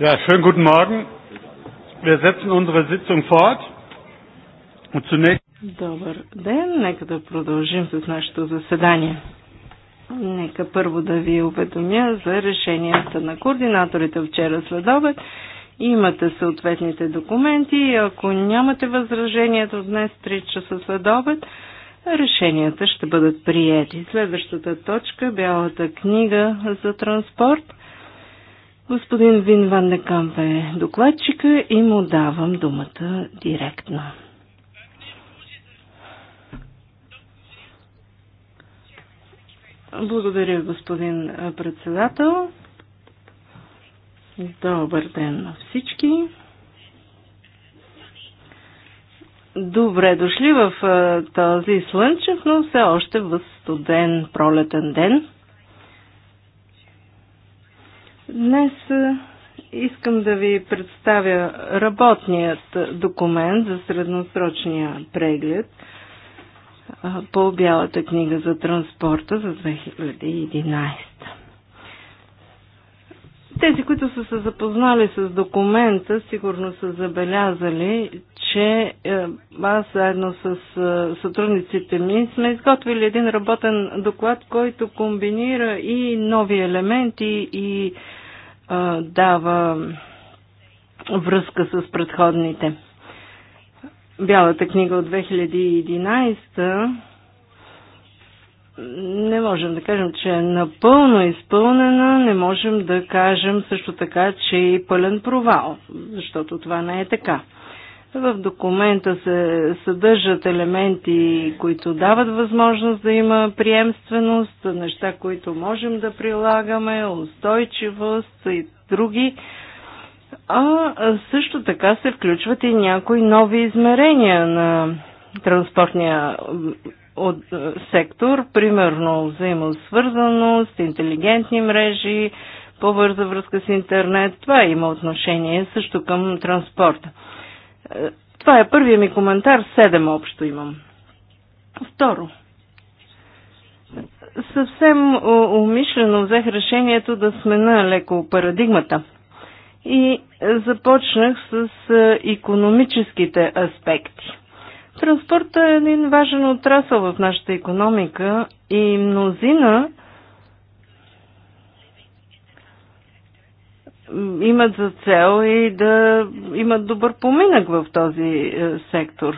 Ja, schönen guten Morgen. Wir setzen unsere Sitzung fort. Und zunächst Добър ден, нека да продължим с нашето заседание. Нека първо да ви уведомя за решенията на координаторите вчера след обед. Имате съответните документи ако нямате възражението днес 3 часа след обед, решенията ще бъдат приети. Следващата точка е – Бялата книга за транспорт – Господин Вин Ван Декамп е докладчика и му давам думата директно. Благодаря, господин председател. Добър ден на всички. Добре дошли в този слънчев, но все още възстуден пролетен ден. Днес искам да ви представя работният документ за средносрочния преглед по Бялата книга за транспорта за 2011. Тези, които са се запознали с документа, сигурно са забелязали, че е, аз заедно с е, сътрудниците ми сме изготвили един работен доклад, който комбинира и нови елементи, и дава връзка с предходните. Бялата книга от 2011 не можем да кажем, че е напълно изпълнена, не можем да кажем също така, че е пълен провал, защото това не е така. В документа се съдържат елементи, които дават възможност да има приемственост, неща, които можем да прилагаме, устойчивост и други. А също така се включват и някои нови измерения на транспортния от, е, сектор, примерно взаимосвързаност, интелигентни мрежи, по-бърза връзка с интернет. Това има отношение също към транспорта. Това е първия ми коментар, седем общо имам. Второ. Съвсем умишлено взех решението да смена леко парадигмата и започнах с економическите аспекти. Транспортът е един важен отрасъл в нашата економика и мнозина имат за цел и да имат добър поминък в този е, сектор.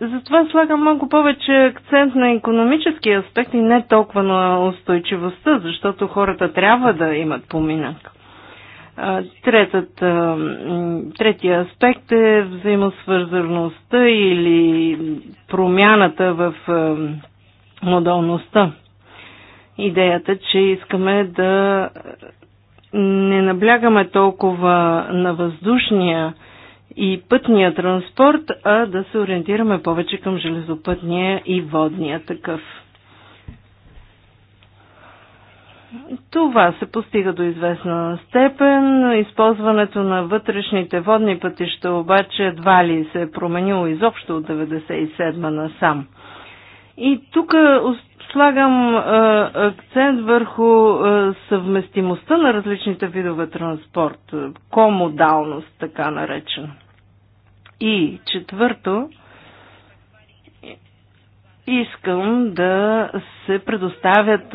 Затова слагам малко повече акцент на економическия аспект и не толкова на устойчивостта, защото хората трябва да имат поминък. Третът, е, третия аспект е взаимосвързаността или промяната в е, модалността. Идеята, че искаме да не наблягаме толкова на въздушния и пътния транспорт, а да се ориентираме повече към железопътния и водния такъв. Това се постига до известна степен. Използването на вътрешните водни пътища обаче едва ли се е променило изобщо от 1997 насам. И тук слагам акцент върху съвместимостта на различните видове транспорт, комодалност, така наречена. И четвърто, искам да се предоставят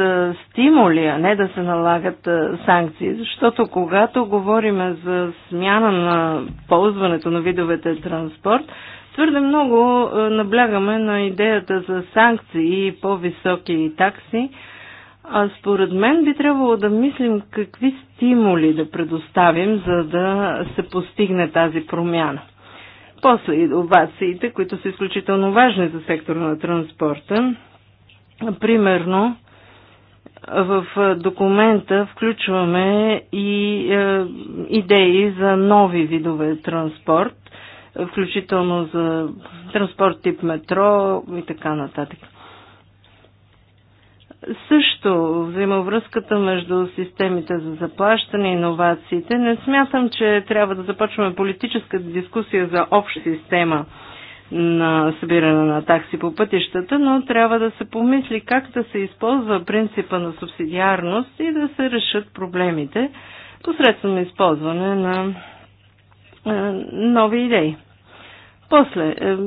стимули, а не да се налагат санкции, защото когато говорим за смяна на ползването на видовете транспорт, Твърде много е, наблягаме на идеята за санкции и по-високи такси, а според мен би трябвало да мислим какви стимули да предоставим, за да се постигне тази промяна. После иновациите, които са изключително важни за сектора на транспорта. Примерно, в документа включваме и е, идеи за нови видове транспорт, включително за транспорт тип метро и така нататък. Също взаимовръзката между системите за заплащане и иновациите. Не смятам, че трябва да започваме политическа дискусия за обща система на събиране на такси по пътищата, но трябва да се помисли как да се използва принципа на субсидиарност и да се решат проблемите посредством използване на е, нови идеи. После, е,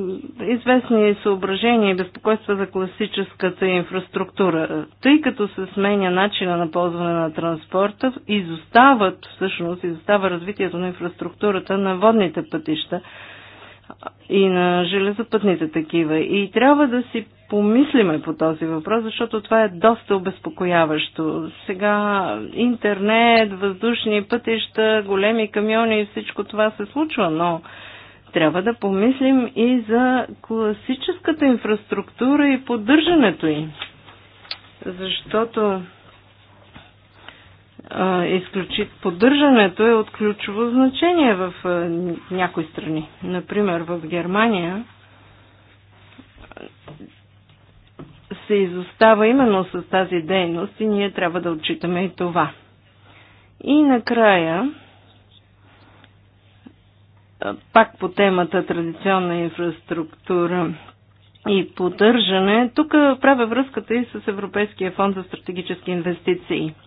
известни съображения и безпокойства за класическата инфраструктура. Тъй като се сменя начина на ползване на транспорта, изостават, всъщност, изостава развитието на инфраструктурата на водните пътища и на железопътните такива. И трябва да си помислиме по този въпрос, защото това е доста обезпокояващо. Сега интернет, въздушни пътища, големи камиони и всичко това се случва, но трябва да помислим и за класическата инфраструктура и поддържането им. Защото а, изключи... поддържането е от ключово значение в а, някои страни. Например, в Германия се изостава именно с тази дейност и ние трябва да отчитаме и това. И накрая, пак по темата традиционна инфраструктура и поддържане, тук правя връзката и с Европейския фонд за стратегически инвестиции –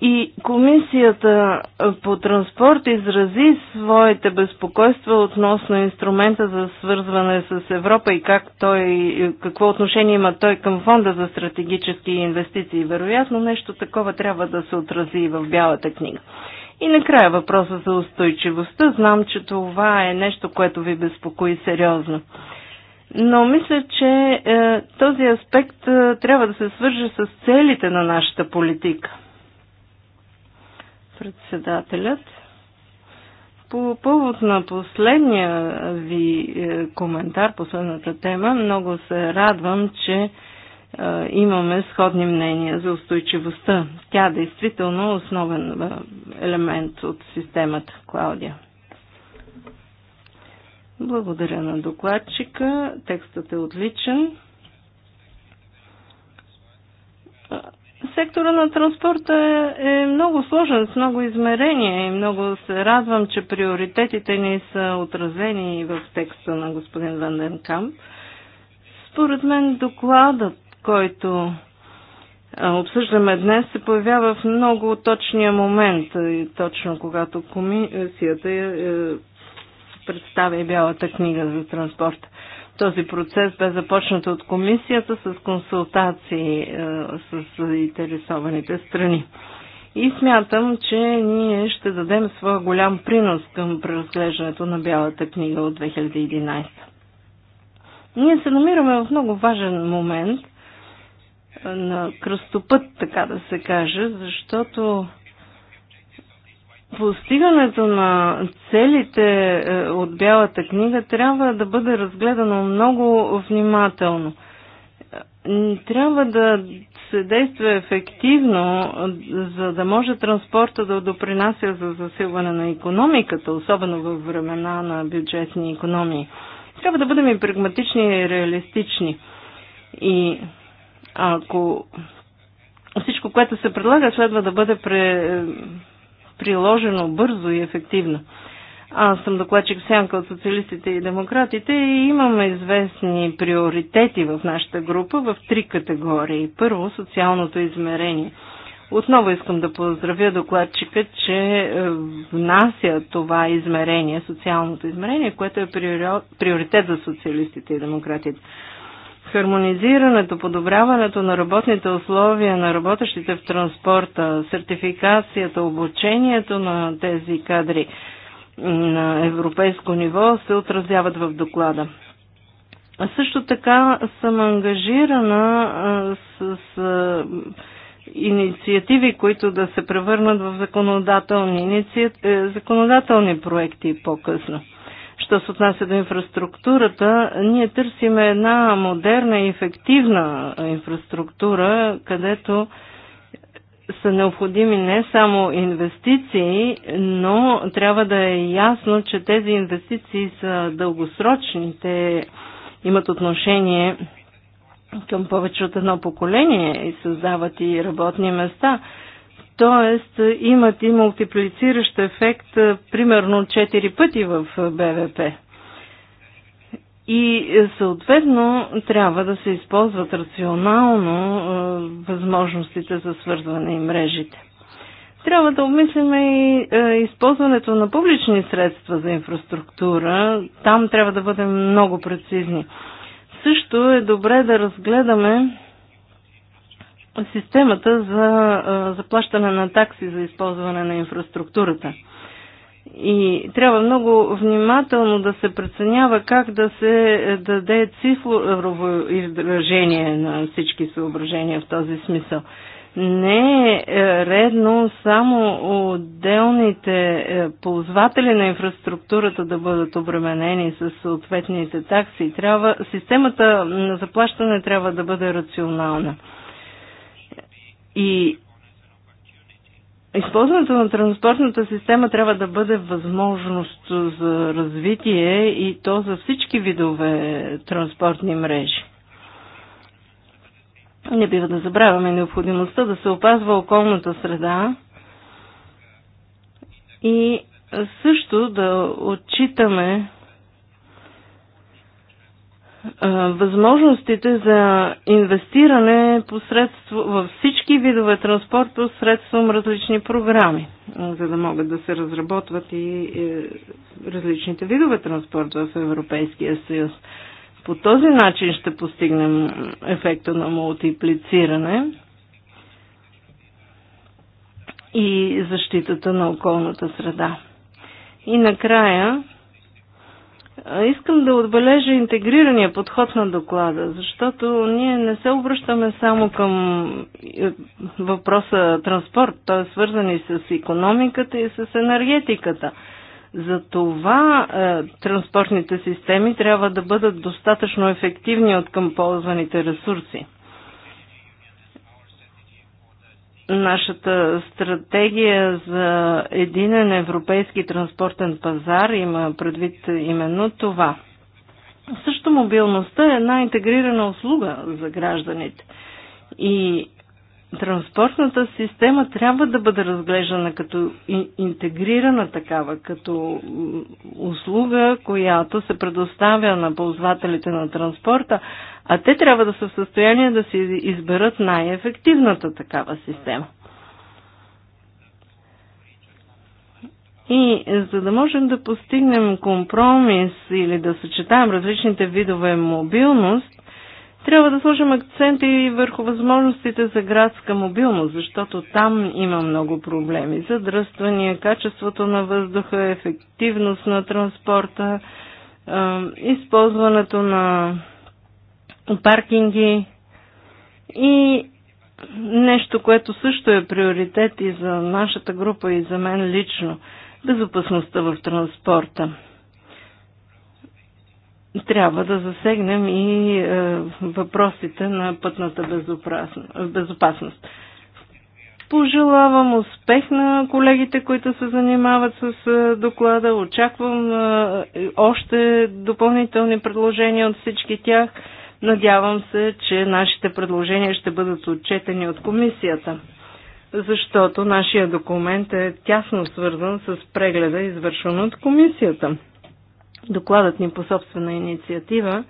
и комисията по транспорт изрази своите безпокойства относно инструмента за свързване с Европа и как той, какво отношение има той към фонда за стратегически инвестиции. Вероятно нещо такова трябва да се отрази и в Бялата книга. И накрая въпроса за устойчивостта. Знам, че това е нещо, което ви безпокои сериозно. Но мисля, че е, този аспект е, трябва да се свърже с целите на нашата политика – Председателят, по повод на последния ви е, коментар, последната тема, много се радвам, че е, имаме сходни мнения за устойчивостта. Тя е действително е основен елемент от системата, Клаудия. Благодаря на докладчика. Текстът е отличен. Сектора на транспорта е, е много сложен, с много измерения и много се радвам, че приоритетите ни са отразени в текста на господин Ванденкамп. Според мен докладът, който обсъждаме днес, се появява в много точния момент, точно когато комисията е, е, представя Бялата книга за транспорта. Този процес бе започнат от комисията с консултации е, с заинтересованите страни. И смятам, че ние ще дадем своя голям принос към преразглеждането на Бялата книга от 2011. Ние се намираме в много важен момент е, на кръстопът, така да се каже, защото Постигането на целите е, от Бялата книга трябва да бъде разгледано много внимателно. Е, трябва да се действа ефективно, е, за да може транспорта да допринася за засилване на економиката, особено във времена на бюджетни економии. Трябва да бъдем и прагматични и реалистични. И ако всичко, което се предлага, следва да бъде пре приложено бързо и ефективно. Аз съм докладчик Сянка от социалистите и демократите и имаме известни приоритети в нашата група в три категории. Първо, социалното измерение. Отново искам да поздравя докладчика, че е, внася това измерение, социалното измерение, което е приоритет за социалистите и демократите хармонизирането, подобряването на работните условия на работещите в транспорта, сертификацията, обучението на тези кадри на европейско ниво се отразяват в доклада. А също така съм ангажирана с, с инициативи, които да се превърнат в законодателни, иници... Е, законодателни проекти по-късно. Що се отнася до инфраструктурата, ние търсим една модерна и ефективна инфраструктура, където са необходими не само инвестиции, но трябва да е ясно, че тези инвестиции са дългосрочни. Те имат отношение към повече от едно поколение и създават и работни места. Тоест е, имат и мултиплициращ ефект е, примерно 4 пъти в е, БВП. И съответно трябва да се използват рационално възможностите за свързване и мрежите. Трябва да обмислим и използването на публични средства за инфраструктура. Там трябва да бъдем много прецизни. Също е добре да разгледаме системата за заплащане на такси за използване на инфраструктурата. И трябва много внимателно да се преценява как да се е, даде цифрово изражение на всички съображения в този смисъл. Не е, е редно само отделните е, ползватели на инфраструктурата да бъдат обременени с съответните такси. Трябва, системата на заплащане трябва да бъде рационална. И използването на транспортната система трябва да бъде възможност за развитие и то за всички видове транспортни мрежи. Не бива да забравяме необходимостта да се опазва околната среда и също да отчитаме възможностите за инвестиране посредство, във всички видове транспорт посредством различни програми, за да могат да се разработват и е, различните видове транспорт в Европейския съюз. По този начин ще постигнем ефекта на мултиплициране и защитата на околната среда. И накрая Искам да отбележа интегрирания подход на доклада, защото ние не се обръщаме само към е, въпроса транспорт, той е свързан и с економиката и с енергетиката. Затова е, транспортните системи трябва да бъдат достатъчно ефективни от към ползваните ресурси. Нашата стратегия за единен европейски транспортен пазар има предвид именно това. Също мобилността е една интегрирана услуга за гражданите. И транспортната система трябва да бъде разглеждана като интегрирана такава, като услуга, която се предоставя на ползвателите на транспорта, а те трябва да са в състояние да си изберат най-ефективната такава система. И за да можем да постигнем компромис или да съчетаем различните видове мобилност, трябва да сложим акцент и върху възможностите за градска мобилност, защото там има много проблеми. Задръствания, качеството на въздуха, ефективност на транспорта, използването на паркинги и нещо, което също е приоритет и за нашата група и за мен лично – безопасността в транспорта. Трябва да засегнем и е, въпросите на пътната безопасност. Пожелавам успех на колегите, които се занимават с е, доклада. Очаквам е, още допълнителни предложения от всички тях. Надявам се, че нашите предложения ще бъдат отчетени от комисията, защото нашия документ е тясно свързан с прегледа, извършен от комисията. Докладът ни по собствена инициатива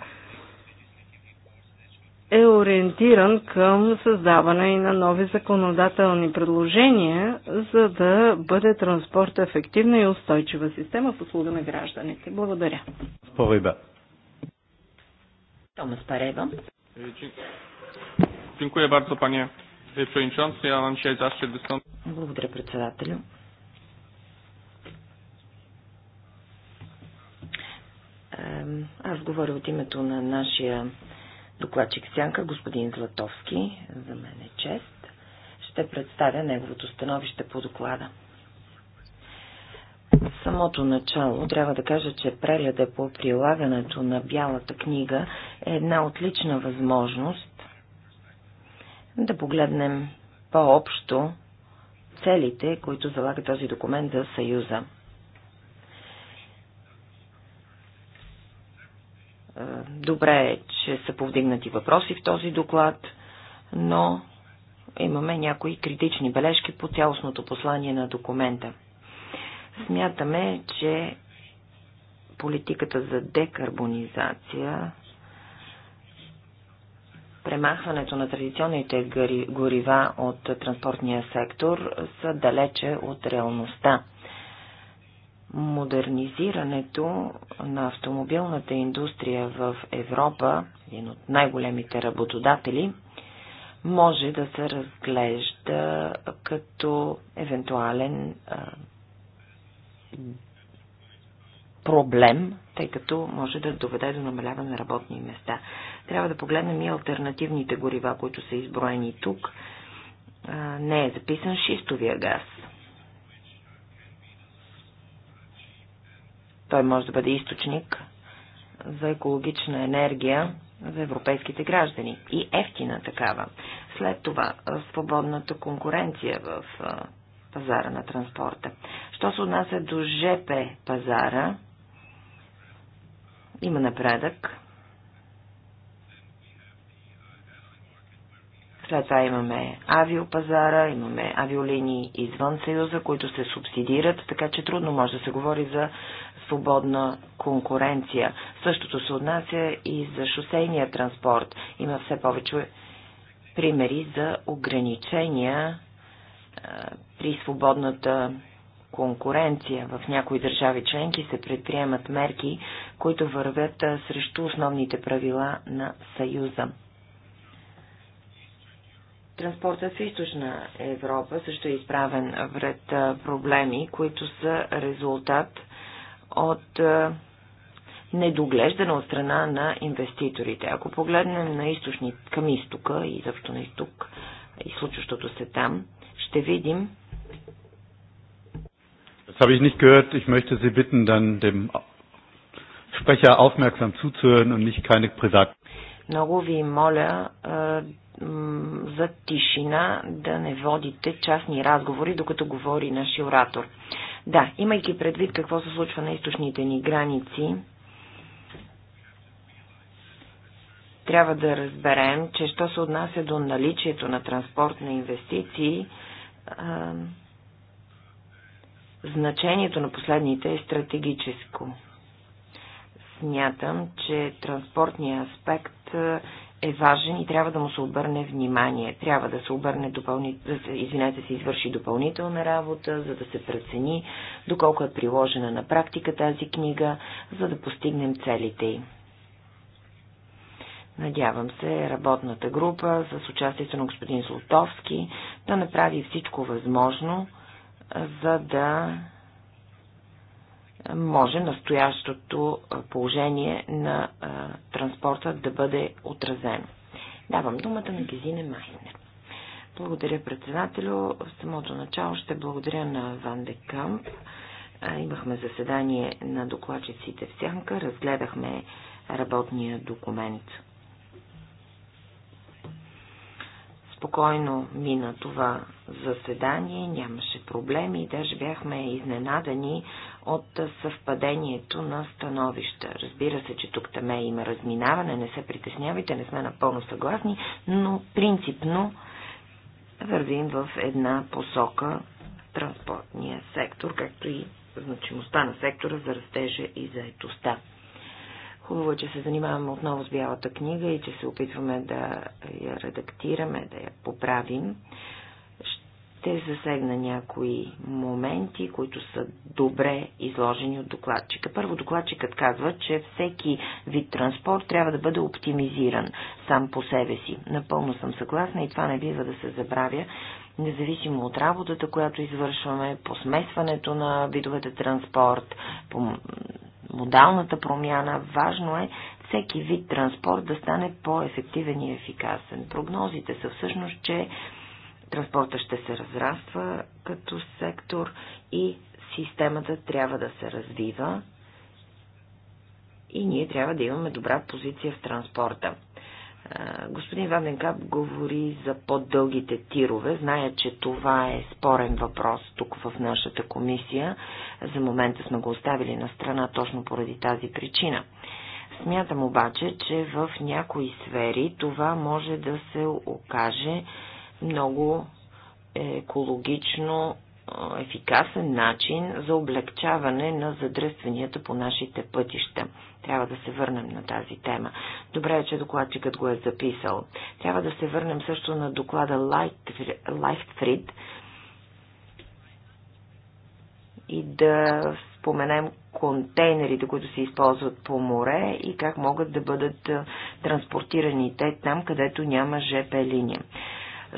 е ориентиран към създаване и на нови законодателни предложения, за да бъде транспорт, ефективна и устойчива система в услуга на гражданите. Благодаря. Спориба. Tomas Pareba. Dziękuję bardzo, panie przewodniczący. Ja mam dzisiaj zaszczyt wystąpić. Благодаря, председателю. Аз говоря от името на нашия докладчик Сянка, господин Златовски. За мен е чест. Ще представя неговото становище по доклада самото начало трябва да кажа, че прегледа по прилагането на Бялата книга е една отлична възможност да погледнем по-общо целите, които залага този документ за Съюза. Добре е, че са повдигнати въпроси в този доклад, но имаме някои критични бележки по цялостното послание на документа. Смятаме, че политиката за декарбонизация, премахването на традиционните горива от транспортния сектор са далече от реалността. Модернизирането на автомобилната индустрия в Европа, един от най-големите работодатели, може да се разглежда като евентуален проблем, тъй като може да доведе до намаляване на работни места. Трябва да погледнем и альтернативните горива, които са изброени тук. Не е записан шистовия газ. Той може да бъде източник за екологична енергия за европейските граждани и ефтина такава. След това свободната конкуренция в пазара на транспорта. Що се отнася до ЖП пазара, има напредък. След това имаме авиопазара, имаме авиолинии извън Съюза, които се субсидират, така че трудно може да се говори за свободна конкуренция. Същото се отнася и за шосейния транспорт. Има все повече примери за ограничения при свободната конкуренция в някои държави членки се предприемат мерки, които вървят срещу основните правила на Съюза. Транспортът в източна Европа също е изправен вред проблеми, които са резултат от недоглеждане от страна на инвеститорите. Ако погледнем на източни, към изтока и изобщо на изток и случващото се там, ще видим. Das habe ich nicht gehört. Ich möchte Sie bitten, dann dem Sprecher aufmerksam zuzuhören und nicht keine Privat. Много ви моля за тишина да не водите частни разговори, докато говори нашия оратор. Да, имайки предвид какво се случва на източните ни граници, трябва да разберем, че що се отнася до наличието на транспортни инвестиции, а, значението на последните е стратегическо. Смятам, че транспортният аспект е важен и трябва да му се обърне внимание. Трябва да се обърне допълнително се, извинете, се извърши допълнителна работа, за да се прецени доколко е приложена на практика тази книга, за да постигнем целите й. Надявам се работната група с участието на господин Золотовски да направи всичко възможно, за да може настоящото положение на транспорта да бъде отразено. Давам думата на Гезине Майнер. Благодаря председателю. В самото начало ще благодаря на Ван де Камп. Имахме заседание на докладчиците в Сянка, разгледахме работния документ. Спокойно мина това заседание, нямаше проблеми и даже бяхме изненадани от съвпадението на становища. Разбира се, че тук таме има разминаване, не се притеснявайте, не сме напълно съгласни, но принципно вървим в една посока транспортния сектор, както и значимостта на сектора за растежа и заетостта. Хубаво е, че се занимаваме отново с Бялата книга и че се опитваме да я редактираме, да я поправим. Ще засегна някои моменти, които са добре изложени от докладчика. Първо докладчикът казва, че всеки вид транспорт трябва да бъде оптимизиран сам по себе си. Напълно съм съгласна и това не бива да се забравя, независимо от работата, която извършваме, по смесването на видовете транспорт, по модалната промяна. Важно е всеки вид транспорт да стане по-ефективен и ефикасен. Прогнозите са всъщност, че транспорта ще се разраства като сектор и системата трябва да се развива и ние трябва да имаме добра позиция в транспорта. Господин Ванденкап говори за по-дългите тирове. Зная, че това е спорен въпрос тук в нашата комисия. За момента сме го оставили на страна точно поради тази причина. Смятам обаче, че в някои сфери това може да се окаже много екологично е, ефикасен начин за облегчаване на задръстванията по нашите пътища. Трябва да се върнем на тази тема. Добре е, че докладчикът го е записал. Трябва да се върнем също на доклада Лайфтфрид и да споменем контейнерите, които се използват по море и как могат да бъдат транспортирани те там, където няма ЖП линия.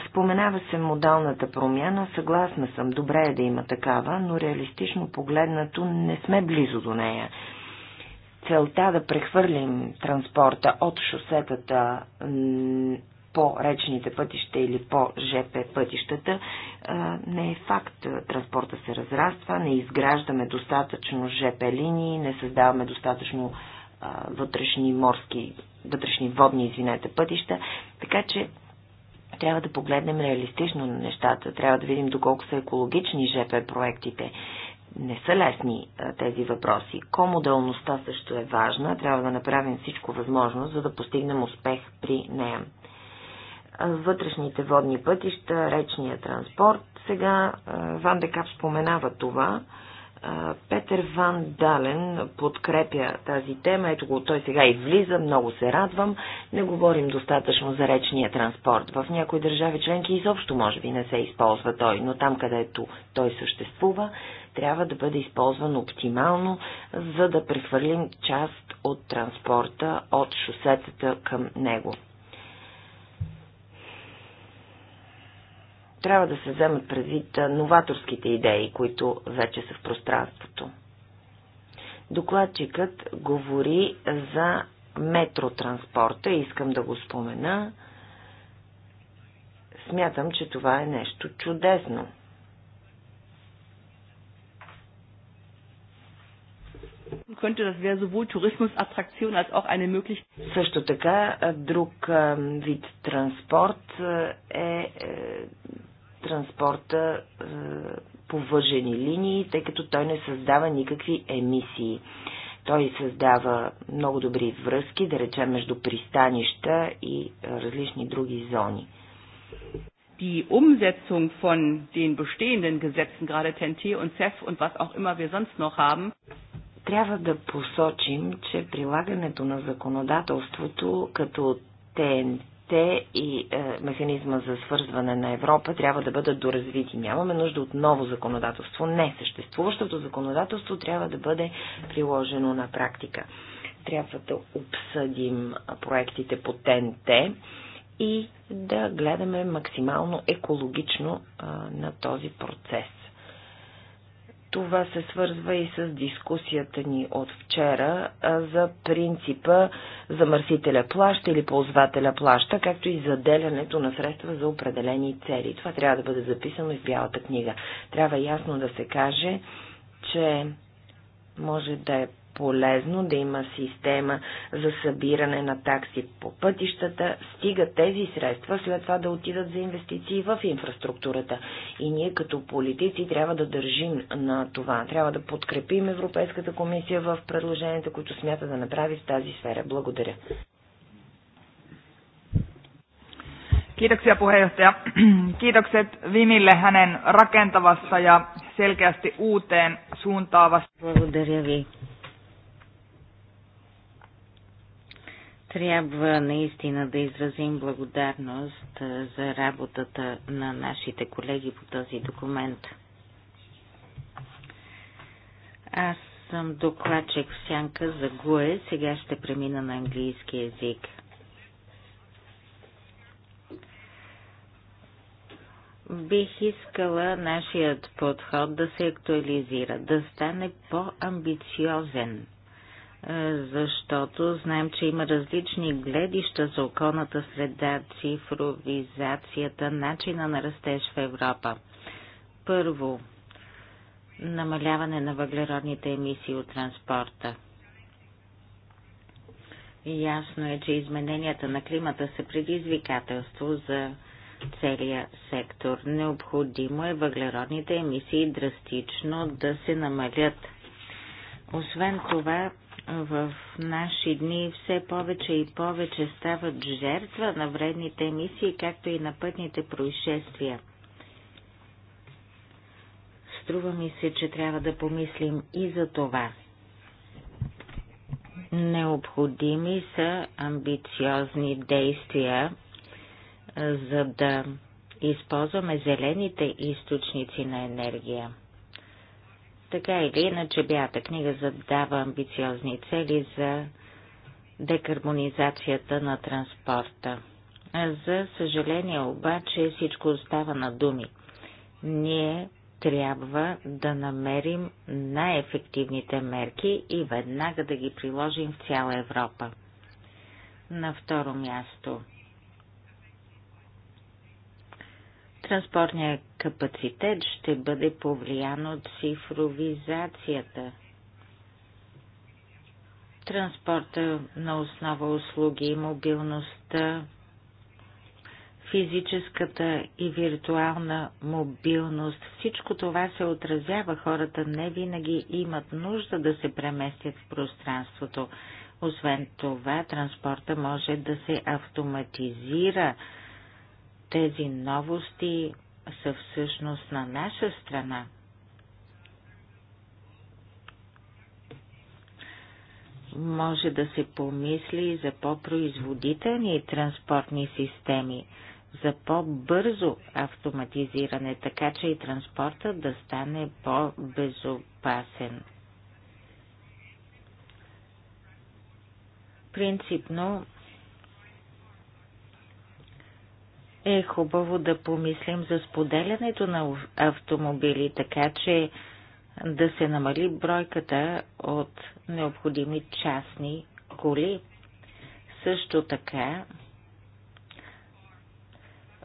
Споменава се модалната промяна, съгласна съм, добре е да има такава, но реалистично погледнато не сме близо до нея. Целта да прехвърлим транспорта от шосетата по речните пътища или по ЖП пътищата не е факт. Транспорта се разраства, не изграждаме достатъчно ЖП линии, не създаваме достатъчно вътрешни морски, вътрешни водни, извинете, пътища, така че трябва да погледнем реалистично на нещата, трябва да видим доколко са екологични ЖП проектите. Не са лесни тези въпроси. Комоделността също е важна, трябва да направим всичко възможно, за да постигнем успех при нея вътрешните водни пътища, речния транспорт. Сега Ван Декап споменава това. Петър Ван Дален подкрепя тази тема. Ето го, той сега и влиза, много се радвам. Не говорим достатъчно за речния транспорт. В някои държави членки изобщо може би не се използва той, но там където той съществува, трябва да бъде използван оптимално, за да прехвърлим част от транспорта от шосетата към него. Трябва да се вземат предвид новаторските идеи, които вече са в пространството. Докладчикът говори за метротранспорта, искам да го спомена. Смятам, че това е нещо чудесно. Също така, друг вид транспорт е, е транспорта е, по въжени линии, тъй като той не създава никакви емисии. Той създава много добри връзки, да речем, между пристанища и е, различни други зони. Die Umsetzung von den bestehenden Gesetzen, gerade TNT und CEF und was auch immer wir sonst noch haben, трябва да посочим, че прилагането на законодателството като ТНТ те и е, механизма за свързване на Европа трябва да бъдат доразвити. Нямаме нужда от ново законодателство. Не, съществуващото законодателство трябва да бъде приложено на практика. Трябва да обсъдим проектите по ТНТ и да гледаме максимално екологично а, на този процес. Това се свързва и с дискусията ни от вчера за принципа замърсителя плаща или ползвателя плаща, както и заделянето на средства за определени цели. Това трябва да бъде записано и в Бялата книга. Трябва ясно да се каже, че може да е полезно да има система за събиране на такси по пътищата, стига тези средства след това да отидат за инвестиции в инфраструктурата. И ние като политици трябва да държим на това. Трябва да подкрепим Европейската комисия в предложенията, които смята да направи в тази сфера. Благодаря. Kiitoksia puheenjohtaja. Kiitokset Vimille hänen rakentavassa ja selkeästi uuteen suuntaavassa. Благодаря ви, Трябва наистина да изразим благодарност за работата на нашите колеги по този документ. Аз съм докладчик в сянка за ГУЕ, сега ще премина на английски язик. Бих искала нашият подход да се актуализира, да стане по-амбициозен – е, защото знаем, че има различни гледища за околната среда, цифровизацията, начина на растеж в Европа. Първо, намаляване на въглеродните емисии от транспорта. Ясно е, че измененията на климата са предизвикателство за целия сектор. Необходимо е въглеродните емисии драстично да се намалят. Освен това, в наши дни все повече и повече стават жертва на вредните емисии, както и на пътните происшествия. Струва ми се, че трябва да помислим и за това. Необходими са амбициозни действия, за да използваме зелените източници на енергия. Така или иначе, бята книга задава амбициозни цели за декарбонизацията на транспорта. За съжаление обаче всичко остава на думи. Ние трябва да намерим най-ефективните мерки и веднага да ги приложим в цяла Европа. На второ място – Транспортният капацитет ще бъде повлиян от цифровизацията. Транспорта на основа услуги и мобилността, физическата и виртуална мобилност, всичко това се отразява. Хората не винаги имат нужда да се преместят в пространството. Освен това, транспорта може да се автоматизира тези новости са всъщност на наша страна. Може да се помисли за по-производителни транспортни системи, за по-бързо автоматизиране, така че и транспорта да стане по-безопасен. Принципно е хубаво да помислим за споделянето на автомобили, така че да се намали бройката от необходими частни коли. Също така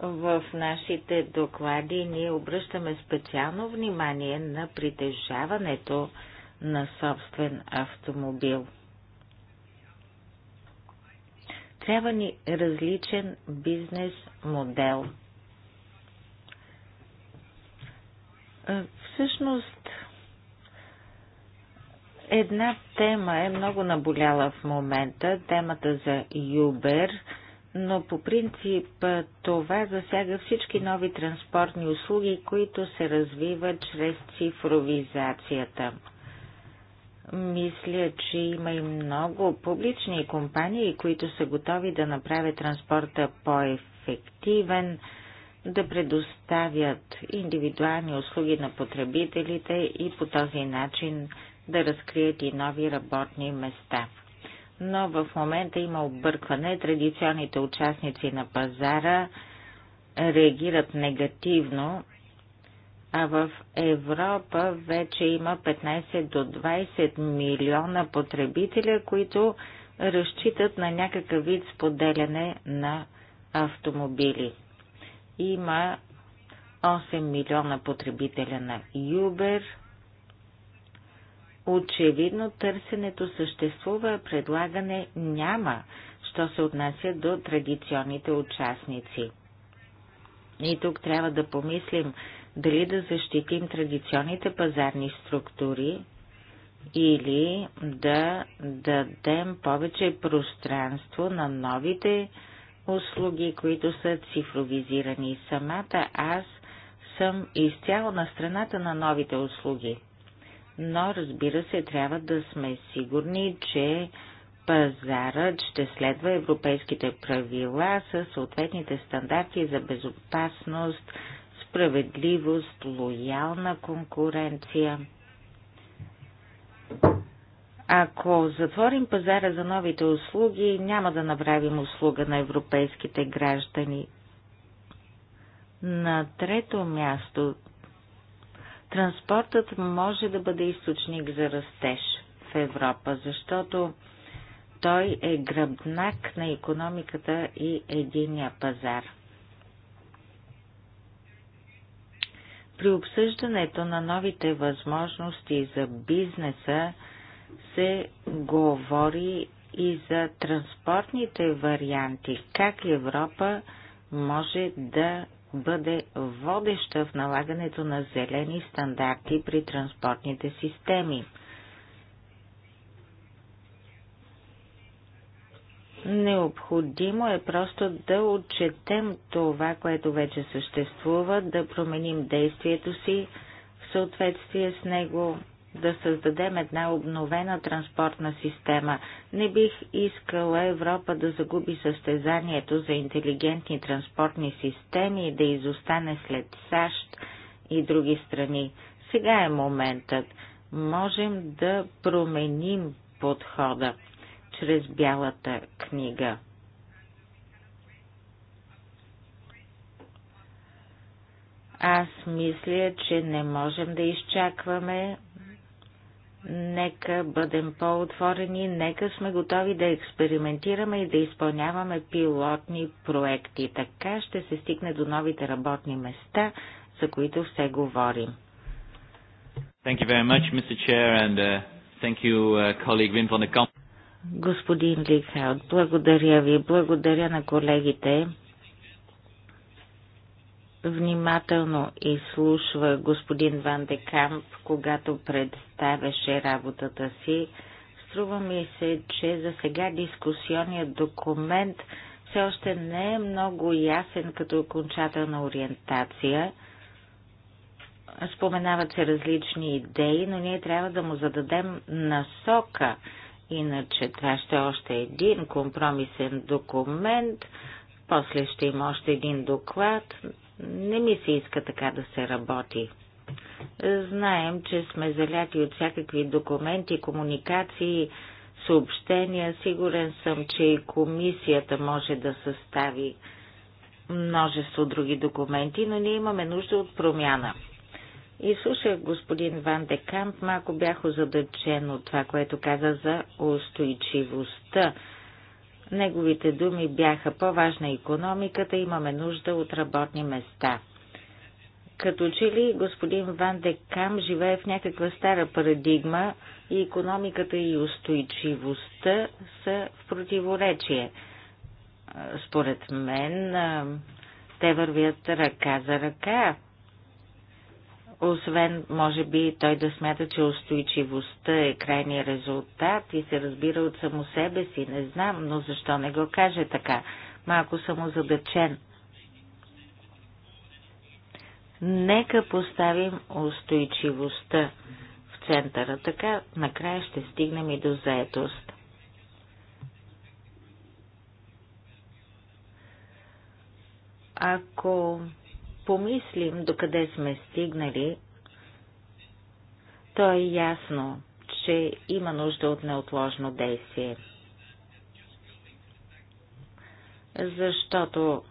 в нашите доклади ние обръщаме специално внимание на притежаването на собствен автомобил. Трябва ни различен бизнес модел. Е, всъщност, една тема е много наболяла в момента, темата за Юбер, но по принцип е, това засяга всички нови транспортни услуги, които се развиват чрез цифровизацията. Мисля, че има и много публични компании, които са готови да направят транспорта по-ефективен, да предоставят индивидуални услуги на потребителите и по този начин да разкрият и нови работни места. Но в момента има объркване. Традиционните участници на пазара реагират негативно а в Европа вече има 15 до 20 милиона потребителя, които разчитат на някакъв вид споделяне на автомобили. Има 8 милиона потребителя на Uber. Очевидно търсенето съществува, предлагане няма, що се отнася до традиционните участници. И тук трябва да помислим дали да защитим традиционните пазарни структури или да дадем повече пространство на новите услуги, които са цифровизирани. Самата аз съм изцяло на страната на новите услуги. Но, разбира се, трябва да сме сигурни, че пазарът ще следва европейските правила с съответните стандарти за безопасност, справедливост, лоялна конкуренция. Ако затворим пазара за новите услуги, няма да направим услуга на европейските граждани. На трето място, транспортът може да бъде източник за растеж в Европа, защото той е гръбнак на економиката и единия пазар – При обсъждането на новите възможности за бизнеса се говори и за транспортните варианти, как Европа може да бъде водеща в налагането на зелени стандарти при транспортните системи. Необходимо е просто да отчетем това, което вече съществува, да променим действието си в съответствие с него, да създадем една обновена транспортна система. Не бих искала Европа да загуби състезанието за интелигентни транспортни системи и да изостане след САЩ и други страни. Сега е моментът. Можем да променим подхода чрез Бялата книга. Аз мисля, че не можем да изчакваме. Нека бъдем по-отворени, нека сме готови да експериментираме и да изпълняваме пилотни проекти. Така ще се стигне до новите работни места, за които все говорим. Thank you very much, Mr. Chair, and uh, thank you, uh, colleague Wim van der Kamp. Господин Лихаут, благодаря ви. Благодаря на колегите. Внимателно изслушва господин Ван де Камп, когато представяше работата си. Струва ми се, че за сега дискусионният документ все още не е много ясен като окончателна ориентация. Споменават се различни идеи, но ние трябва да му зададем насока – Иначе това ще е още един компромисен документ, после ще има още един доклад. Не ми се иска така да се работи. Знаем, че сме заляти от всякакви документи, комуникации, съобщения. Сигурен съм, че и комисията може да състави множество други документи, но ние имаме нужда от промяна. И слушах господин Ван де Камп, малко бях озадачен от това, което каза за устойчивостта. Неговите думи бяха по-важна економиката, имаме нужда от работни места. Като че ли господин Ван де Кам живее в някаква стара парадигма и економиката и устойчивостта са в противоречие. Според мен те вървят ръка за ръка. Освен, може би, той да смята, че устойчивостта е крайния резултат и се разбира от само себе си. Не знам, но защо не го каже така? Малко съм озадачен. Нека поставим устойчивостта в центъра, така накрая ще стигнем и до заетост. Ако помислим докъде сме стигнали, то е ясно, че има нужда от неотложно действие. Защото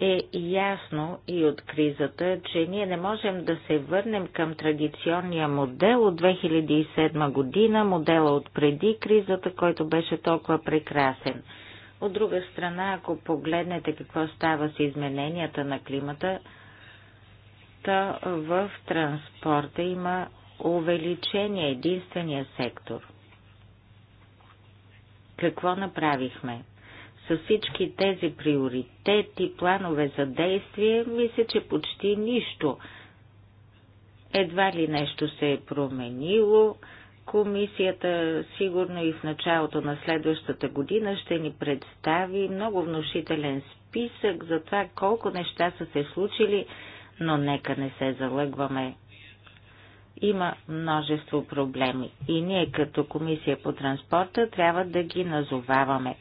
е ясно и от кризата, че ние не можем да се върнем към традиционния модел от 2007 година, модела от преди кризата, който беше толкова прекрасен – от друга страна, ако погледнете какво става с измененията на климата, то в транспорта има увеличение единствения сектор. Какво направихме? С всички тези приоритети, планове за действие, мисля, че почти нищо. Едва ли нещо се е променило, Комисията сигурно и в началото на следващата година ще ни представи много внушителен списък за това колко неща са се случили, но нека не се залъгваме. Има множество проблеми и ние като Комисия по транспорта трябва да ги назоваваме,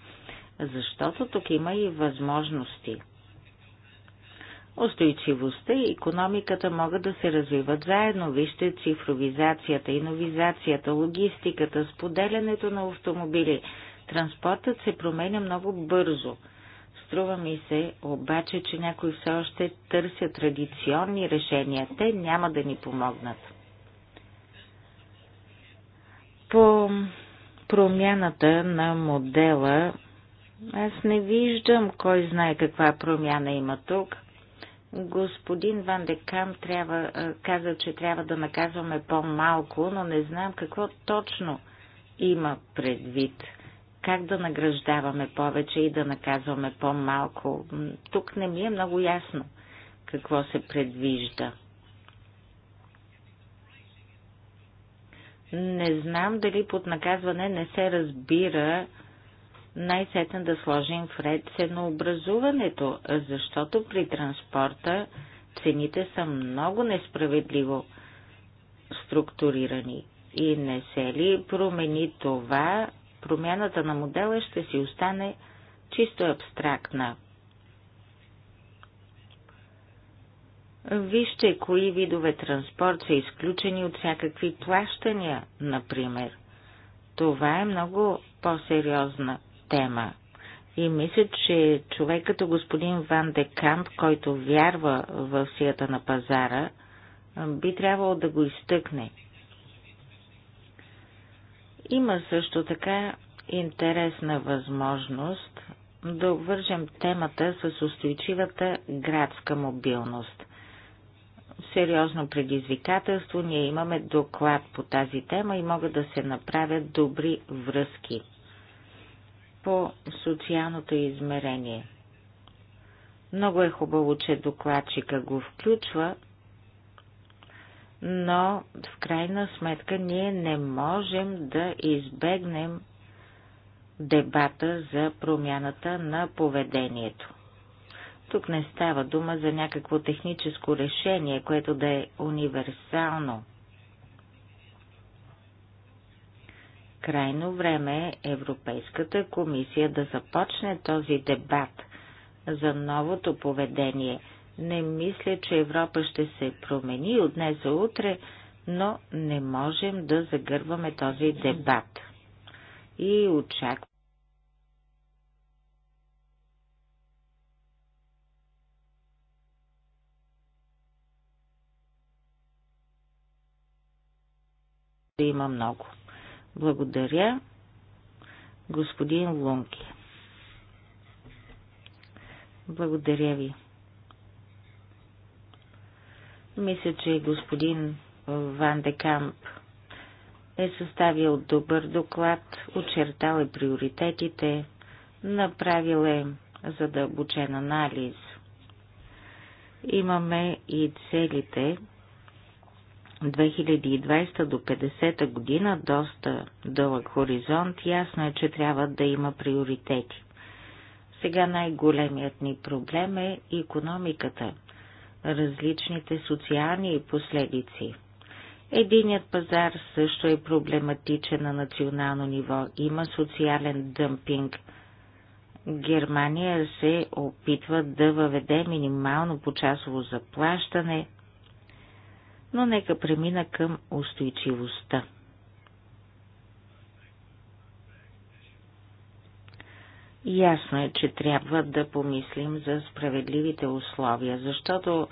защото тук има и възможности – Устойчивостта и економиката могат да се развиват заедно. Вижте цифровизацията, иновизацията, логистиката, споделянето на автомобили. Транспортът се променя много бързо. Струва ми се обаче, че някои все още търсят традиционни решения. Те няма да ни помогнат. По промяната на модела аз не виждам кой знае каква промяна има тук – Господин Ван Декам трябва, каза, че трябва да наказваме по-малко, но не знам какво точно има предвид. Как да награждаваме повече и да наказваме по-малко? Тук не ми е много ясно какво се предвижда. Не знам дали под наказване не се разбира най-сетен да сложим вред ценообразуването, защото при транспорта цените са много несправедливо структурирани. И не се ли промени това, промяната на модела ще си остане чисто абстрактна. Вижте кои видове транспорт са изключени от всякакви плащания, например. Това е много по-сериозна тема. И мисля, че човек като е господин Ван де Камп, който вярва в сията на пазара, би трябвало да го изтъкне. Има също така интересна възможност да обвържем темата с устойчивата градска мобилност. Сериозно предизвикателство, ние имаме доклад по тази тема и могат да се направят добри връзки по социалното измерение. Много е хубаво, че докладчика го включва, но в крайна сметка ние не можем да избегнем дебата за промяната на поведението. Тук не става дума за някакво техническо решение, което да е универсално. Крайно време е Европейската комисия да започне този дебат за новото поведение. Не мисля, че Европа ще се промени от днес за утре, но не можем да загърваме този дебат. И очаквам. Има много. Благодаря, господин Лунки. Благодаря ви. Мисля, че господин Ван де Камп е съставил добър доклад, очертал е приоритетите, направил е задълбочен анализ. Имаме и целите, 2020 до 50 година, доста дълъг хоризонт, ясно е, че трябва да има приоритети. Сега най-големият ни проблем е економиката, различните социални последици. Единият пазар също е проблематичен на национално ниво. Има социален дъмпинг. Германия се опитва да въведе минимално почасово заплащане, но нека премина към устойчивостта. Ясно е, че трябва да помислим за справедливите условия, защото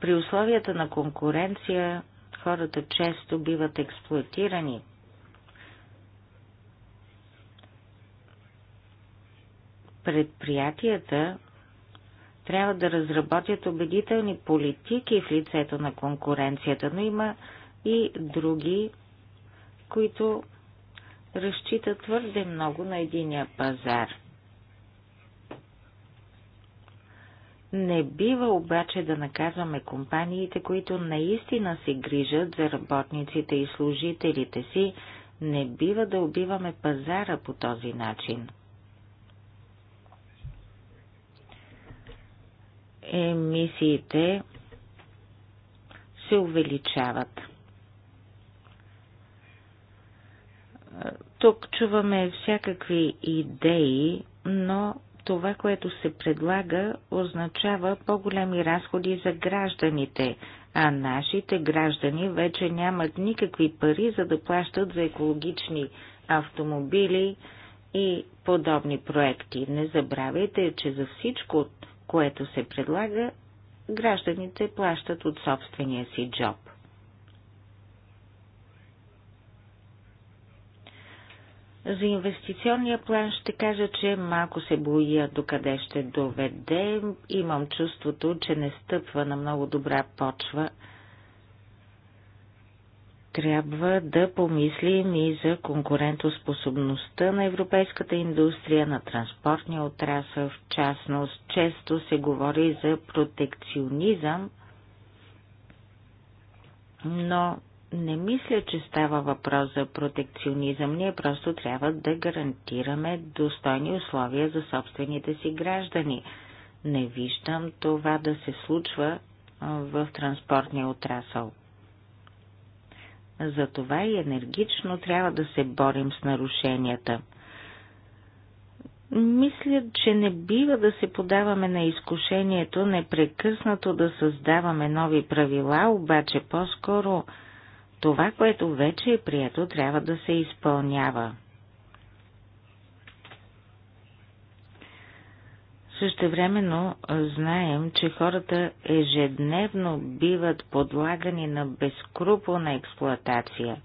при условията на конкуренция хората често биват експлуатирани. Предприятията трябва да разработят убедителни политики в лицето на конкуренцията, но има и други, които разчитат твърде много на единия пазар. Не бива обаче да наказваме компаниите, които наистина се грижат за работниците и служителите си, не бива да убиваме пазара по този начин. емисиите се увеличават. Тук чуваме всякакви идеи, но това, което се предлага, означава по-големи разходи за гражданите, а нашите граждани вече нямат никакви пари за да плащат за екологични автомобили и подобни проекти. Не забравяйте, че за всичко което се предлага, гражданите плащат от собствения си джоб. За инвестиционния план ще кажа, че малко се боя докъде ще доведе. Имам чувството, че не стъпва на много добра почва – трябва да помислим и за конкурентоспособността на европейската индустрия, на транспортния отрасъл, в частност. Често се говори за протекционизъм, но не мисля, че става въпрос за протекционизъм. Ние просто трябва да гарантираме достойни условия за собствените си граждани. Не виждам това да се случва в транспортния отрасъл. Затова и енергично трябва да се борим с нарушенията. Мисля, че не бива да се подаваме на изкушението непрекъснато да създаваме нови правила, обаче по-скоро това, което вече е прието, трябва да се изпълнява. Същевременно знаем, че хората ежедневно биват подлагани на безкруполна експлоатация.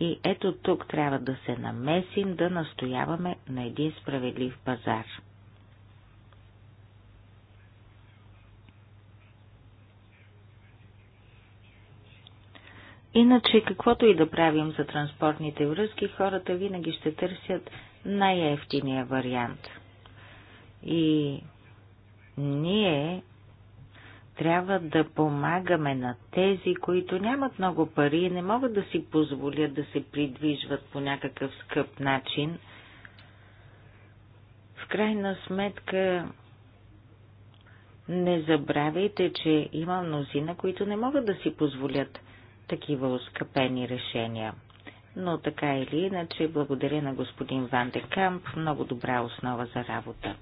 И ето тук трябва да се намесим, да настояваме на един справедлив пазар. Иначе, каквото и да правим за транспортните връзки, хората винаги ще търсят най-ефтиния вариант. И ние трябва да помагаме на тези, които нямат много пари и не могат да си позволят да се придвижват по някакъв скъп начин. В крайна сметка, не забравяйте, че има мнозина, които не могат да си позволят такива оскъпени решения. Но така или иначе, благодаря на господин Ван Декамп, много добра основа за работа.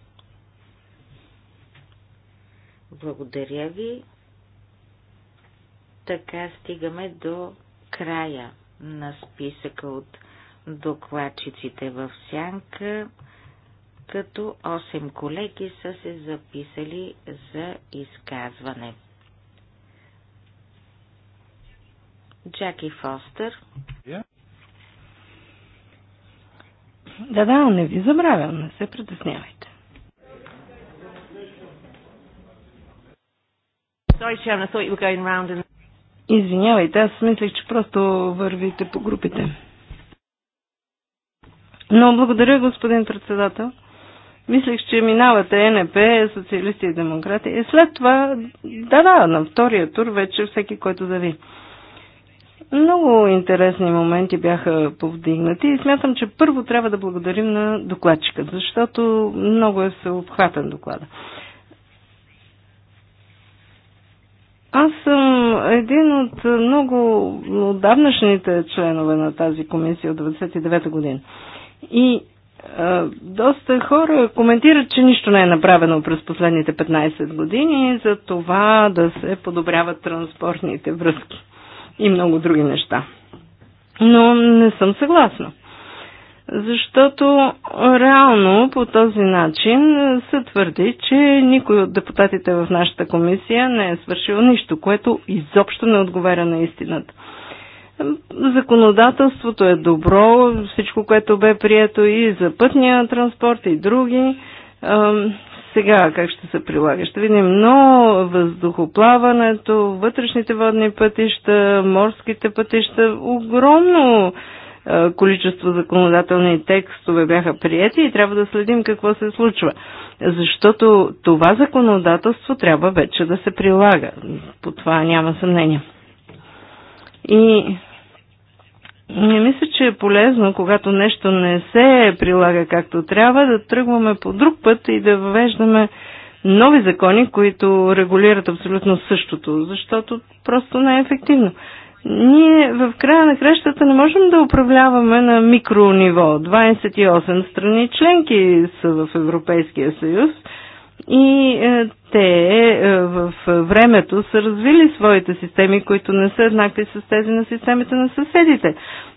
Благодаря ви. Така стигаме до края на списъка от докладчиците в сянка, като 8 колеги са се записали за изказване. Джаки Фостер. Да, да, не ви забравям, не се притеснявайте. Извинявайте, аз мислех, че просто вървите по групите. Но благодаря, господин председател. Мислех, че минавате НП, социалисти и демократи. И е, след това, да, да, на втория тур вече всеки, който да ви. Много интересни моменти бяха повдигнати и смятам, че първо трябва да благодарим на докладчика, защото много е съобхватен доклада. Аз съм един от много отдавнашните членове на тази комисия от 1999 та година. И е, доста хора коментират, че нищо не е направено през последните 15 години за това да се подобряват транспортните връзки и много други неща. Но не съм съгласна защото реално по този начин се твърди, че никой от депутатите в нашата комисия не е свършил нищо, което изобщо не отговаря на истината. Законодателството е добро, всичко, което бе прието и за пътния транспорт и други. Сега как ще се прилага? Ще видим, но въздухоплаването, вътрешните водни пътища, морските пътища, огромно е, количество законодателни текстове бяха прияти и трябва да следим какво се случва. Защото това законодателство трябва вече да се прилага. По това няма съмнение. И не мисля, че е полезно, когато нещо не се прилага както трябва, да тръгваме по друг път и да въвеждаме нови закони, които регулират абсолютно същото, защото просто не е ефективно. Ние в края на кращата не можем да управляваме на микрониво. 28 страни членки са в Европейския съюз и е, те е, в времето са развили своите системи, които не са еднакви с тези на системите на съседите.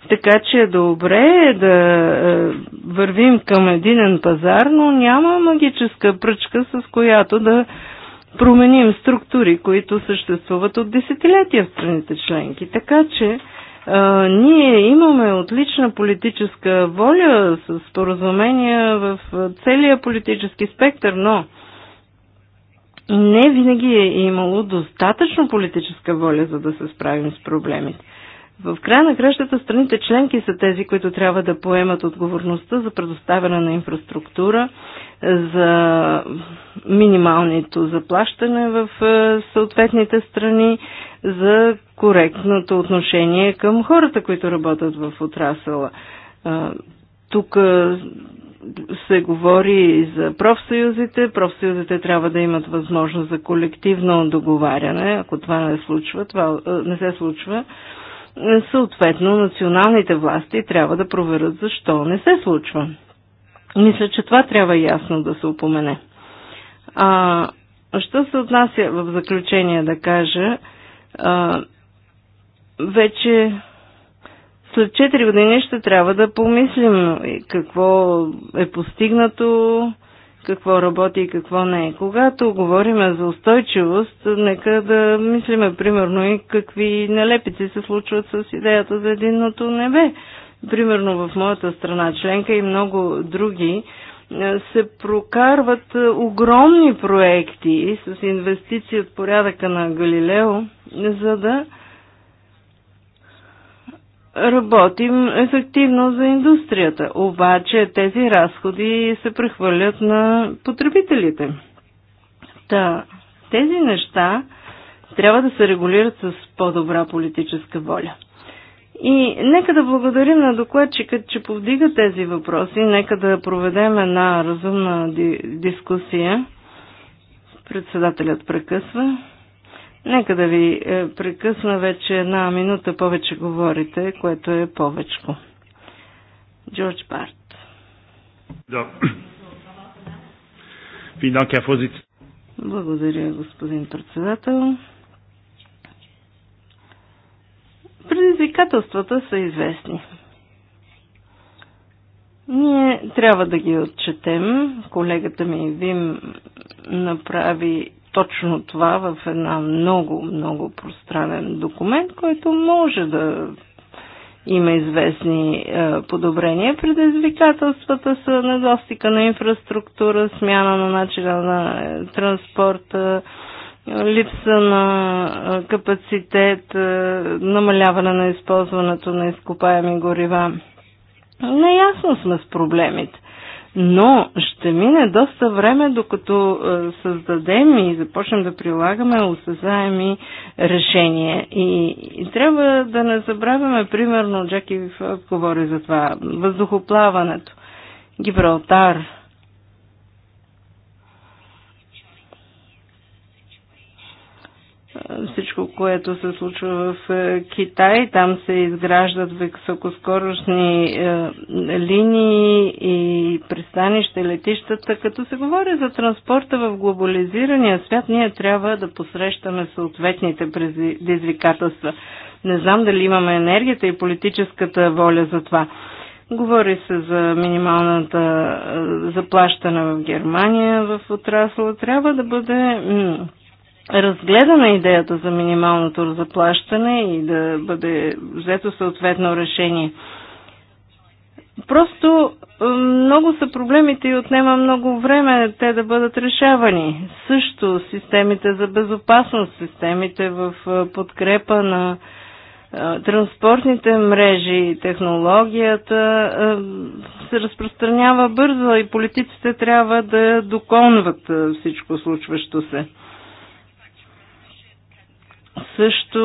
Така че е добре да е, вървим към единен пазар, но няма магическа пръчка, с която да променим структури, които съществуват от десетилетия в страните членки. Така че а, ние имаме отлична политическа воля с споразумения в целия политически спектър, но не винаги е имало достатъчно политическа воля, за да се справим с проблемите. В края на кращата страните членки са тези, които трябва да поемат отговорността за предоставяне на инфраструктура, за минималното заплащане в е, съответните страни, за коректното отношение към хората, които работят в отрасъла. Е, тук се говори и за профсъюзите. Профсъюзите трябва да имат възможност за колективно договаряне. Ако това не, случва, това е, не се случва, съответно националните власти трябва да проверят защо не се случва. Мисля, че това трябва ясно да се упомене. А, що се отнася в заключение да кажа, а, вече след 4 години ще трябва да помислим какво е постигнато, какво работи и какво не е. Когато говорим за устойчивост, нека да мислиме примерно и какви нелепици се случват с идеята за единното небе примерно в моята страна членка и много други, е, се прокарват е, огромни проекти с инвестиции от порядъка на Галилео, за да работим ефективно за индустрията. Обаче тези разходи се прехвърлят на потребителите. Та, тези неща трябва да се регулират с по-добра политическа воля. И нека да благодарим на докладчика, че повдига тези въпроси. Нека да проведем една разумна ди- дискусия. Председателят прекъсва. Нека да ви е, прекъсна вече една минута повече говорите, което е повечко. Джордж Барт. Да. Благодаря, господин председател. Предизвикателствата са известни. Ние трябва да ги отчетем. Колегата ми Вим направи точно това в една много, много пространен документ, който може да има известни е, подобрения. Предизвикателствата са недостига на инфраструктура, смяна на начина на е, транспорта, е, липса на капацитет, намаляване на използването на изкопаеми горива. Наясно сме с проблемите. Но ще мине доста време, докато създадем и започнем да прилагаме осъзнаеми решения. И, и трябва да не забравяме, примерно, Джаки говори за това, въздухоплаването, Гибралтар, всичко, което се случва в е, Китай. Там се изграждат високоскоростни е, линии и пристанища, летищата. Като се говори за транспорта в глобализирания свят, ние трябва да посрещаме съответните предизвикателства. Не знам дали имаме енергията и политическата воля за това. Говори се за минималната е, заплащане в Германия в отрасъл. Трябва да бъде разгледана идеята за минималното заплащане и да бъде взето съответно решение. Просто много са проблемите и отнема много време те да бъдат решавани. Също системите за безопасност, системите в подкрепа на транспортните мрежи, технологията се разпространява бързо и политиците трябва да доконват всичко случващо се също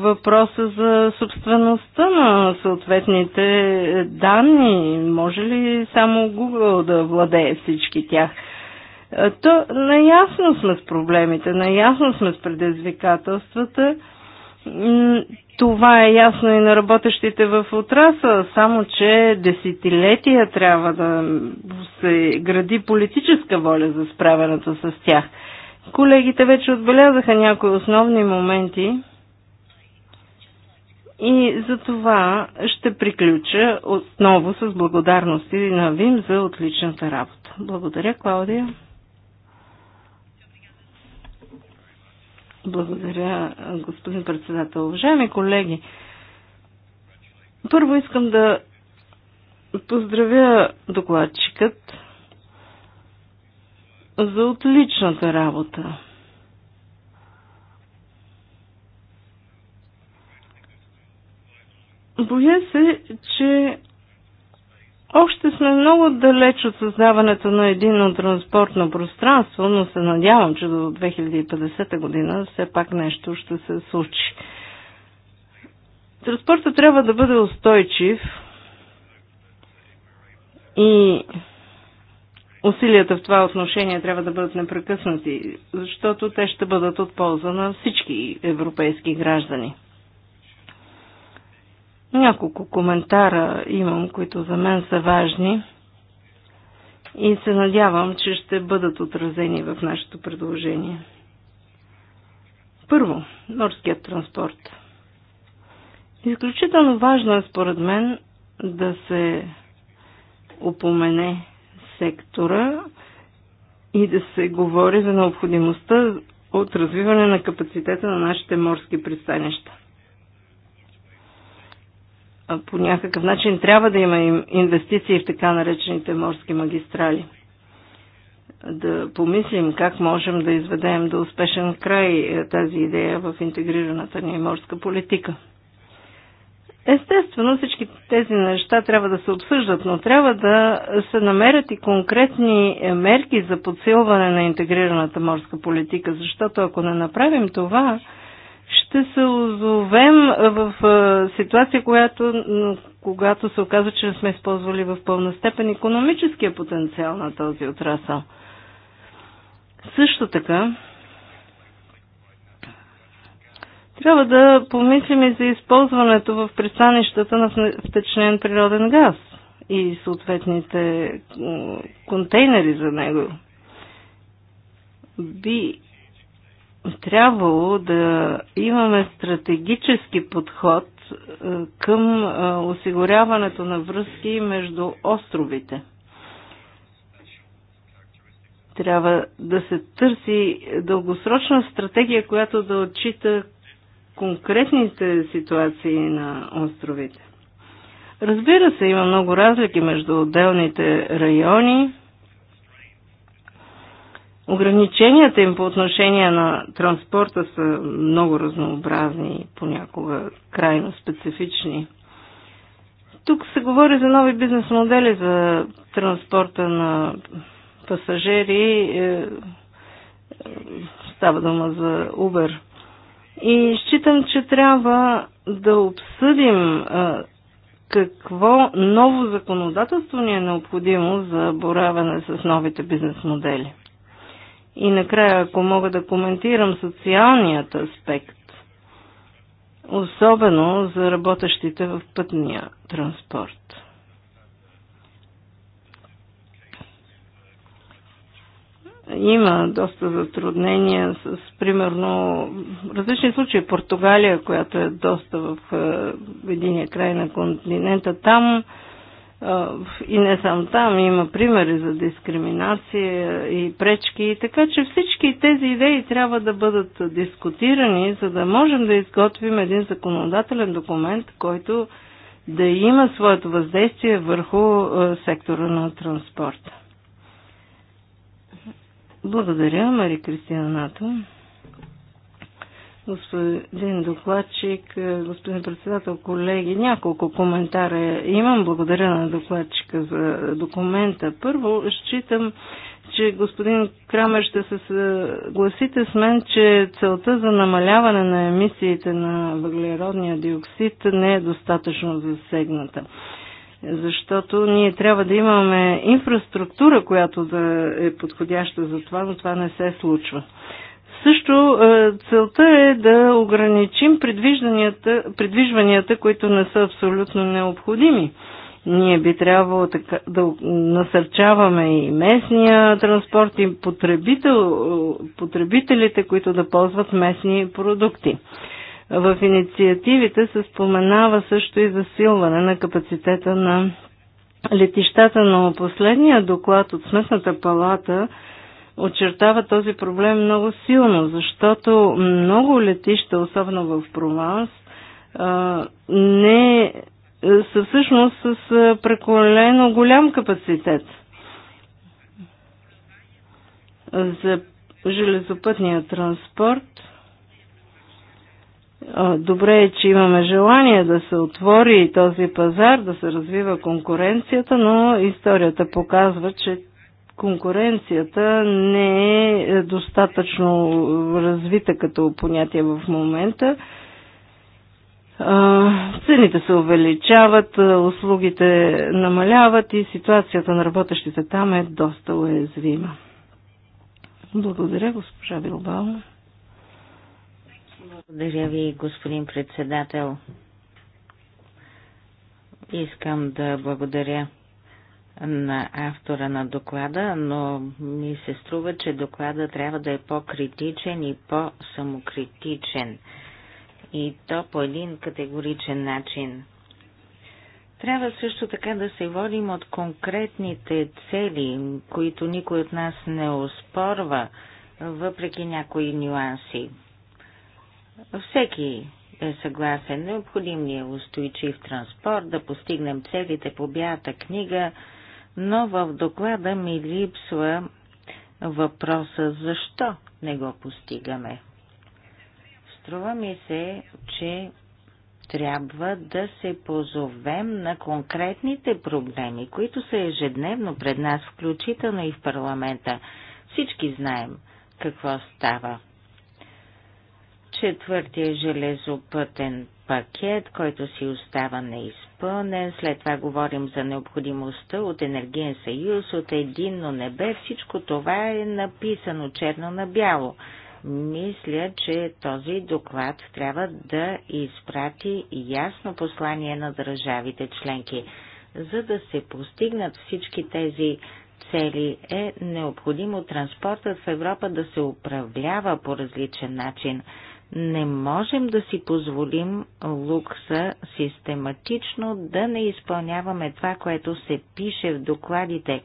въпроса за собствеността на съответните данни. Може ли само Google да владее всички тях? То наясно сме с проблемите, наясно сме с предизвикателствата. Това е ясно и на работещите в отраса, само че десетилетия трябва да се гради политическа воля за справянето с тях – Колегите вече отбелязаха някои основни моменти и за това ще приключа отново с благодарности на Вим за отличната работа. Благодаря, Клаудия. Благодаря, господин председател. Уважаеми колеги, първо искам да поздравя докладчикът за отличната работа. Боя се, че още сме много далеч от създаването на единно транспортно пространство, но се надявам, че до 2050 година все пак нещо ще се случи. Транспортът трябва да бъде устойчив и усилията в това отношение трябва да бъдат непрекъснати, защото те ще бъдат от полза на всички европейски граждани. Няколко коментара имам, които за мен са важни и се надявам, че ще бъдат отразени в нашето предложение. Първо, морският транспорт. Изключително важно е според мен да се опомене сектора и да се говори за необходимостта от развиване на капацитета на нашите морски пристанища. по някакъв начин трябва да има инвестиции в така наречените морски магистрали. Да помислим как можем да изведем до успешен край е, тази идея в интегрираната ни морска политика. Естествено, всички тези неща трябва да се обсъждат, но трябва да се намерят и конкретни мерки за подсилване на интегрираната морска политика, защото ако не направим това, ще се озовем в ситуация, която, когато се оказва, че не сме използвали в пълна степен економическия потенциал на този отрасъл. Също така, Трябва да помислим и за използването в пристанищата на втечнен природен газ и съответните контейнери за него. Би трябвало да имаме стратегически подход е, към е, осигуряването на връзки между островите. Трябва да се търси дългосрочна стратегия, която да отчита конкретните ситуации на островите. Разбира се, има много разлики между отделните райони. Ограниченията им по отношение на транспорта са много разнообразни и понякога крайно специфични. Тук се говори за нови бизнес модели за транспорта на пасажери. Е, е, става дума за Uber. И считам, че трябва да обсъдим какво ново законодателство ни е необходимо за боравене с новите бизнес модели. И накрая, ако мога да коментирам социалният аспект, особено за работещите в пътния транспорт. има доста затруднения с, примерно, различни случаи. Португалия, която е доста в е, единия край на континента, там е, и не само там, има примери за дискриминация и пречки. Така че всички тези идеи трябва да бъдат дискутирани, за да можем да изготвим един законодателен документ, който да има своето въздействие върху е, сектора на транспорта. Благодаря, Мари Кристианата. Господин докладчик, господин председател, колеги, няколко коментара имам. Благодаря на докладчика за документа. Първо, считам, че господин Крамер ще се съгласите с мен, че целта за намаляване на емисиите на въглеродния диоксид не е достатъчно засегната защото ние трябва да имаме инфраструктура, която да е подходяща за това, но това не се случва. Също е, целта е да ограничим предвижданията, предвижванията, които не са абсолютно необходими. Ние би трябвало така, да насърчаваме и местния транспорт, и потребител, е, потребителите, които да ползват местни продукти. В инициативите се споменава също и засилване на капацитета на летищата, но последния доклад от Сметната палата очертава този проблем много силно, защото много летища, особено в Прованс, не е, са всъщност с преколено голям капацитет. За железопътния транспорт Добре е, че имаме желание да се отвори този пазар, да се развива конкуренцията, но историята показва, че конкуренцията не е достатъчно развита като понятие в момента. Цените се увеличават, услугите намаляват и ситуацията на работещите там е доста уязвима. Благодаря, госпожа Билбао. Благодаря ви, господин председател. Искам да благодаря на автора на доклада, но ми се струва, че доклада трябва да е по-критичен и по-самокритичен. И то по един категоричен начин. Трябва също така да се водим от конкретните цели, които никой от нас не оспорва, въпреки някои нюанси. Всеки е съгласен. Необходим ни е устойчив транспорт, да постигнем целите по бята книга, но в доклада ми липсва въпроса защо не го постигаме. Струва ми се, че трябва да се позовем на конкретните проблеми, които са ежедневно пред нас, включително и в парламента. Всички знаем какво става четвъртия железопътен пакет, който си остава неизпълнен. След това говорим за необходимостта от енергиен съюз, от единно небе. Всичко това е написано черно на бяло. Мисля, че този доклад трябва да изпрати ясно послание на държавите членки. За да се постигнат всички тези цели е необходимо транспортът в Европа да се управлява по различен начин. Не можем да си позволим лукса систематично да не изпълняваме това, което се пише в докладите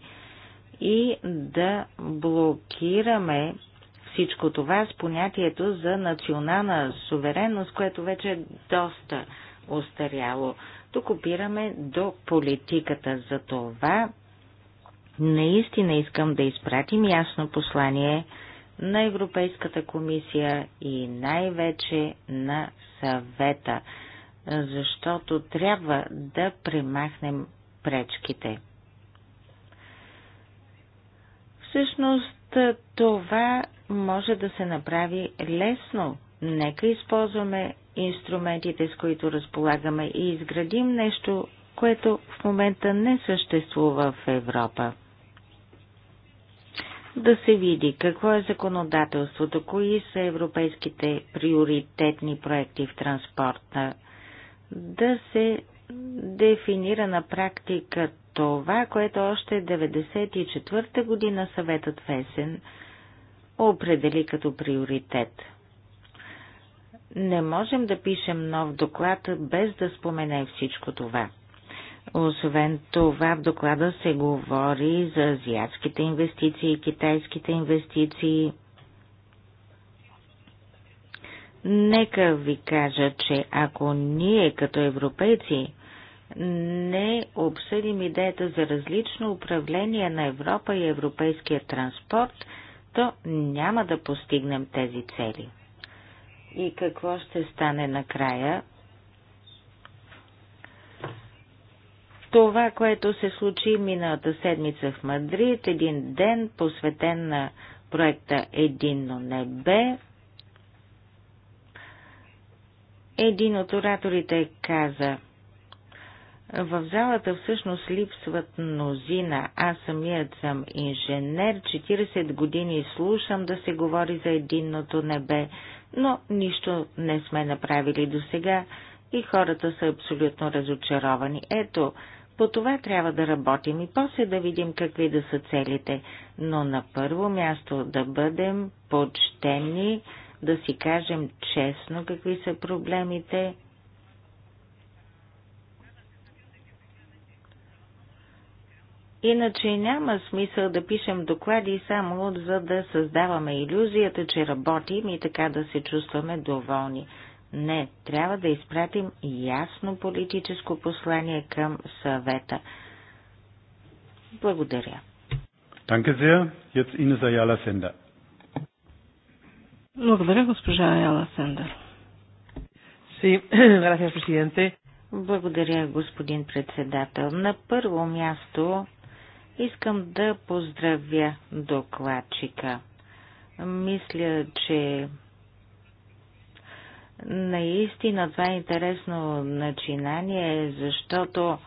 и да блокираме всичко това с понятието за национална суверенност, което вече е доста устаряло. Тук опираме до политиката. За това наистина искам да изпратим ясно послание на Европейската комисия и най-вече на съвета, защото трябва да премахнем пречките. Всъщност това може да се направи лесно. Нека използваме инструментите, с които разполагаме и изградим нещо, което в момента не съществува в Европа да се види какво е законодателството, кои са европейските приоритетни проекти в транспорта, да се дефинира на практика това, което още 1994 година съветът Весен определи като приоритет. Не можем да пишем нов доклад без да спомене всичко това. Освен това, в доклада се говори за азиатските инвестиции, китайските инвестиции. Нека ви кажа, че ако ние като европейци не обсъдим идеята за различно управление на Европа и европейския транспорт, то няма да постигнем тези цели. И какво ще стане накрая? това, което се случи миналата седмица в Мадрид, един ден посветен на проекта Единно небе. Един от ораторите каза, в залата всъщност липсват мнозина. Аз самият съм инженер, 40 години слушам да се говори за единното небе, но нищо не сме направили до сега и хората са абсолютно разочаровани. Ето, по това трябва да работим и после да видим какви да са целите, но на първо място да бъдем почтени, да си кажем честно какви са проблемите. Иначе няма смисъл да пишем доклади само за да създаваме иллюзията, че работим и така да се чувстваме доволни. Не, трябва да изпратим ясно политическо послание към съвета. Благодаря. Danke sehr. Jetzt Ines Ayala Sender. Благодаря, госпожа Аяла Сендер. Sí, gracias, presidente. Благодаря, господин председател. На първо място искам да поздравя докладчика. Мисля, че Наистина това е интересно начинание, защото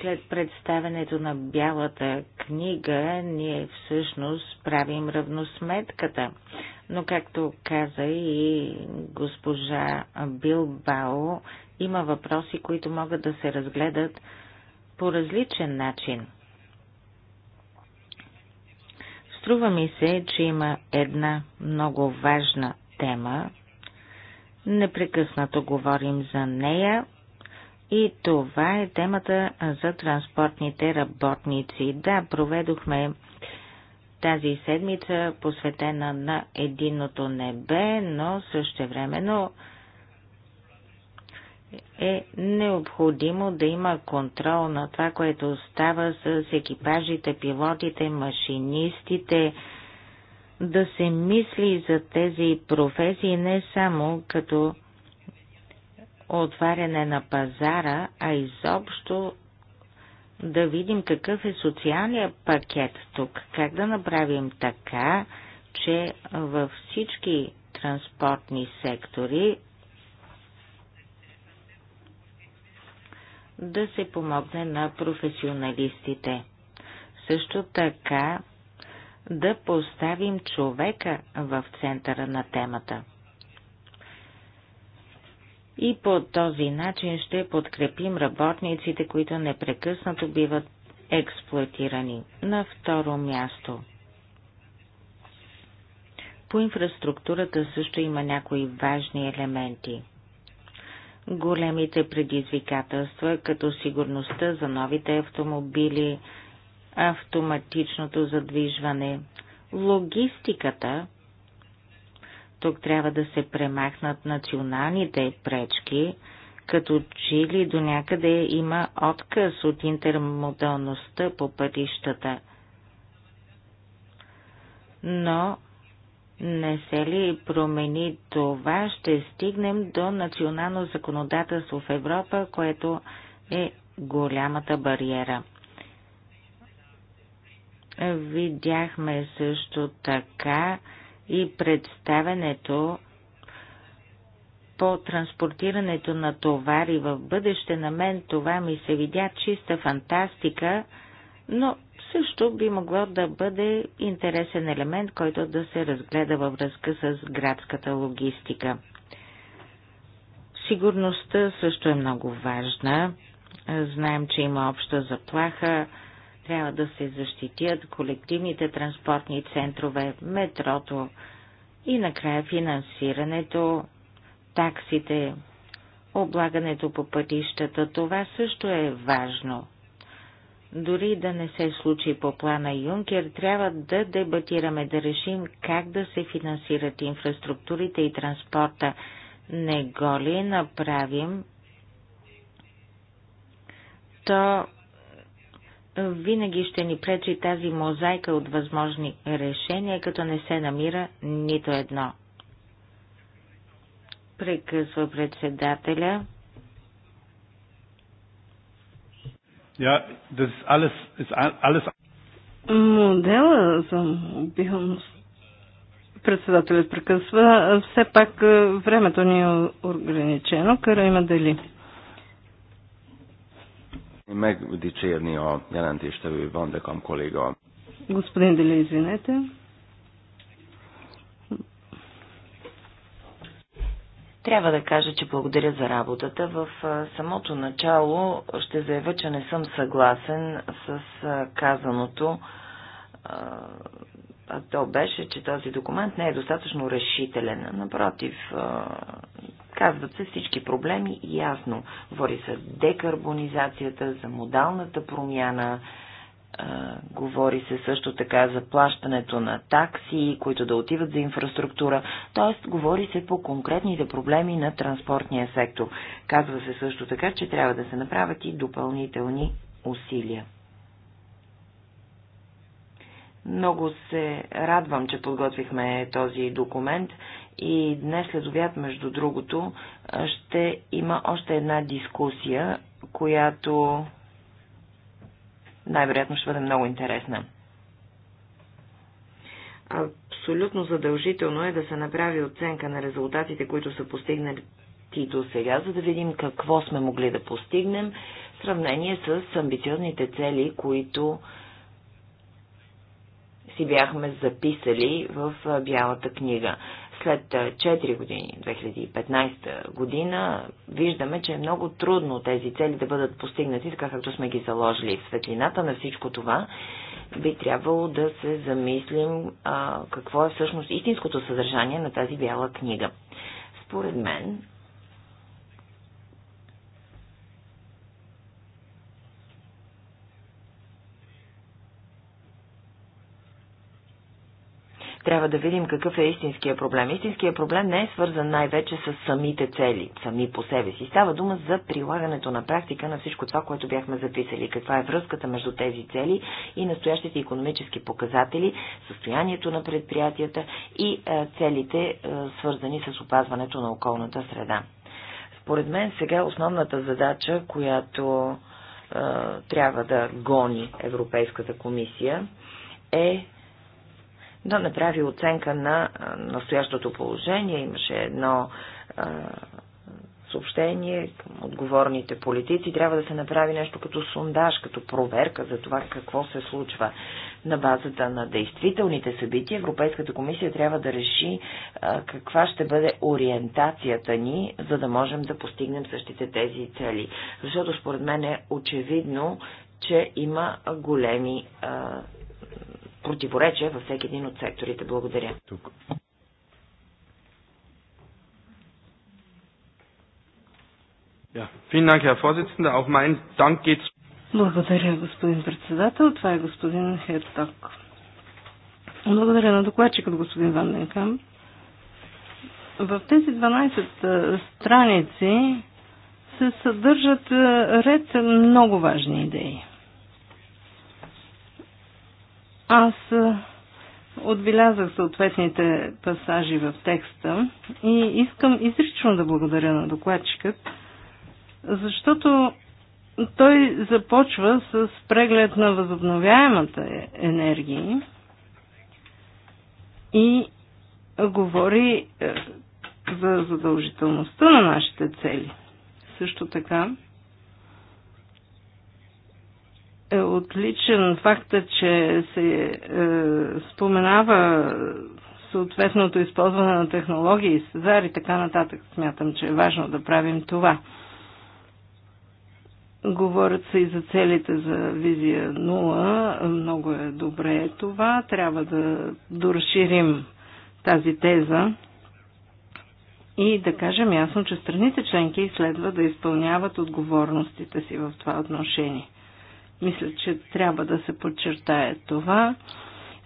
след представенето на бялата книга ние всъщност правим равносметката. Но както каза и госпожа Билбао, има въпроси, които могат да се разгледат по различен начин. Струва ми се, че има една много важна тема, Непрекъснато говорим за нея и това е темата за транспортните работници. Да, проведохме тази седмица посветена на единното небе, но същевременно е необходимо да има контрол на това, което става с екипажите, пилотите, машинистите, да се мисли за тези професии не само като отваряне на пазара, а изобщо да видим какъв е социалния пакет тук, как да направим така, че във всички транспортни сектори да се помогне на професионалистите. Също така да поставим човека в центъра на темата. И по този начин ще подкрепим работниците, които непрекъснато биват експлуатирани. На второ място. По инфраструктурата също има някои важни елементи. Големите предизвикателства, като сигурността за новите автомобили, автоматичното задвижване. Логистиката тук трябва да се премахнат националните пречки, като Чили до някъде има отказ от интермодалността по пътищата. Но не се ли промени това, ще стигнем до национално законодателство в Европа, което е голямата бариера. Видяхме също така и представенето по транспортирането на товари в бъдеще. На мен това ми се видя чиста фантастика, но също би могло да бъде интересен елемент, който да се разгледа във връзка с градската логистика. Сигурността също е много важна. Знаем, че има обща заплаха трябва да се защитят колективните транспортни центрове, метрото и накрая финансирането, таксите, облагането по пътищата. Това също е важно. Дори да не се случи по плана Юнкер, трябва да дебатираме, да решим как да се финансират инфраструктурите и транспорта. Не го ли направим, то винаги ще ни пречи тази мозайка от възможни решения, като не се намира нито едно. Прекъсва председателя. Ja, das ist alles, ist alles. Модела за мобилност. Председателят прекъсва. Все пак е, времето ни е ограничено. Кара има дали. Én megdicsérni a jelentéstevő Vandekam kolléga. Господин Дели, извинете. Трябва да кажа, че благодаря за работата. В самото начало ще заявя, че не съм съгласен с казаното а то беше, че този документ не е достатъчно решителен. Напротив, казват се всички проблеми и ясно. Говори се декарбонизацията, за модалната промяна, говори се също така за плащането на такси, които да отиват за инфраструктура, т.е. говори се по конкретните проблеми на транспортния сектор. Казва се също така, че трябва да се направят и допълнителни усилия. Много се радвам, че подготвихме този документ и днес след обяд, между другото, ще има още една дискусия, която най-вероятно ще бъде много интересна. Абсолютно задължително е да се направи оценка на резултатите, които са постигнали до сега, за да видим какво сме могли да постигнем в сравнение с амбициозните цели, които си бяхме записали в Бялата книга. След 4 години, 2015 година, виждаме, че е много трудно тези цели да бъдат постигнати, така както сме ги заложили. В светлината на всичко това би трябвало да се замислим а, какво е всъщност истинското съдържание на тази бяла книга. Според мен, трябва да видим какъв е истинския проблем. Истинския проблем не е свързан най-вече с самите цели, сами по себе си. Става дума за прилагането на практика на всичко това, което бяхме записали. Каква е връзката между тези цели и настоящите економически показатели, състоянието на предприятията и е, целите, е, свързани с опазването на околната среда. Според мен сега основната задача, която е, трябва да гони Европейската комисия, е да направи оценка на настоящото положение. Имаше едно съобщение към отговорните политици. Трябва да се направи нещо като сондаж, като проверка за това какво се случва. На базата на действителните събития Европейската комисия трябва да реши а, каква ще бъде ориентацията ни, за да можем да постигнем същите тези цели. Защото според мен е очевидно, че има големи а, противоречия във всеки един от секторите. Благодаря. Тук. Благодаря, господин председател. Това е господин Херток. Благодаря на докладчика, господин Ван Денкам. В тези 12 страници се съдържат ред много важни идеи. Аз отбелязах съответните пасажи в текста и искам изрично да благодаря на докладчикът, защото той започва с преглед на възобновяемата енергия и говори за задължителността на нашите цели. Също така е отличен факта, че се е, споменава съответното използване на технологии, Сезар и така нататък. Смятам, че е важно да правим това. Говорят се и за целите за визия 0. Много е добре това. Трябва да доразширим тази теза и да кажем ясно, че страните членки следва да изпълняват отговорностите си в това отношение. Мисля, че трябва да се подчертае това.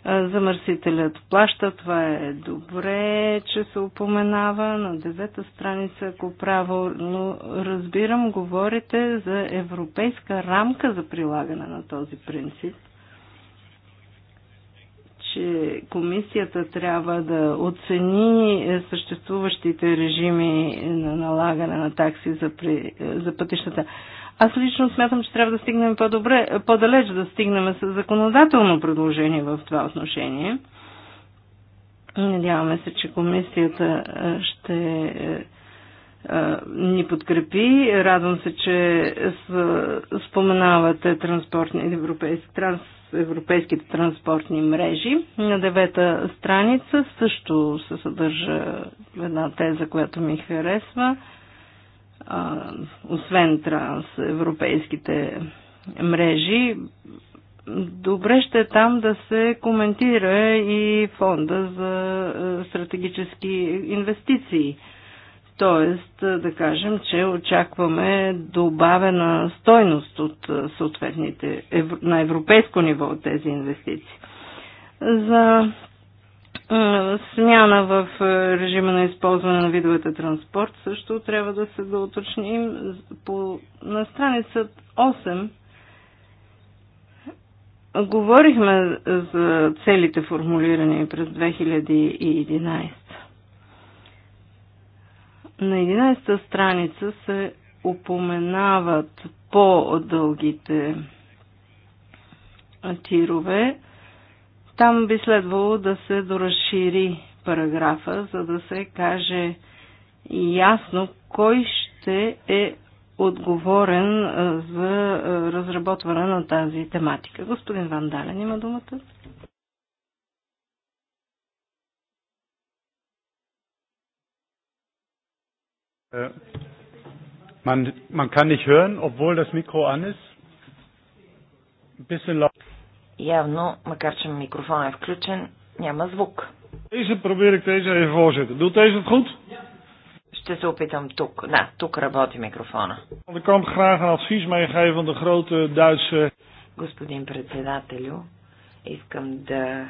Замърсителят плаща, това е добре, че се упоменава. На девета страница, ако но разбирам, говорите за европейска рамка за прилагане на този принцип че комисията трябва да оцени съществуващите режими на налагане на такси за, при, за пътищата. Аз лично смятам, че трябва да стигнем по-добре, по-далеч да стигнем с законодателно предложение в това отношение. Надяваме се, че комисията ще ни подкрепи. Радвам се, че споменавате транспортни, европейски, транс, европейските транспортни мрежи. На девета страница също се съдържа една теза, която ми харесва – освен трансевропейските мрежи, добре ще е там да се коментира и фонда за стратегически инвестиции. Тоест, да кажем, че очакваме добавена стойност от съответните на европейско ниво от тези инвестиции. За смяна в режима на използване на видовете транспорт също трябва да се доуточним. По, на страница 8 говорихме за целите формулирани през 2011. На 11-та страница се упоменават по-дългите тирове – там би следвало да се доразшири параграфа, за да се каже ясно кой ще е отговорен за разработване на тази тематика. Господин Вандален има думата. Man, man kann nicht hören, obwohl das Mikro an ist. Ein bisschen laut. Явно, макар че микрофонът е включен, няма звук. Тези probeer ik е even voorzetten. Doet goed? Ще се опитам тук. Да, тук работи микрофона. Ik kan graag een advies meegeven van de grote Duitse... Господин председателю, искам да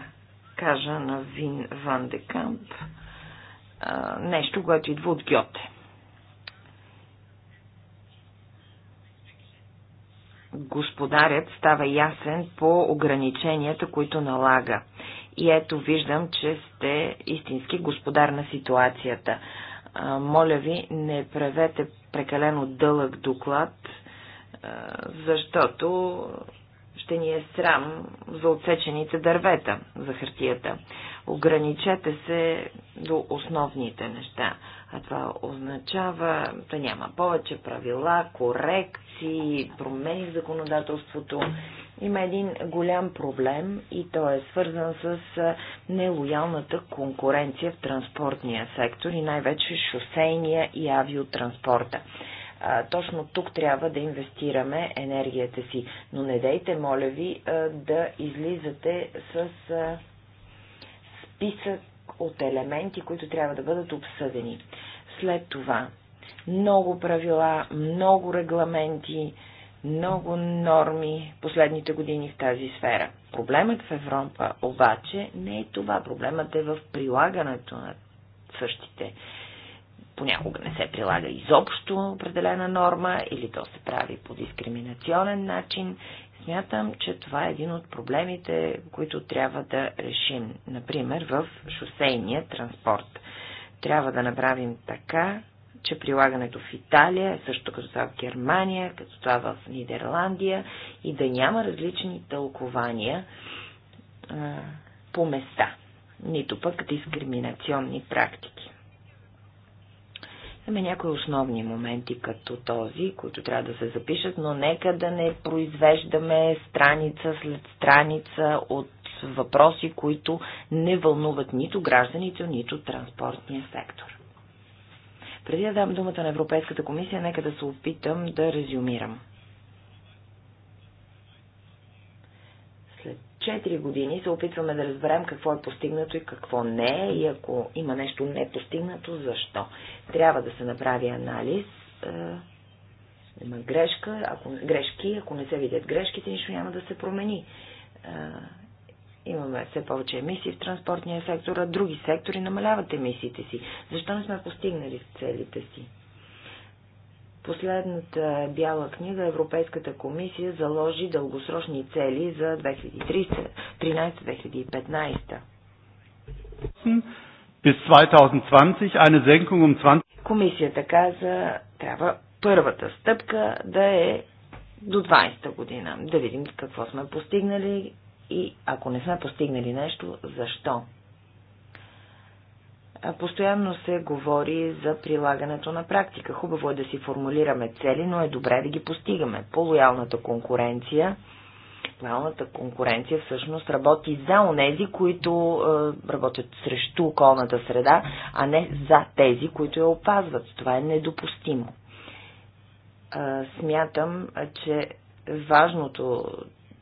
кажа на Вин Ван Декамп нещо, което идва от Гьоте. господарят става ясен по ограниченията, които налага. И ето виждам, че сте истински господар на ситуацията. моля ви, не правете прекалено дълъг доклад, защото ще ни е срам за отсечените дървета за хартията. Ограничете се до основните неща. А това означава да няма повече правила, корекции, промени в законодателството. Има един голям проблем и той е свързан с нелоялната конкуренция в транспортния сектор и най-вече шосейния и авиотранспорта точно тук трябва да инвестираме енергията си. Но не дейте, моля ви, да излизате с списък от елементи, които трябва да бъдат обсъдени. След това много правила, много регламенти, много норми последните години в тази сфера. Проблемът в Европа обаче не е това. Проблемът е в прилагането на същите. Понякога не се прилага изобщо определена норма или то се прави по дискриминационен начин Смятам, че това е един от проблемите, които трябва да решим. Например, в шосейния транспорт. Трябва да направим така, че прилагането в Италия, е също като това в Германия, като това в Нидерландия и да няма различни тълкования а, по места, нито пък дискриминационни практики. Ами някои основни моменти като този, които трябва да се запишат, но нека да не произвеждаме страница след страница от въпроси, които не вълнуват нито гражданите, нито транспортния сектор. Преди да дам думата на Европейската комисия, нека да се опитам да резюмирам. 4 години се опитваме да разберем какво е постигнато и какво не е и ако има нещо не постигнато, защо. Трябва да се направи анализ. Е, има грешка, ако, грешки, ако не се видят грешките, нищо няма да се промени. Е, имаме все повече емисии в транспортния сектор, а други сектори намаляват емисиите си. Защо не сме постигнали целите си? Последната бяла книга Европейската комисия заложи дългосрочни цели за 2013-2015. Bis 2020 eine Senkung um 20... Комисията каза, трябва първата стъпка да е до 20-та година. Да видим какво сме постигнали и ако не сме постигнали нещо, защо постоянно се говори за прилагането на практика. Хубаво е да си формулираме цели, но е добре да ги постигаме. По-лоялната конкуренция, лоялната конкуренция всъщност работи за онези, които е, работят срещу околната среда, а не за тези, които я опазват. Това е недопустимо. Е, смятам, че важното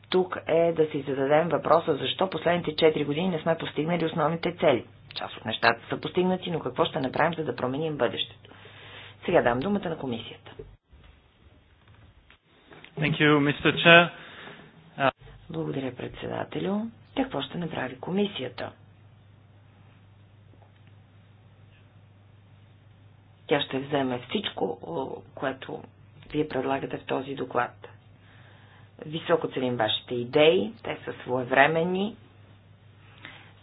тук е да си зададем въпроса, защо последните 4 години не сме постигнали основните цели. Част от нещата са постигнати, но какво ще направим, за да променим бъдещето? Сега дам думата на комисията. Thank you, Mr. Chair. Uh... Благодаря, председателю. Какво ще направи комисията? Тя ще вземе всичко, което вие предлагате в този доклад. Високо целим вашите идеи, те са своевременни,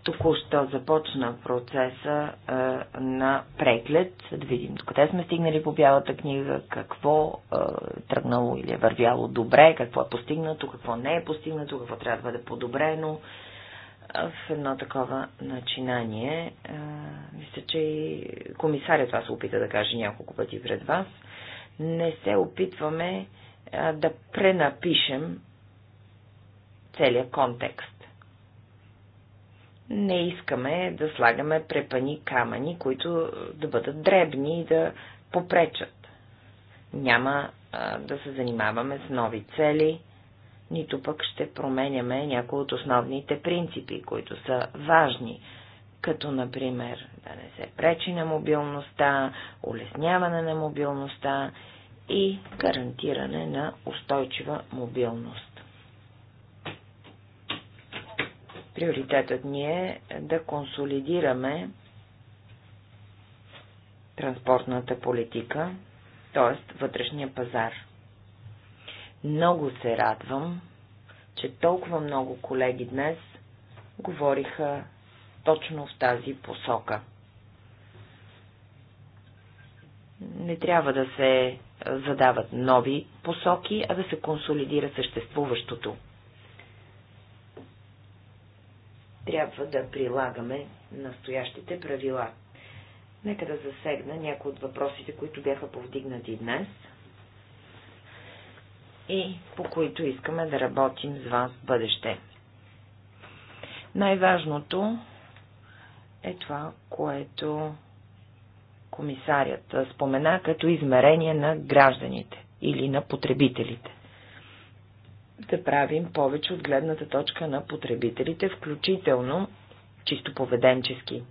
Току-що започна процеса а, е, на преглед, да видим докъде сме стигнали по бялата книга, какво а, е, тръгнало или е вървяло добре, какво е постигнато, какво не е постигнато, какво трябва да бъде подобрено. В едно такова начинание, а, е, мисля, че и комисарят това се опита да каже няколко пъти пред вас, не се опитваме а, да пренапишем целият контекст не искаме да слагаме препани камъни, които е, да бъдат дребни и да попречат. Няма а, да се занимаваме с нови цели, нито пък ще променяме някои от основните принципи, които са важни, като например да не се пречи на мобилността, улесняване на мобилността и гарантиране на устойчива мобилност. Приоритетът ни е да консолидираме транспортната политика, т.е. вътрешния пазар. Много се радвам, че толкова много колеги днес говориха точно в тази посока. Не трябва да се задават нови посоки, а да се консолидира съществуващото. трябва да прилагаме настоящите правила. Нека да засегна някои от въпросите, които бяха повдигнати днес и по които искаме да работим с вас в бъдеще. Най-важното е това, което комисарят спомена като измерение на гражданите или на потребителите да правим повече от гледната точка на потребителите, включително чисто поведенчески.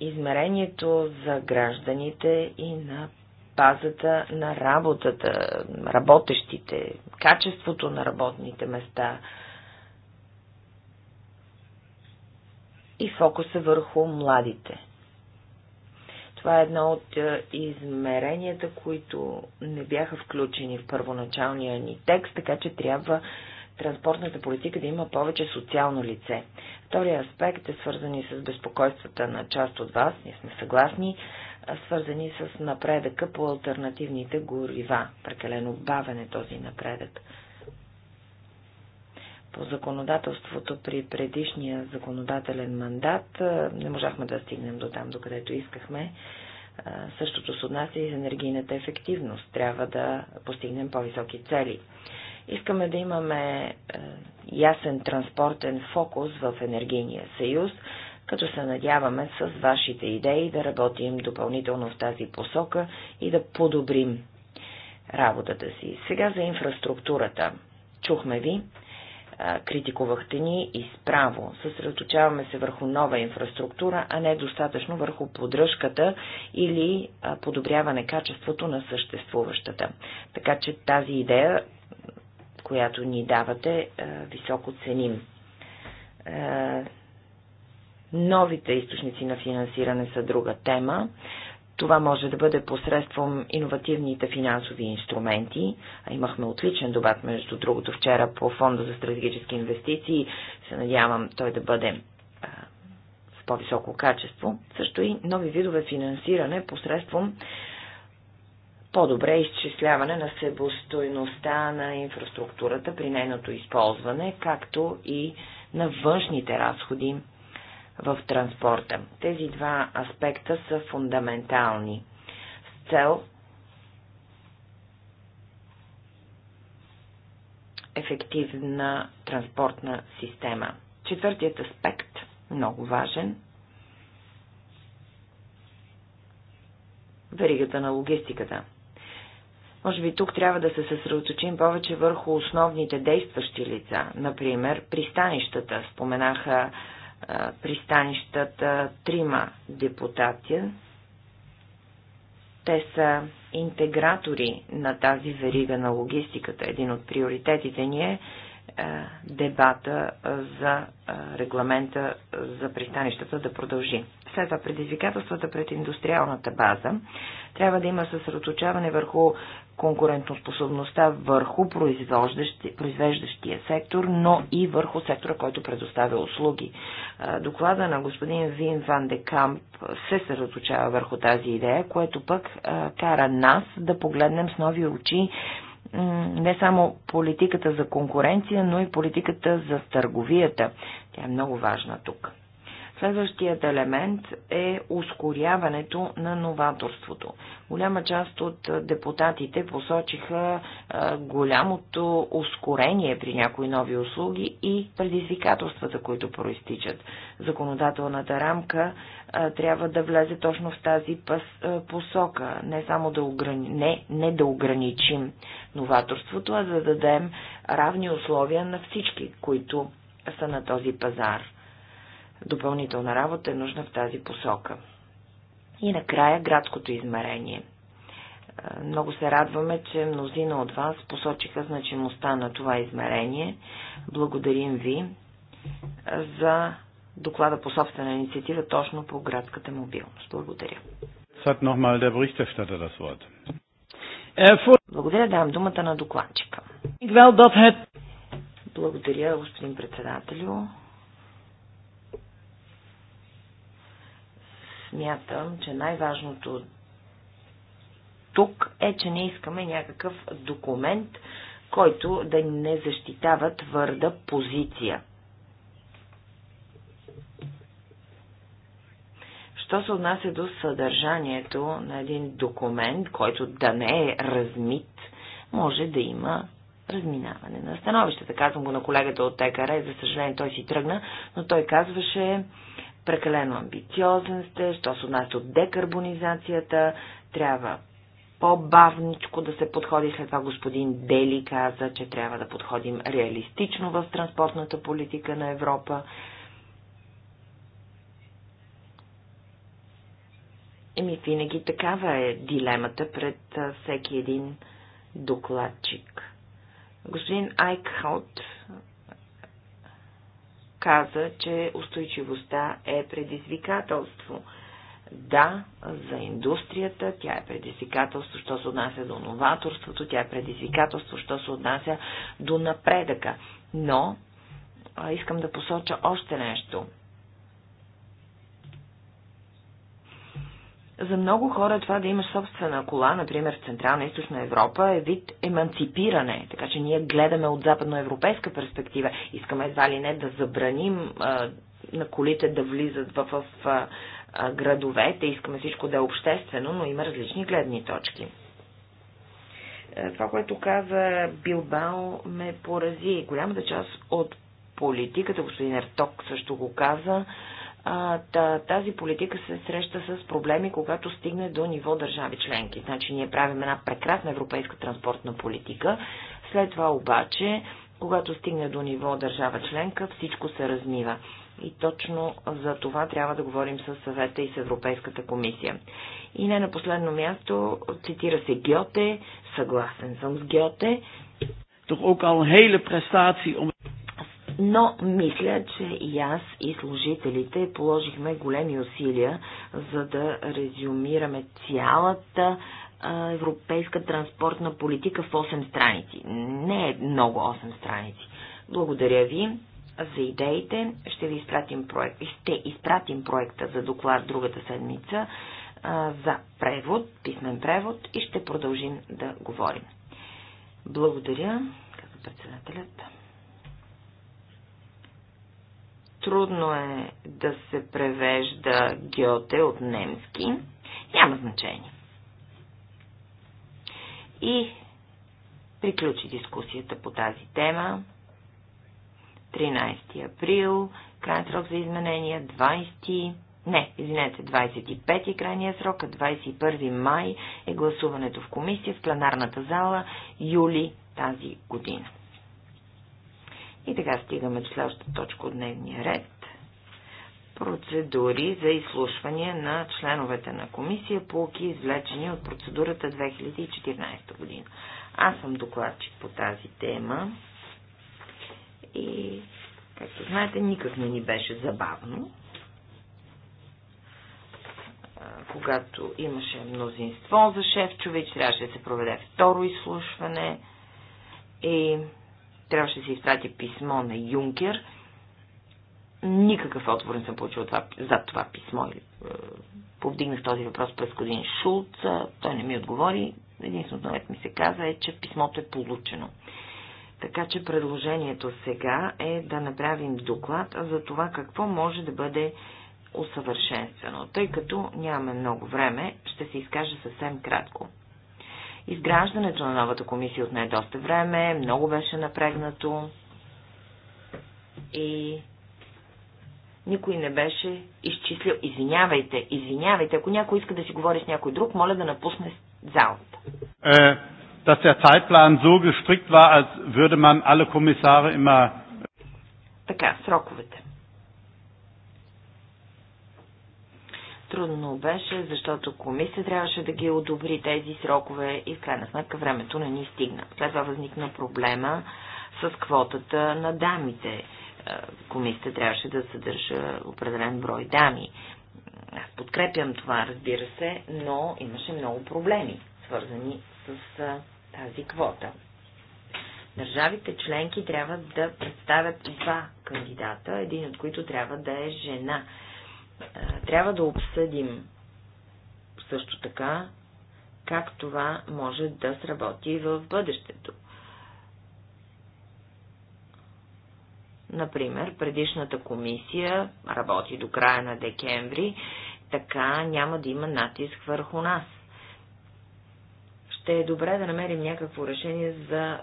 Измерението за гражданите и на базата на работата, работещите, качеството на работните места и фокуса върху младите – това е едно от е, измеренията, които не бяха включени в първоначалния ни текст, така че трябва транспортната политика да има повече социално лице. Втория аспект е свързан и с безпокойствата на част от вас, ние сме съгласни, свързани с напредъка по альтернативните горива. Прекалено бавен е този напредък по законодателството при предишния законодателен мандат. Не можахме да стигнем до там, докъдето искахме. Същото се отнася и за енергийната ефективност. Трябва да постигнем по-високи цели. Искаме да имаме ясен транспортен фокус в енергийния съюз, като се надяваме с вашите идеи да работим допълнително в тази посока и да подобрим работата си. Сега за инфраструктурата. Чухме ви критикувахте ни и справо. Съсредоточаваме се върху нова инфраструктура, а не достатъчно върху поддръжката или подобряване качеството на съществуващата. Така че тази идея, която ни давате, високо ценим. Новите източници на финансиране са друга тема. Това може да бъде посредством иновативните финансови инструменти. Имахме отличен дебат, между другото, вчера по Фонда за стратегически инвестиции. Се надявам той да бъде а, с по-високо качество. Също и нови видове финансиране посредством по-добре изчисляване на себостойността на инфраструктурата при нейното използване, както и на външните разходи в транспорта. Тези два аспекта са фундаментални. С цел ефективна транспортна система. Четвъртият аспект, много важен, веригата на логистиката. Може би тук трябва да се съсредоточим повече върху основните действащи лица, например пристанищата, споменаха пристанищата трима депутати. Те са интегратори на тази верига на логистиката. Един от приоритетите ни е дебата за регламента за пристанищата да продължи. След това предизвикателствата пред индустриалната база трябва да има съсредоточаване върху конкурентоспособността върху произвеждащия сектор, но и върху сектора, който предоставя услуги. Доклада на господин Вин Ван де Камп се съсредоточава върху тази идея, което пък кара нас да погледнем с нови очи не само политиката за конкуренция, но и политиката за търговията. Тя е много важна тук. Следващият елемент е ускоряването на новаторството. Голяма част от депутатите посочиха голямото ускорение при някои нови услуги и предизвикателствата, които проистичат. Законодателната рамка трябва да влезе точно в тази посока. Не само да, ограни... не, не да ограничим новаторството, а да дадем равни условия на всички, които са на този пазар допълнителна работа е нужна в тази посока. И накрая градското измерение. Е, много се радваме, че мнозина от вас посочиха значимостта на това измерение. Благодарим ви е, за доклада по собствена инициатива точно по градската мобилност. Благодаря. Е, Благодаря, давам думата на докладчика. Благодаря, господин председателю. Смятам, че най-важното тук е, че не искаме някакъв документ, който да не защитава твърда позиция. Що се отнася до съдържанието на един документ, който да не е размит, може да има разминаване на становищата. Казвам го на колегата от ТКР, за съжаление той си тръгна, но той казваше, Прекалено амбициозен сте, що се отнася от декарбонизацията, трябва по-бавничко да се подходи. След това господин Дели каза, че трябва да подходим реалистично в транспортната политика на Европа. Еми, винаги такава е дилемата пред всеки един докладчик. Господин Айкхаут каза, че устойчивостта е предизвикателство. Да, за индустрията тя е предизвикателство, що се отнася до новаторството, тя е предизвикателство, що се отнася до напредъка. Но искам да посоча още нещо. За много хора това да имаш собствена кола, например в Централна и Източна Европа, е вид еманципиране. Така че ние гледаме от западноевропейска перспектива. Искаме едва ли не да забраним а, на колите да влизат в, в а, градовете, искаме всичко да е обществено, но има различни гледни точки. Е, това, което каза Билбао, ме порази. Голямата част от политиката, господин Ерток също го каза, а, тази политика се среща с проблеми, когато стигне до ниво държави членки. Значи ние правим една прекрасна европейска транспортна политика, след това обаче, когато стигне до ниво държава членка, всичко се размива. И точно за това трябва да говорим с съвета и с Европейската комисия. И не на последно място, цитира се Гьоте, съгласен съм с Гьоте. Тук ook al hele prestatie om но мисля, че и аз и служителите положихме големи усилия, за да резюмираме цялата европейска транспортна политика в 8 страници. Не е много 8 страници. Благодаря ви за идеите. Ще ви изпратим проект, ще изпратим проекта за доклад другата седмица за превод, писмен превод и ще продължим да говорим. Благодаря, каза председателят. Трудно е да се превежда Гьоте от немски. Няма значение. И приключи дискусията по тази тема. 13 април, крайен срок за изменения, 20... Не, извинете, 25 е крайния срок, а 21 май е гласуването в комисия в пленарната зала юли тази година. И така стигаме до следващата точка от дневния ред. Процедури за изслушване на членовете на комисия ОКИ, извлечени от процедурата 2014 година. Аз съм докладчик по тази тема и, както знаете, никак не ни беше забавно. Когато имаше мнозинство за човек, трябваше да се проведе второ изслушване и трябваше да се изпрати писмо на Юнкер. Никакъв отговор не съм получил това, за това писмо. Е, повдигнах този въпрос през Кодин Шулц, той не ми отговори. Единственото, което ми се каза е, че писмото е получено. Така че предложението сега е да направим доклад за това какво може да бъде усъвършенствено. Тъй като нямаме много време, ще се изкажа съвсем кратко. Изграждането на новата комисия отне доста време, много беше напрегнато и никой не беше изчислил. Извинявайте, извинявайте, ако някой иска да си говори с някой друг, моля да напусне залата. Е, dass der Zeitplan so gestrickt war, als würde man alle Kommissare immer... Така, сроковете. Трудно беше, защото комисия трябваше да ги одобри тези срокове и в крайна сметка времето не ни стигна. След това възникна проблема с квотата на дамите. Е, комисията трябваше да съдържа определен брой дами. Аз подкрепям това, разбира се, но имаше много проблеми, свързани с е, тази квота. Държавите членки трябва да представят два кандидата, един от които трябва да е жена. Е, трябва да обсъдим също така как това може да сработи в бъдещето. Например, предишната комисия работи до края на декември, така няма да има натиск върху нас. Ще е добре да намерим някакво решение за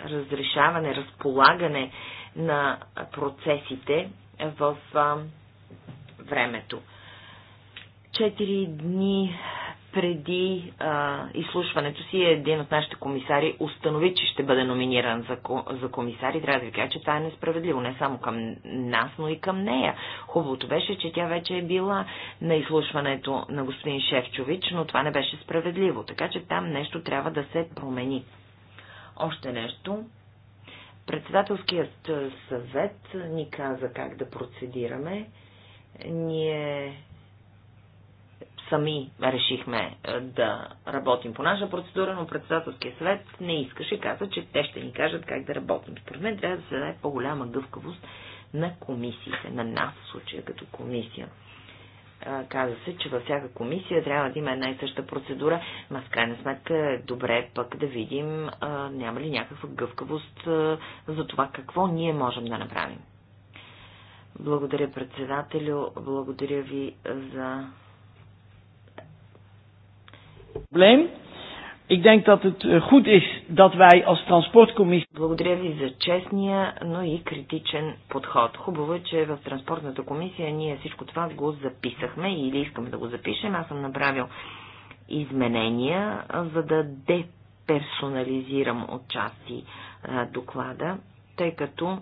разрешаване, разполагане на процесите в времето. Четири дни преди а, изслушването си един от нашите комисари установи, че ще бъде номиниран за, за комисар и трябва да ви кажа, че това е несправедливо не само към нас, но и към нея. Хубавото беше, че тя вече е била на изслушването на господин Шевчович, но това не беше справедливо, така че там нещо трябва да се промени. Още нещо. Председателският съвет ни каза как да процедираме. Ние сами решихме е, да работим по наша процедура, но председателския съвет не искаше и каза, че те ще ни кажат как да работим. Според мен трябва да се даде по-голяма гъвкавост на комисиите, на нас в случая като комисия. Е, каза се, че във всяка комисия трябва да има една и съща процедура, но в крайна сметка е добре пък да видим е, няма ли някаква гъвкавост за това какво ние можем да направим. Благодаря, председателю. Благодаря ви за... Проблем. Ik denk dat het eh, goed is dat wij als transportcommissie. Благодаря ви за честния, но и критичен подход. Хубаво е, че в транспортната комисия ние всичко това го записахме или искаме да го запишем. Аз съм направил изменения, за да деперсонализирам отчасти доклада, тъй като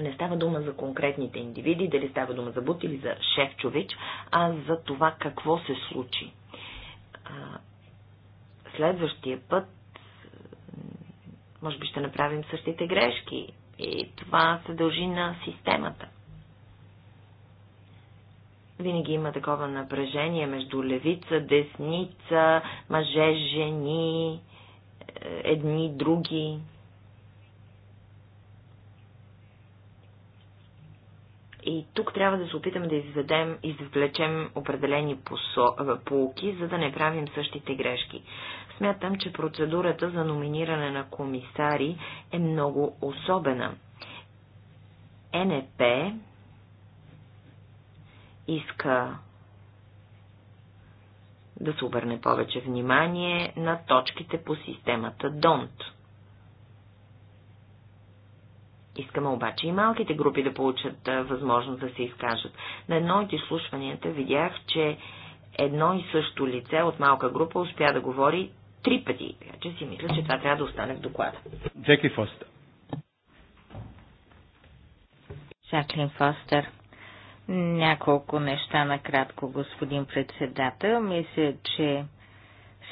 не става дума за конкретните индивиди, дали става дума за Бут или за Шефчович, а за това какво се случи. Следващия път, може би ще направим същите грешки и това се дължи на системата. Винаги има такова напрежение между левица, десница, мъже, жени, е, едни, други. И тук трябва да се опитаме да изведем, извлечем определени полуки, за да не правим същите грешки. Смятам, че процедурата за номиниране на комисари е много особена. НП иска да се обърне повече внимание на точките по системата ДОНТ. Искаме обаче и малките групи да получат а, възможност да се изкажат. На едно от изслушванията видях, че едно и също лице от малка група успя да говори три пъти. Така че си мисля, че това трябва да остане в доклада. Джеки Фостер. Жаклин Фостер. Няколко неща накратко, господин председател. Мисля, че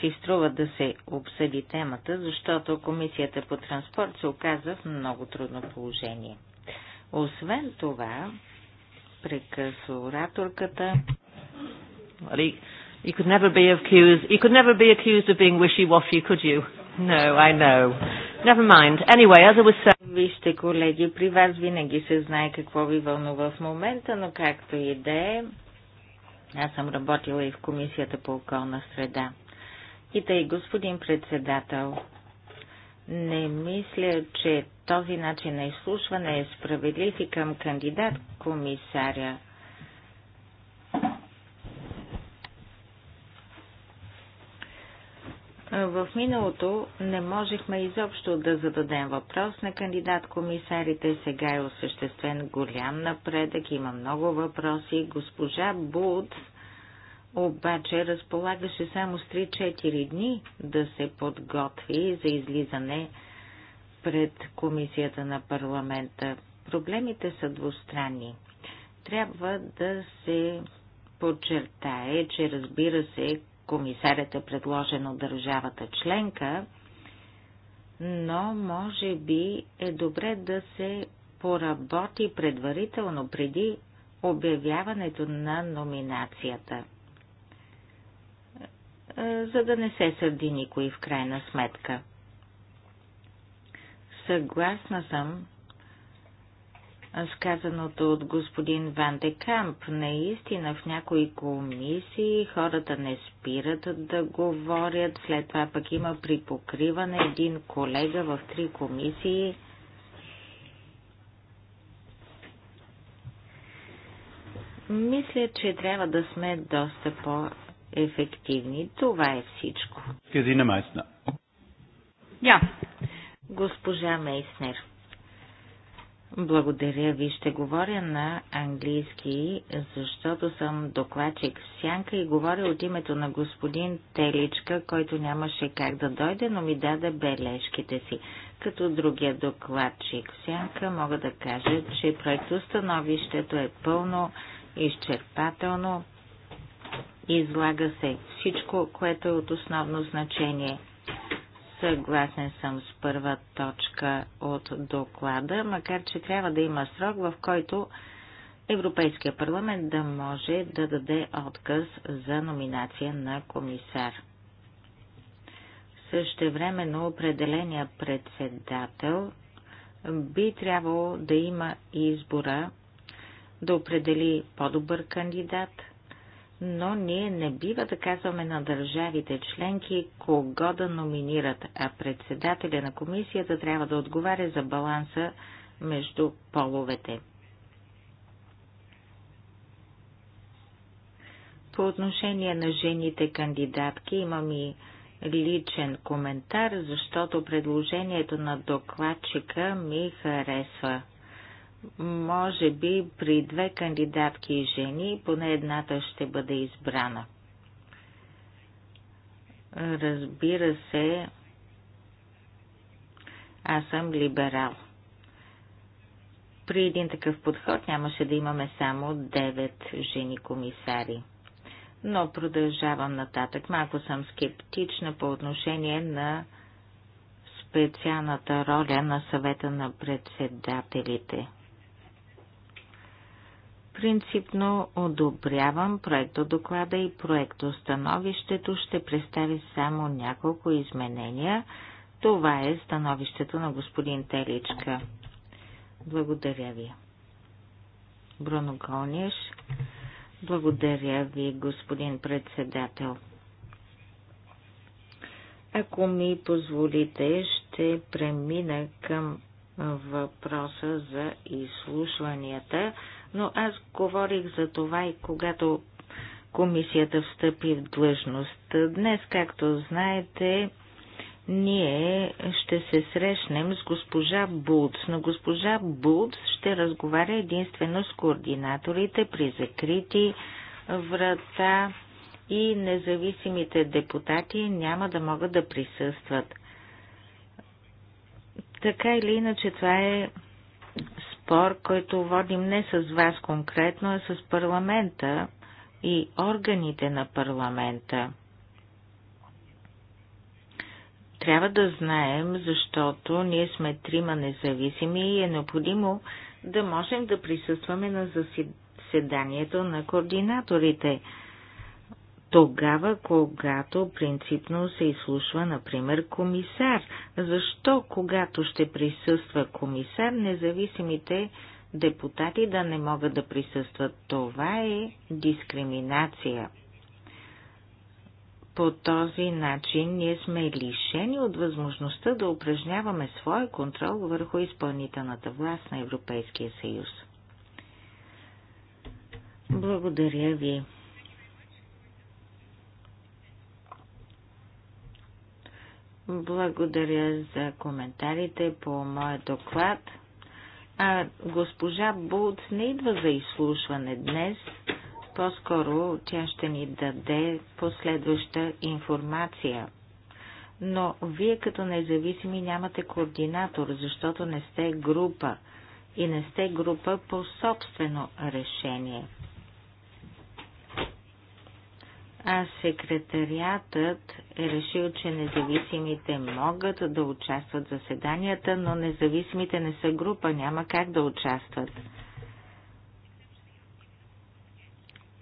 си струва да се обсъди темата, защото Комисията по транспорт се оказа в много трудно положение. Освен това, прекъсва ораторката. You could never be accused. You could never be accused of being wishy-washy, could you? No, I know. Never mind. Anyway, as I was saying... Вижте, колеги, при вас винаги се знае какво ви вълнува в момента, но както и да е, аз съм работила и в Комисията по околна среда. И тъй, господин председател, не мисля, че този начин на изслушване е справедлив и към кандидат комисаря. В миналото не можехме изобщо да зададем въпрос на кандидат комисарите. Сега е осъществен голям напредък, има много въпроси. Госпожа Буд обаче разполагаше само с 3-4 дни да се подготви за излизане пред комисията на парламента. Проблемите са двустранни. Трябва да се подчертае, че разбира се, комисарят е предложен от държавата членка, но може би е добре да се поработи предварително преди обявяването на номинацията за да не се сърди никой в крайна сметка. Съгласна съм с казаното от господин Ван де Камп. Наистина в някои комисии хората не спират да говорят, след това пък има припокриване един колега в три комисии. Мисля, че трябва да сме доста по ефективни. Това е всичко. Казина Майсна. Я. Госпожа Мейснер. Благодаря ви. Ще говоря на английски, защото съм докладчик в Сянка и говоря от името на господин Теличка, който нямаше как да дойде, но ми даде бележките си. Като другия докладчик в Сянка мога да кажа, че проектостановището е пълно, изчерпателно, Излага се всичко, което е от основно значение. Съгласен съм с първа точка от доклада, макар че трябва да има срок, в който Европейския парламент да може да даде отказ за номинация на комисар. Същевременно определения председател би трябвало да има избора да определи по-добър кандидат – но ние не бива да казваме на държавите членки кого да номинират, а председателя на комисията трябва да отговаря за баланса между половете. По отношение на жените кандидатки имам и личен коментар, защото предложението на докладчика ми харесва може би при две кандидатки и жени, поне едната ще бъде избрана. Разбира се, аз съм либерал. При един такъв подход нямаше да имаме само 9 жени комисари. Но продължавам нататък. Малко съм скептична по отношение на специалната роля на съвета на председателите – Принципно одобрявам проекто доклада и проекто становището. Ще представя само няколко изменения. Това е становището на господин Теличка. Благодаря ви. Бруно Гониш. Благодаря ви, господин председател. Ако ми позволите, ще премина към въпроса за изслушванията но аз говорих за това и когато комисията встъпи в длъжност. Днес, както знаете, ние ще се срещнем с госпожа Булц, но госпожа Булц ще разговаря единствено с координаторите при закрити врата и независимите депутати няма да могат да присъстват. Така или иначе това е спор, който водим не с вас конкретно, а с парламента и органите на парламента. Трябва да знаем, защото ние сме трима независими и е необходимо да можем да присъстваме на заседанието на координаторите – тогава, когато принципно се изслушва, например, комисар. Защо, когато ще присъства комисар, независимите депутати да не могат да присъстват? Това е дискриминация. По този начин ние сме лишени от възможността да упражняваме своя контрол върху изпълнителната власт на Европейския съюз. Благодаря ви. Благодаря за коментарите по моя доклад. А, госпожа Булт не идва за изслушване днес. По-скоро тя ще ни даде последваща информация. Но вие като независими нямате координатор, защото не сте група и не сте група по собствено решение а секретариатът е решил, че независимите могат да участват в заседанията, но независимите не са група, няма как да участват.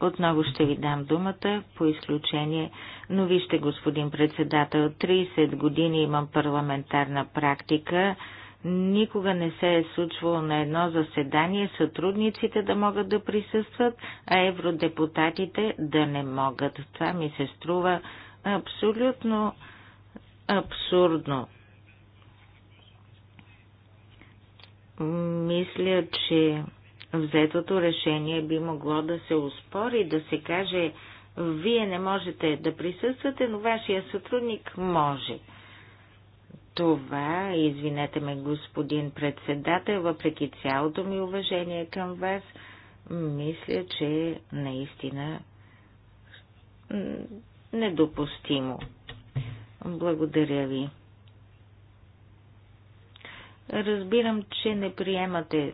Отново ще ви дам думата по изключение, но вижте, господин председател, 30 години имам парламентарна практика. Никога не се е случвало на едно заседание сътрудниците да могат да присъстват, а евродепутатите да не могат. Това ми се струва абсолютно абсурдно. Мисля, че взетото решение би могло да се успори, да се каже, вие не можете да присъствате, но вашия сътрудник може това, извинете ме, господин председател, въпреки цялото ми уважение към вас, мисля, че е наистина недопустимо. Благодаря ви. Разбирам, че не приемате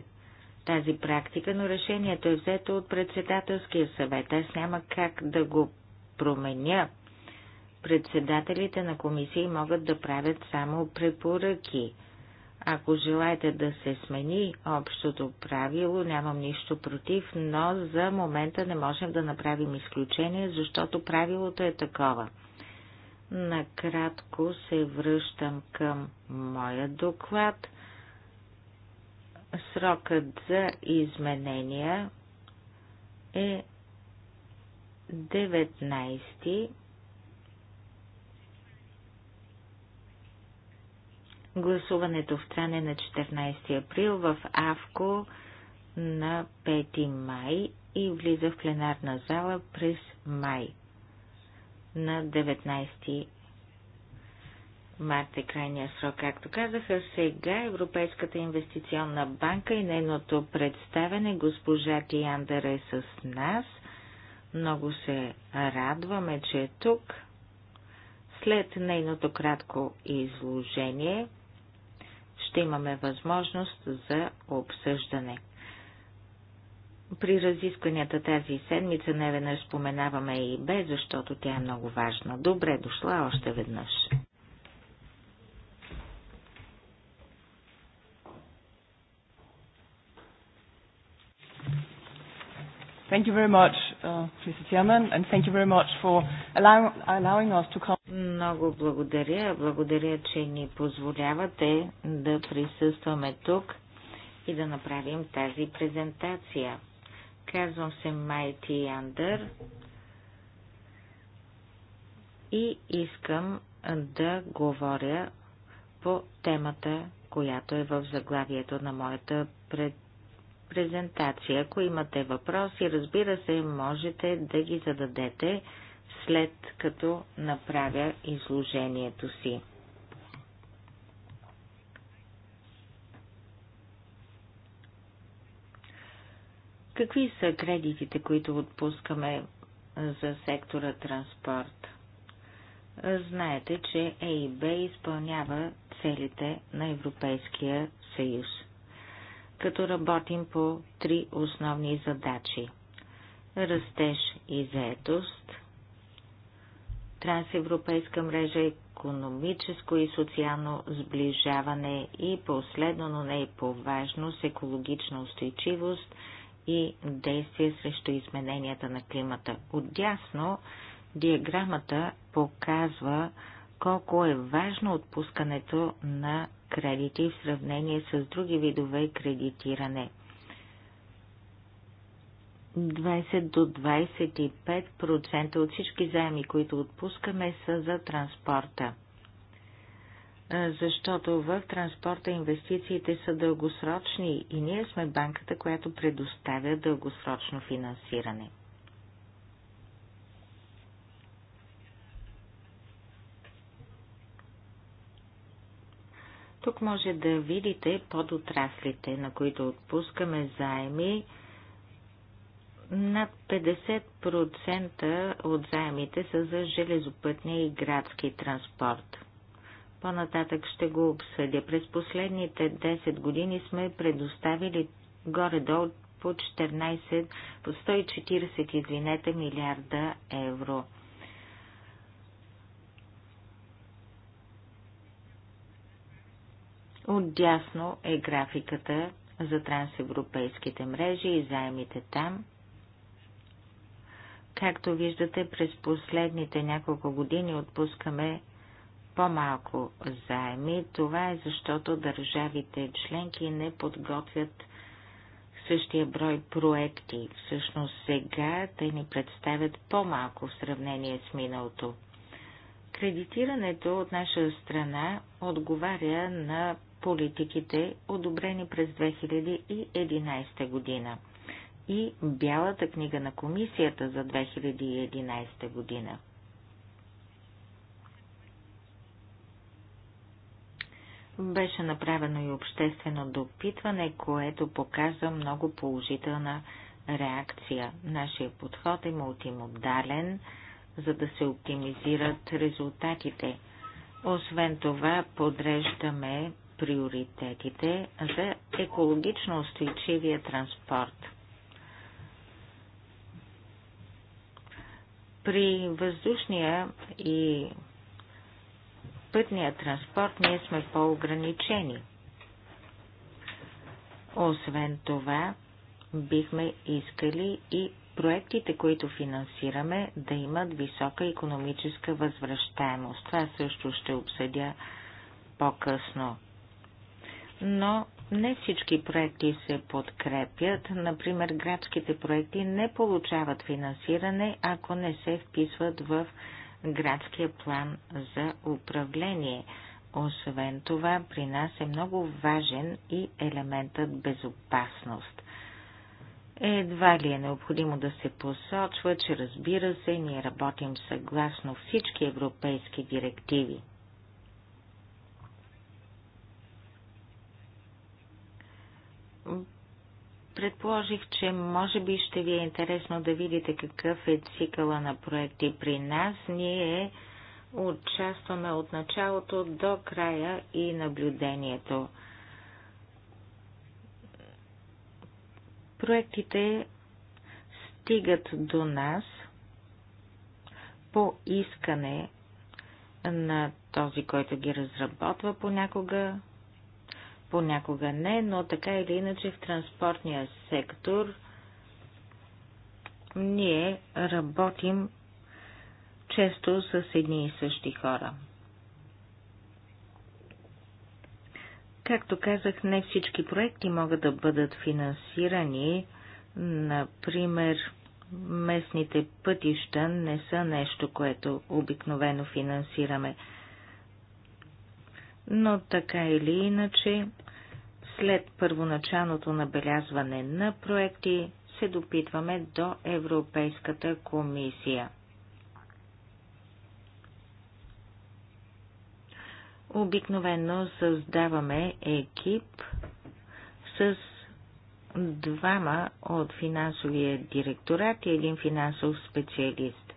тази практика, но решението е взето от председателския съвет. Аз няма как да го променя. Председателите на комисии могат да правят само препоръки. Ако желаете да се смени общото правило, нямам нищо против, но за момента не можем да направим изключение, защото правилото е такова. Накратко се връщам към моя доклад. Срокът за изменения е 19 Гласуването в Тране на 14 април, в Авко на 5 май и влиза в пленарна зала през май. На 19 март е крайния срок, както казаха. Сега Европейската инвестиционна банка и нейното представене госпожа Тиандър е с нас. Много се радваме, че е тук. След нейното кратко изложение ще имаме възможност за обсъждане. При разискванията тази седмица не веднъж споменаваме и бе, защото тя е много важна. Добре дошла още веднъж. Thank you very much, uh, Mr. Chairman, and thank you very much for allowing, allowing us to come. Много благодаря. Благодаря, че ни позволявате да присъстваме тук и да направим тази презентация. Казвам се Майти Андър и искам да говоря по темата, която е в заглавието на моята пред презентация. Ако имате въпроси, разбира се, можете да ги зададете след като направя изложението си. Какви са кредитите, които отпускаме за сектора транспорт? Знаете, че ЕИБ изпълнява целите на Европейския съюз като работим по три основни задачи. Растеж и заетост, трансевропейска мрежа, економическо и социално сближаване и последно, но не и по важност, екологична устойчивост и действие срещу измененията на климата. Отдясно диаграмата показва колко е важно отпускането на кредити в сравнение с други видове кредитиране. 20 до 25% от всички заеми, които отпускаме, са за транспорта. Защото в транспорта инвестициите са дългосрочни и ние сме банката, която предоставя дългосрочно финансиране. Тук може да видите подотраслите, на които отпускаме заеми. Над 50% от заемите са за железопътния и градски транспорт. По-нататък ще го обсъдя. През последните 10 години сме предоставили горе-долу по 14, по 140, извинете, милиарда евро – Отдясно е графиката за трансевропейските мрежи и заемите там. Както виждате, през последните няколко години отпускаме по-малко заеми. Това е защото държавите членки не подготвят същия брой проекти. Всъщност сега те ни представят по-малко в сравнение с миналото. Кредитирането от наша страна отговаря на политиките, одобрени през 2011 година и Бялата книга на комисията за 2011 година. Беше направено и обществено допитване, което показва много положителна реакция. Нашия подход е мултимодален, за да се оптимизират резултатите. Освен това, подреждаме приоритетите за екологично устойчивия транспорт. При въздушния и пътния транспорт ние сме по-ограничени. Освен това, бихме искали и проектите, които финансираме, да имат висока економическа възвръщаемост. Това също ще обсъдя по-късно но не всички проекти се подкрепят. Например, градските проекти не получават финансиране, ако не се вписват в градския план за управление. Освен това, при нас е много важен и елементът безопасност. Едва ли е необходимо да се посочва, че разбира се, ние работим съгласно всички европейски директиви. Предположих, че може би ще ви е интересно да видите какъв е цикъла на проекти при нас. Ние участваме от началото до края и наблюдението. Проектите стигат до нас по искане на този, който ги разработва понякога, понякога не, но така или иначе в транспортния сектор ние работим често с едни и същи хора. Както казах, не всички проекти могат да бъдат финансирани. Например, местните пътища не са нещо, което обикновено финансираме но така или иначе, след първоначалното набелязване на проекти, се допитваме до Европейската комисия. Обикновено създаваме екип с двама от финансовия директорат и един финансов специалист.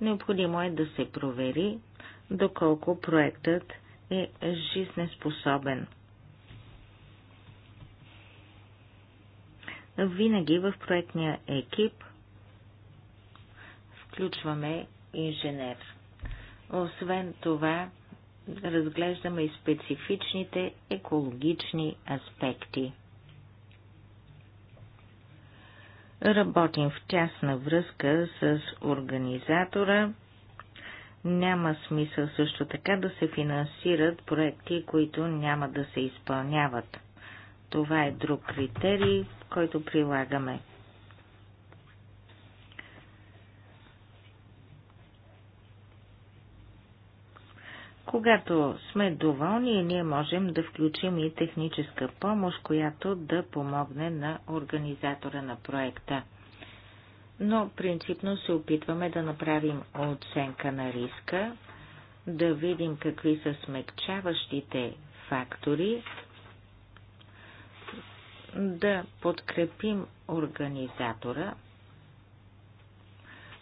Необходимо е да се провери доколко проектът е жизнеспособен. Винаги в проектния екип включваме инженер. Освен това, разглеждаме и специфичните екологични аспекти. Работим в тясна връзка с организатора няма смисъл също така да се финансират проекти, които няма да се изпълняват. Това е друг критерий, който прилагаме. Когато сме доволни, ние можем да включим и техническа помощ, която да помогне на организатора на проекта но принципно се опитваме да направим оценка на риска, да видим какви са смекчаващите фактори, да подкрепим организатора,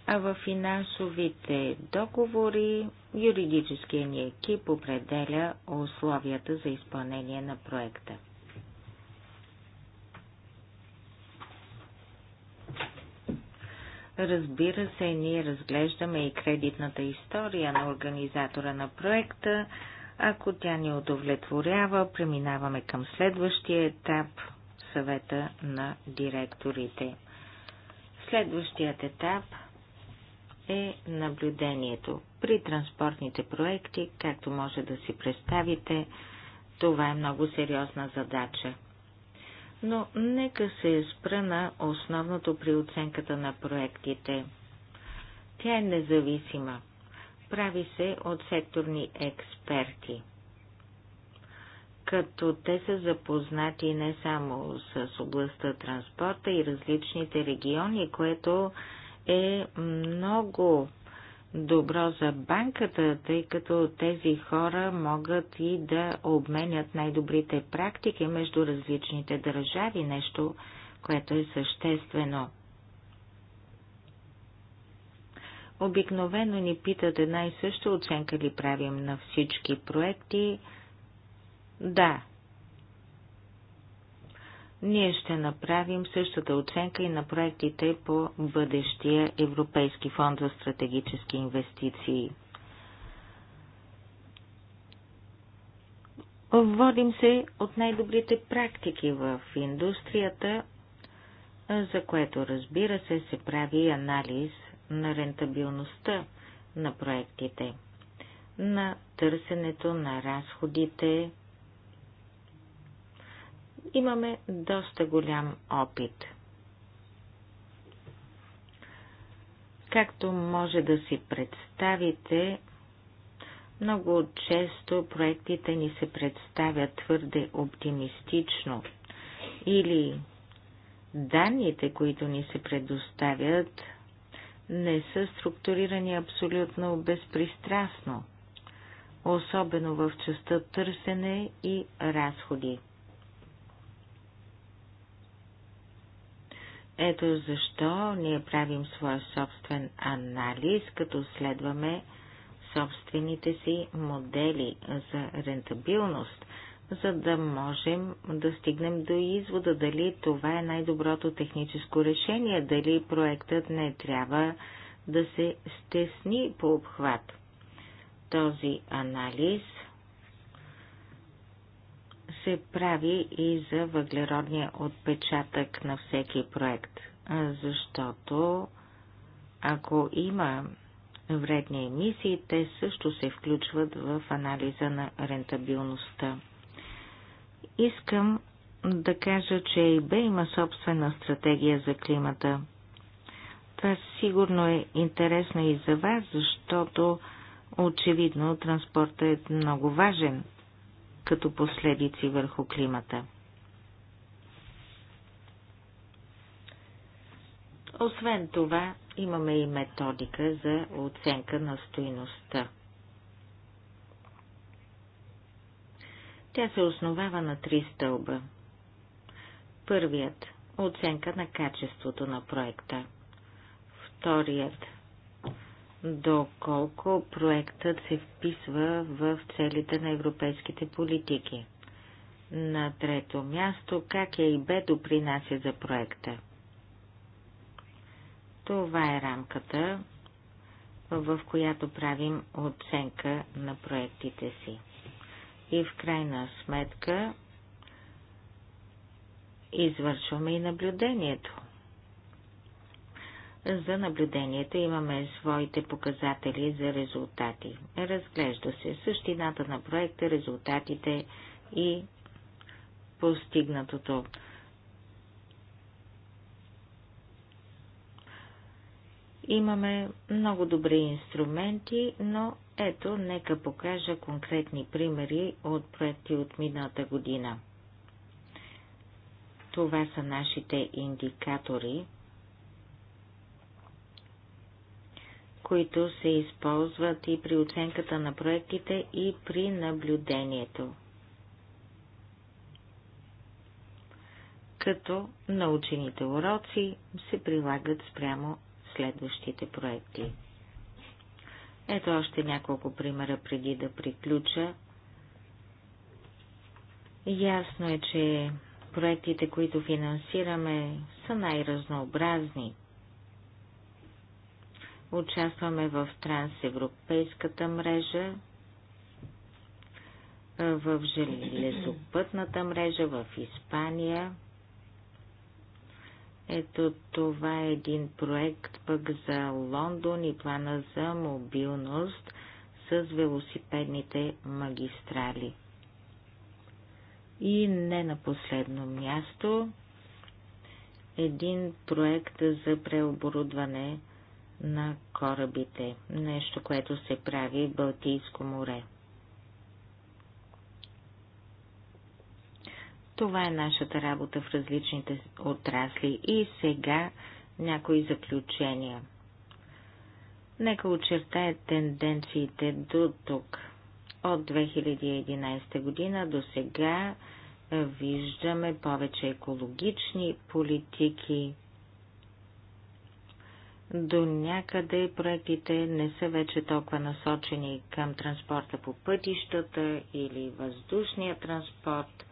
а в финансовите договори юридическия ни екип определя условията за изпълнение на проекта. Разбира се, ние разглеждаме и кредитната история на организатора на проекта. Ако тя ни удовлетворява, преминаваме към следващия етап – съвета на директорите. Следващият етап е наблюдението. При транспортните проекти, както може да си представите, това е много сериозна задача – но нека се спра на основното при оценката на проектите. Тя е независима. Прави се от секторни експерти. Като те са запознати не само с областта транспорта и различните региони, което е много добро за банката, тъй като тези хора могат и да обменят най-добрите практики между различните държави, нещо, което е съществено. Обикновено ни питат една и съща оценка ли правим на всички проекти. Да, ние ще направим същата оценка и на проектите по бъдещия Европейски фонд за стратегически инвестиции. Водим се от най-добрите практики в индустрията, за което разбира се се прави анализ на рентабилността на проектите, на търсенето на разходите, имаме доста голям опит. Както може да си представите, много често проектите ни се представят твърде оптимистично или данните, които ни се предоставят, не са структурирани абсолютно безпристрастно, особено в частта търсене и разходи. Ето защо ние правим своя собствен анализ, като следваме собствените си модели за рентабилност, за да можем да стигнем до извода дали това е най-доброто техническо решение, дали проектът не трябва да се стесни по обхват. Този анализ се прави и за въглеродния отпечатък на всеки проект, защото ако има вредни емисии, те също се включват в анализа на рентабилността. Искам да кажа, че ЕИБ има собствена стратегия за климата. Това сигурно е интересно и за вас, защото очевидно транспортът е много важен като последици върху климата. Освен това, имаме и методика за оценка на стоиността. Тя се основава на три стълба. Първият – оценка на качеството на проекта. Вторият доколко проектът се вписва в целите на европейските политики. На трето място, как ЕИБ допринася за проекта. Това е рамката, в която правим оценка на проектите си. И в крайна сметка извършваме и наблюдението за наблюдението имаме своите показатели за резултати. Разглежда се същината на проекта, резултатите и постигнатото. Имаме много добри инструменти, но ето, нека покажа конкретни примери от проекти от миналата година. Това са нашите индикатори, които се използват и при оценката на проектите и при наблюдението. Като научените уроци се прилагат спрямо следващите проекти. Ето още няколко примера преди да приключа. Ясно е, че проектите, които финансираме, са най-разнообразни. Участваме в трансевропейската мрежа, в железопътната мрежа в Испания. Ето това е един проект пък за Лондон и плана за мобилност с велосипедните магистрали. И не на последно място, един проект за преоборудване на корабите, нещо, което се прави в Балтийско море. Това е нашата работа в различните отрасли и сега някои заключения. Нека очертая тенденциите до тук. От 2011 година до сега виждаме повече екологични политики, до някъде проектите не са вече толкова насочени към транспорта по пътищата или въздушния транспорт,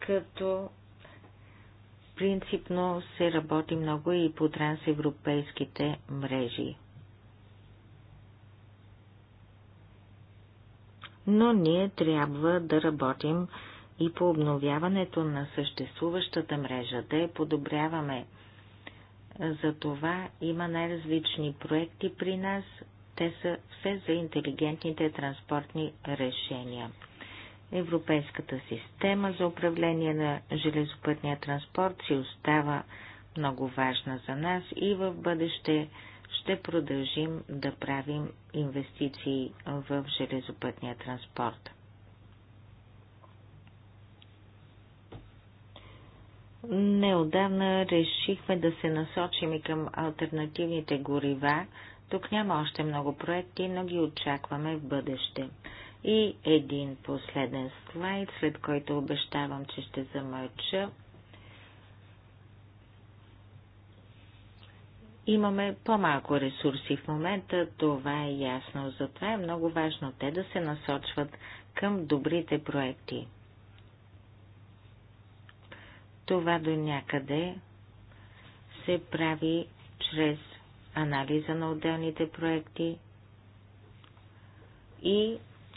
като принципно се работи много и по трансевропейските мрежи. Но ние трябва да работим и по обновяването на съществуващата мрежа, да я подобряваме. За това има най-различни проекти при нас. Те са все за интелигентните транспортни решения. Европейската система за управление на железопътния транспорт си остава много важна за нас и в бъдеще ще продължим да правим инвестиции в железопътния транспорт. Неодавна решихме да се насочим и към альтернативните горива. Тук няма още много проекти, но ги очакваме в бъдеще. И един последен слайд, след който обещавам, че ще замълча. Имаме по-малко ресурси в момента, това е ясно. Затова е много важно те да се насочват към добрите проекти. Това до някъде се прави чрез анализа на отделните проекти и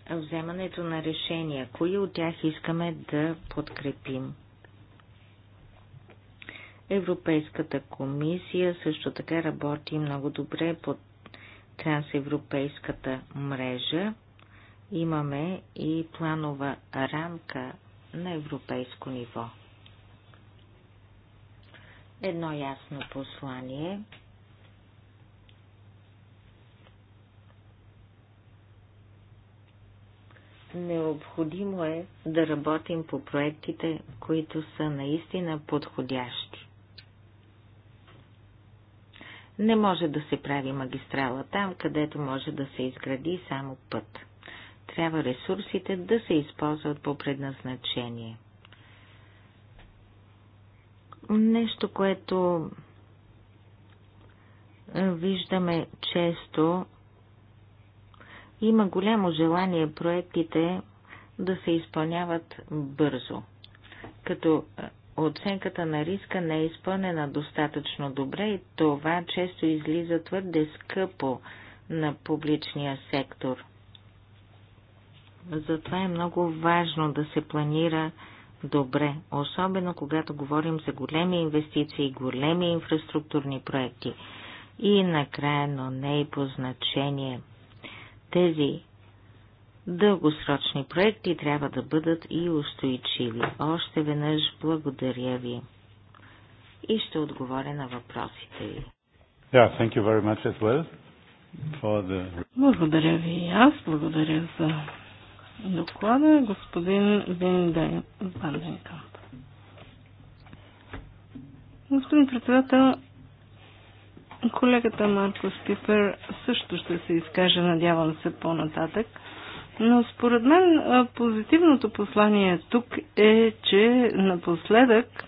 вземането на решения, кои от тях искаме да подкрепим. Европейската комисия също така работи много добре под трансевропейската мрежа. Имаме и планова рамка на европейско ниво едно ясно послание. Необходимо е да работим по проектите, които са наистина подходящи. Не може да се прави магистрала там, където може да се изгради само път. Трябва ресурсите да се използват по предназначение – Нещо, което е, виждаме често, има голямо желание проектите да се изпълняват бързо, като е, оценката на риска не е изпълнена достатъчно добре и това често излиза твърде скъпо на публичния сектор. Затова е много важно да се планира добре, особено когато говорим за големи инвестиции, големи инфраструктурни проекти. И накрая, но не и по значение. Тези дългосрочни проекти трябва да бъдат и устойчиви. Още веднъж благодаря ви и ще отговоря на въпросите ви. Yeah, thank you very much as well for the... Благодаря ви и аз. Благодаря за доклада е господин Вин Ванденкамп. Господин председател, колегата Марко Спипер също ще се изкаже, надявам се, по-нататък. Но според мен позитивното послание тук е, че напоследък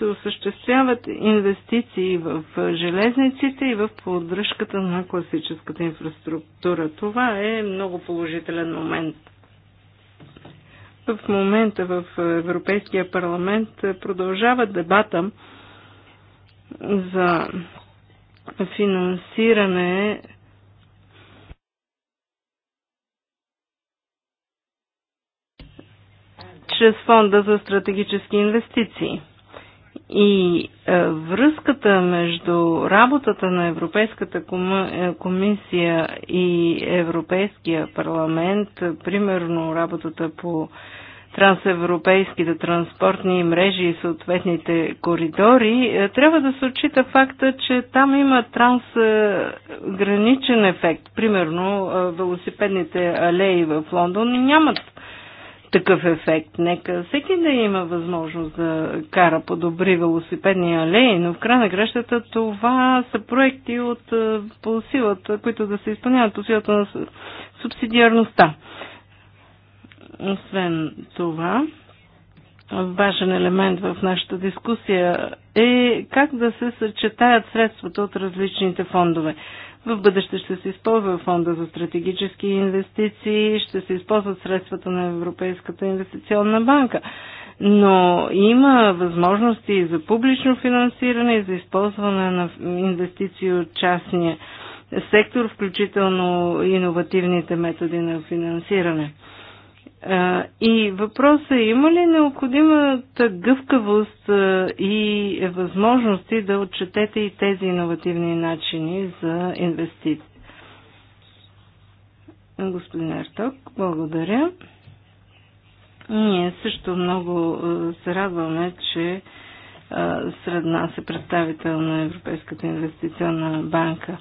се осъществяват инвестиции в железниците и в поддръжката на класическата инфраструктура. Това е много положителен момент. В момента в Европейския парламент продължава дебата за финансиране чрез фонда за стратегически инвестиции. И е, връзката между работата на Европейската е, комисия и Европейския парламент, примерно работата по трансевропейските транспортни мрежи и съответните коридори, е, трябва да се отчита факта, че там има трансграничен ефект. Примерно велосипедните алеи в Лондон нямат такъв ефект. Нека всеки да има възможност да кара по добри велосипедни алеи, но в край на грещата това са проекти от е, по силата, които да се изпълняват по силата на субсидиарността. Освен това, важен елемент в нашата дискусия е как да се съчетаят средствата от различните фондове. В бъдеще ще се използва фонда за стратегически инвестиции, ще се използват средствата на Европейската инвестиционна банка. Но има възможности и за публично финансиране, и за използване на инвестиции от частния сектор, включително иновативните методи на финансиране. И въпросът е, има ли необходимата гъвкавост и възможности да отчетете и тези иновативни начини за инвестиции? Господин Арток, благодаря. Ние също много се радваме, че сред нас е представител на Европейската инвестиционна банка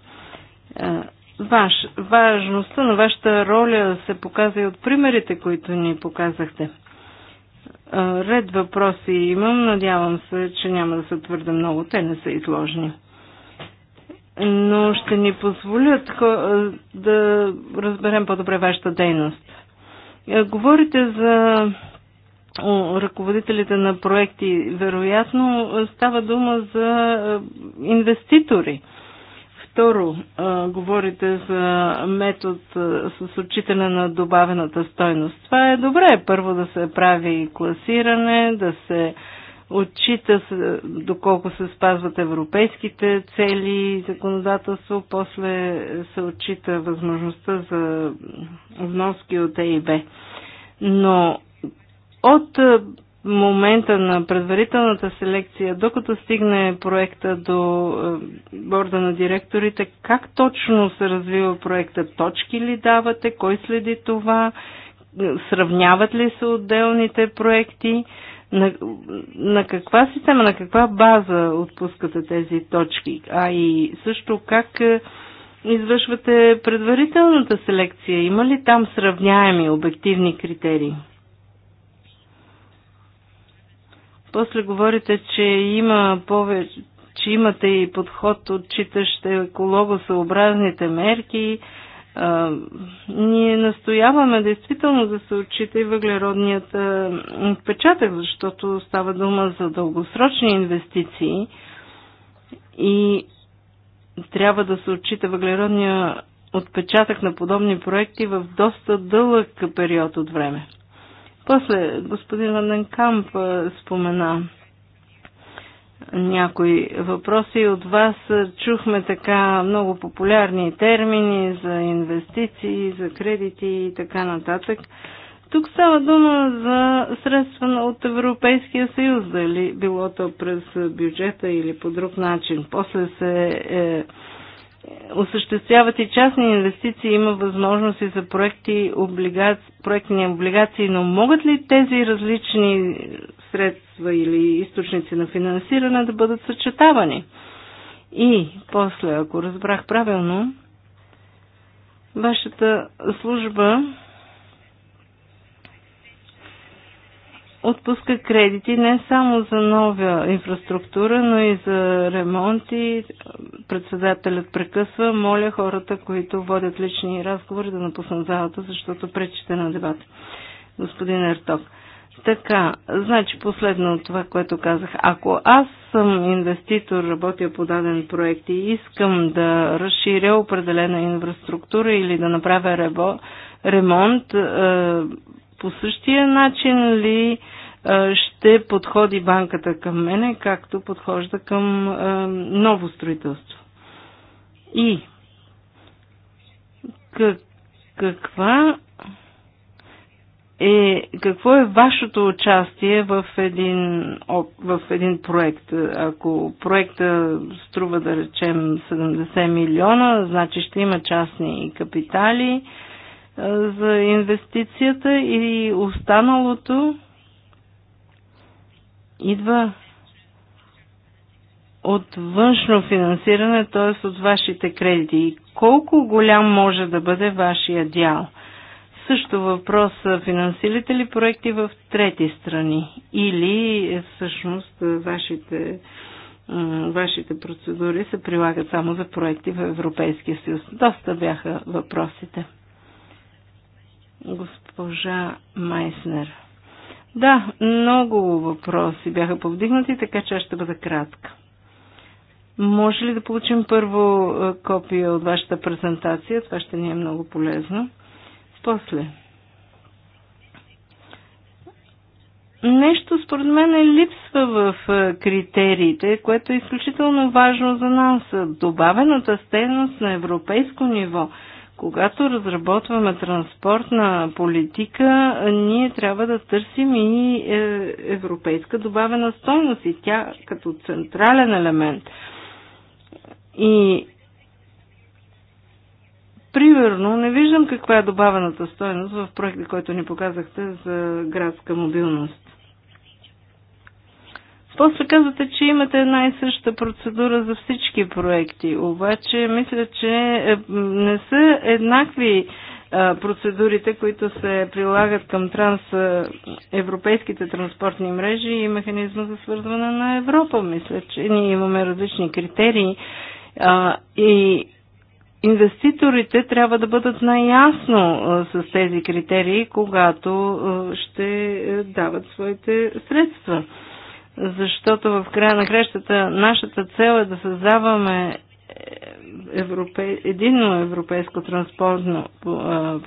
ваш, важността на вашата роля се показа и от примерите, които ни показахте. Ред въпроси имам, надявам се, че няма да се твърде много, те не са изложни. Но ще ни позволят да разберем по-добре вашата дейност. Говорите за ръководителите на проекти, вероятно става дума за инвеститори. Второ, а, говорите за метод а, с отчитане на добавената стойност. Това е добре. Първо да се прави класиране, да се отчита с, доколко се спазват европейските цели и законодателство, после се отчита възможността за вноски от ЕИБ. Но от момента на предварителната селекция, докато стигне проекта до е, борда на директорите, как точно се развива проекта? Точки ли давате? Кой следи това? Сравняват ли се отделните проекти? На, на каква система, на каква база отпускате тези точки? А и също как е, извършвате предварителната селекция? Има ли там сравняеми обективни критерии? После говорите, че има повече, че имате и подход, отчитащ екологосъобразните мерки. А, ние настояваме действително да се отчита и въглеродният отпечатък, защото става дума за дългосрочни инвестиции и трябва да се отчита въглеродния отпечатък на подобни проекти в доста дълъг период от време. После господин Ванденкамп е, спомена някои въпроси. От вас е, чухме така много популярни термини за инвестиции, за кредити и така нататък. Тук става дума за средства от Европейския съюз, дали било то през бюджета или по друг начин. После се е, осъществяват и частни инвестиции, има възможности за проекти, облигаци, проектни облигации, но могат ли тези различни средства или източници на финансиране да бъдат съчетавани? И после, ако разбрах правилно, вашата служба отпуска кредити не само за нова инфраструктура, но и за ремонти. Председателят прекъсва. Моля хората, които водят лични разговори, да напуснат залата, защото пречите на дебата. Господин Ерток. Така, значи последно от това, което казах. Ако аз съм инвеститор, работя по даден проект и искам да разширя определена инфраструктура или да направя ремонт, е, по същия начин ли ще подходи банката към мене, както подхожда към ново строителство? И как, каква е, какво е вашето участие в един, в един проект? Ако проекта струва, да речем, 70 милиона, значи ще има частни капитали, за инвестицията и останалото идва от външно финансиране, т.е. от вашите кредити. И колко голям може да бъде вашия дял? Също въпрос, финансирате ли проекти в трети страни? Или е, всъщност вашите, вашите процедури се прилагат само за проекти в Европейския съюз? Доста бяха въпросите госпожа Майснер. Да, много въпроси бяха повдигнати, така че аз ще бъда кратка. Може ли да получим първо е, копия от вашата презентация? Това ще ни е много полезно. После. Нещо според мен е липсва в е, критериите, което е изключително важно за нас. Добавената стейност на европейско ниво – когато разработваме транспортна политика, ние трябва да търсим и е, европейска добавена стойност и тя като централен елемент. И примерно не виждам каква е добавената стойност в проекта, който ни показахте за градска мобилност. После казвате, че имате една и съща процедура за всички проекти, обаче мисля, че е, не са еднакви е, процедурите, които се прилагат към транс, европейските транспортни мрежи и механизма за свързване на Европа. Мисля, че ние имаме различни критерии а, и инвеститорите трябва да бъдат най-ясно с тези критерии, когато ще е, дават своите средства защото в края на крещата нашата цел е да създаваме европе... единно европейско транспортно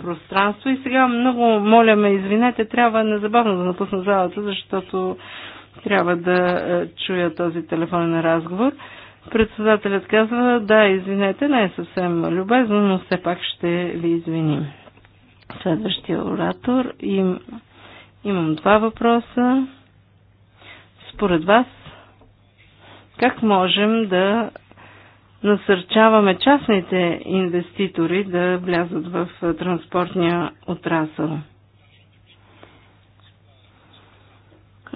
пространство. И сега много моля ме, извинете, трябва незабавно да напусна залата, защото трябва да чуя този телефонен разговор. Председателят казва, да, извинете, не е съвсем любезно, но все пак ще ви извиним. Следващия оратор. Им... Имам два въпроса. Според вас, как можем да насърчаваме частните инвеститори да влязат в транспортния отрасъл?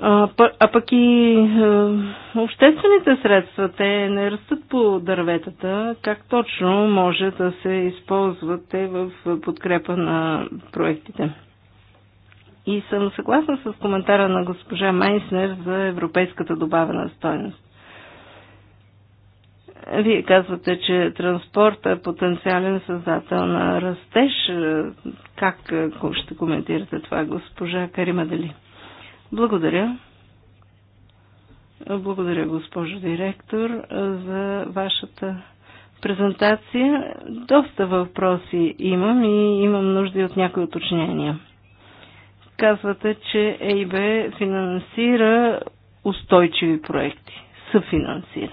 А пък и обществените средства, те не растат по дърветата. Как точно може да се използват те в подкрепа на проектите? И съм съгласна с коментара на госпожа Майнснер за европейската добавена стойност. Вие казвате, че транспорт е потенциален създател на растеж. Как е, ще коментирате това, госпожа Карима Дали? Благодаря. Благодаря, госпожо директор, за вашата презентация. Доста въпроси имам и имам нужда от някои уточнения. Казвате, че ЕИБ финансира устойчиви проекти, съфинансира.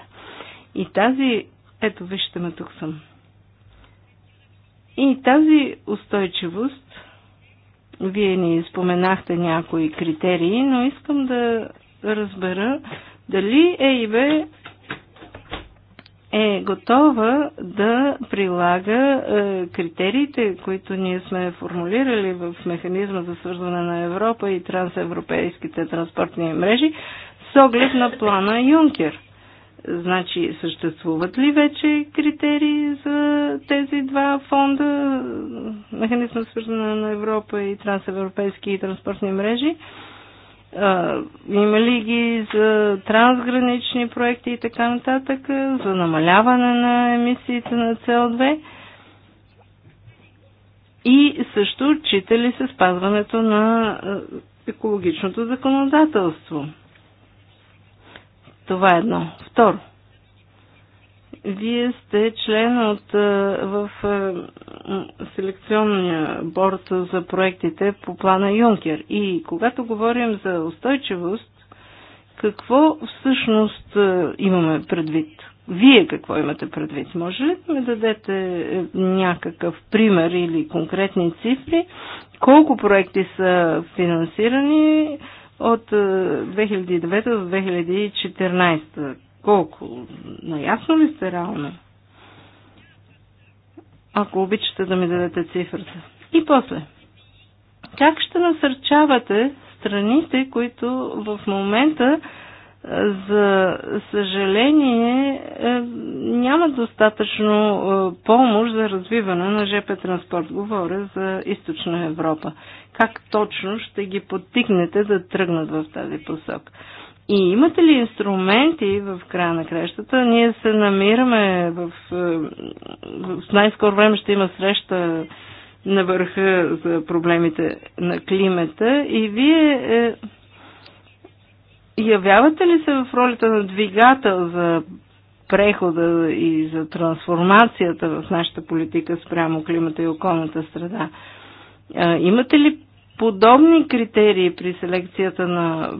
И тази, ето вижте ме, тук съм. И тази устойчивост, вие ни споменахте някои критерии, но искам да разбера дали ЕИБ е готова да прилага е, критериите, които ние сме формулирали в механизма за свързване на Европа и трансевропейските транспортни мрежи с оглед на плана Юнкер. Значи, съществуват ли вече критерии за тези два фонда, механизма свързана на Европа и трансевропейски и транспортни мрежи? има ли ги за трансгранични проекти и така нататък, за намаляване на емисиите на СО2 и също чита ли се спазването на екологичното законодателство. Това е едно. Второ – вие сте член от, в селекционния борт за проектите по плана Юнкер. И когато говорим за устойчивост, какво всъщност имаме предвид? Вие какво имате предвид? Може ли да ми дадете е, някакъв пример или конкретни цифри? Колко проекти са финансирани от 2009 до 2014 колко? Наясно ли сте реално? Ако обичате да ми дадете цифрата. И после. Как ще насърчавате страните, които в момента е, за съжаление е, няма достатъчно е, помощ за развиване на ЖП транспорт. Говоря за източна Европа. Как точно ще ги подтикнете да тръгнат в тази посока? И имате ли инструменти в края на крещата? Ние се намираме в, е, в най-скоро време ще има среща на върха за проблемите на климата и вие е, явявате ли се в ролята на двигател за прехода и за трансформацията в нашата политика спрямо климата и околната среда? Е, имате ли подобни критерии при селекцията на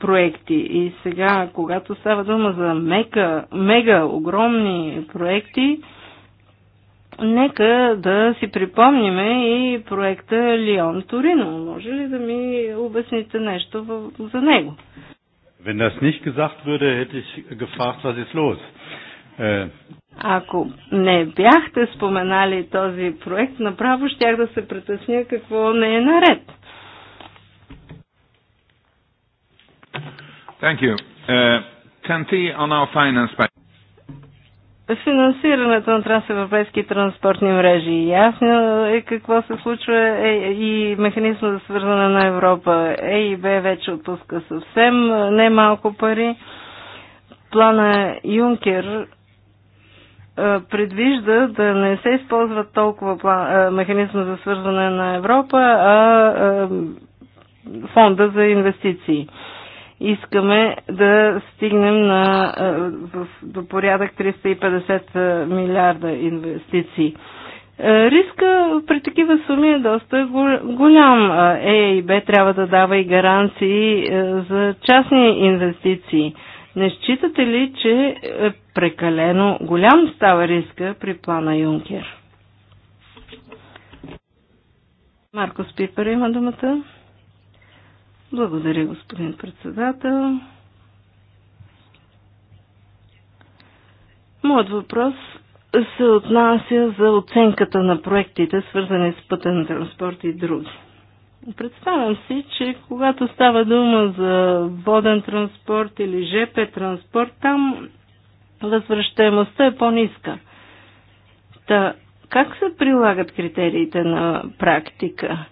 проекти. И сега, когато става дума за мека, мега огромни проекти, нека да си припомниме и проекта Лион Торино. Може ли да ми обясните нещо за него? Wenn das nicht gesagt würde, hätte ich gefragt, was ist los. Äh, ако не бяхте споменали този проект, направо щях да се притесня какво не е наред. Thank you. Uh, on our finance package. Финансирането на трансевропейски транспортни мрежи. Ясно е какво се случва е, и механизма за свързване на Европа. ЕИБ вече отпуска съвсем е, немалко пари. Плана Юнкер е, предвижда да не се използват толкова е, механизма за свързване на Европа, а е, фонда за инвестиции. Искаме да стигнем на, до порядък 350 милиарда инвестиции. Риска при такива суми е доста голям. Е и Б трябва да дава и гаранции за частни инвестиции – не считате ли, че е прекалено голям става риска при плана Юнкер? Марко Спипер има думата. Благодаря, господин председател. Моят въпрос се отнася за оценката на проектите, свързани с пътен транспорт и други. Представям си, че когато става дума за воден транспорт или ЖП транспорт, там възвръщаемостта е по-ниска. Та, как се прилагат критериите на практика?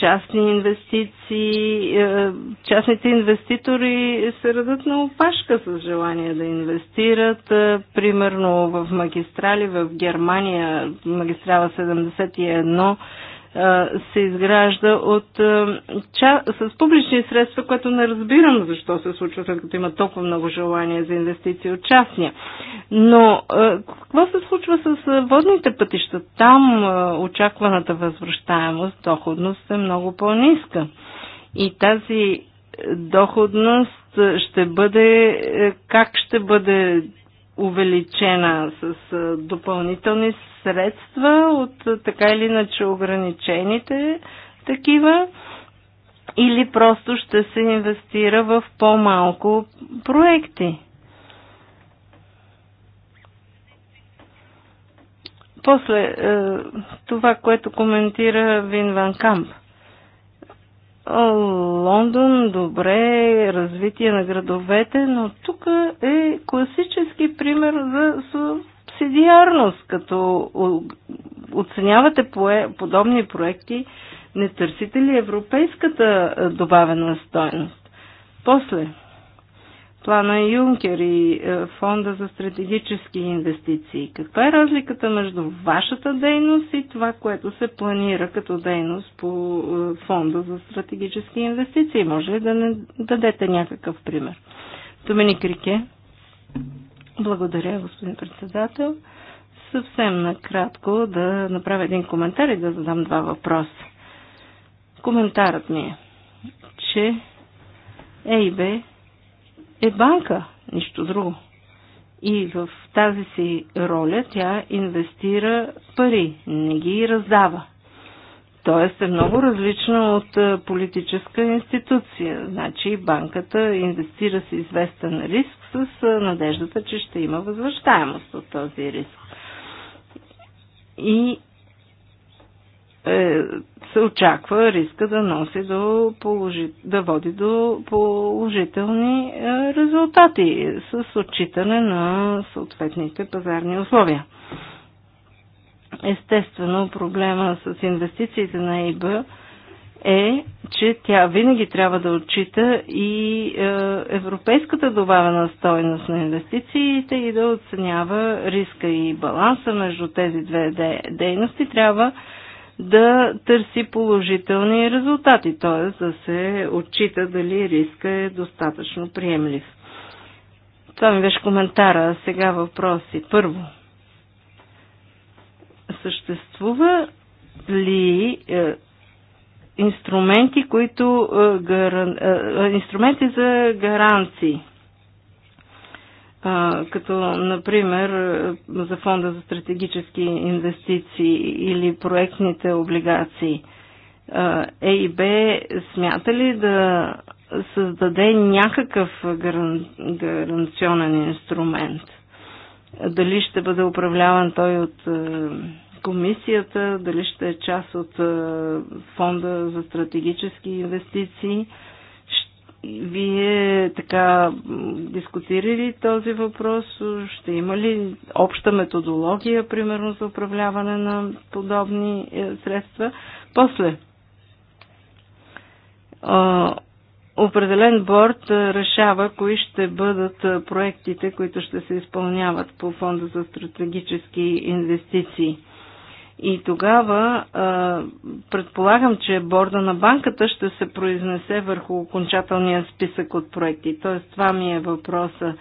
Частни инвестиции, е, частните инвеститори се радат на опашка с желание да инвестират. Е, примерно в магистрали в Германия, магистрала 71, се изгражда от, с публични средства, което не разбирам защо се случва, след като има толкова много желание за инвестиции от частния. Но какво се случва с водните пътища? Там очакваната възвръщаемост, доходност е много по-ниска. И тази доходност ще бъде, е, как ще бъде увеличена с допълнителни средства от така или иначе ограничените такива или просто ще се инвестира в по-малко проекти. После това, което коментира Вин Ван Камп – Лондон, добре, развитие на градовете, но тук е класически пример за субсидиарност. Като оценявате подобни проекти, не търсите ли европейската добавена стоеност. После, плана Юнкер и е, фонда за стратегически инвестиции. Каква е разликата между вашата дейност и това, което се планира като дейност по е, фонда за стратегически инвестиции? Може ли да не дадете някакъв пример? Доминик Рике. Благодаря, господин председател. Съвсем накратко да направя един коментар и да задам два въпроса. Коментарът ми е, че ЕИБ е банка, нищо друго. И в тази си роля тя инвестира пари, не ги раздава. Тоест е много различна от политическа институция. Значи банката инвестира с известен риск с надеждата, че ще има възвръщаемост от този риск. И е, се очаква риска да носи до положи, да води до положителни е, резултати с отчитане на съответните пазарни условия. Естествено, проблема с инвестициите на ИБ е, че тя винаги трябва да отчита и е, европейската добавена стойност на инвестициите и да оценява риска и баланса между тези две дейности. Трябва да търси положителни резултати, т.е. да се отчита дали риска е достатъчно приемлив. Това ми беше коментара, а сега въпроси. Първо, съществува ли е, инструменти, които, е, гаран, е, е инструменти за гаранции? като например за фонда за стратегически инвестиции или проектните облигации. ЕИБ смята ли да създаде някакъв гаран... гаранционен инструмент? Дали ще бъде управляван той от комисията, дали ще е част от фонда за стратегически инвестиции – вие така дискутирали този въпрос? Ще има ли обща методология, примерно, за управляване на подобни е, средства? После, определен борт решава кои ще бъдат проектите, които ще се изпълняват по Фонда за стратегически инвестиции. И тогава а, предполагам, че борда на банката ще се произнесе върху окончателния списък от проекти. Тоест, това ми е въпроса.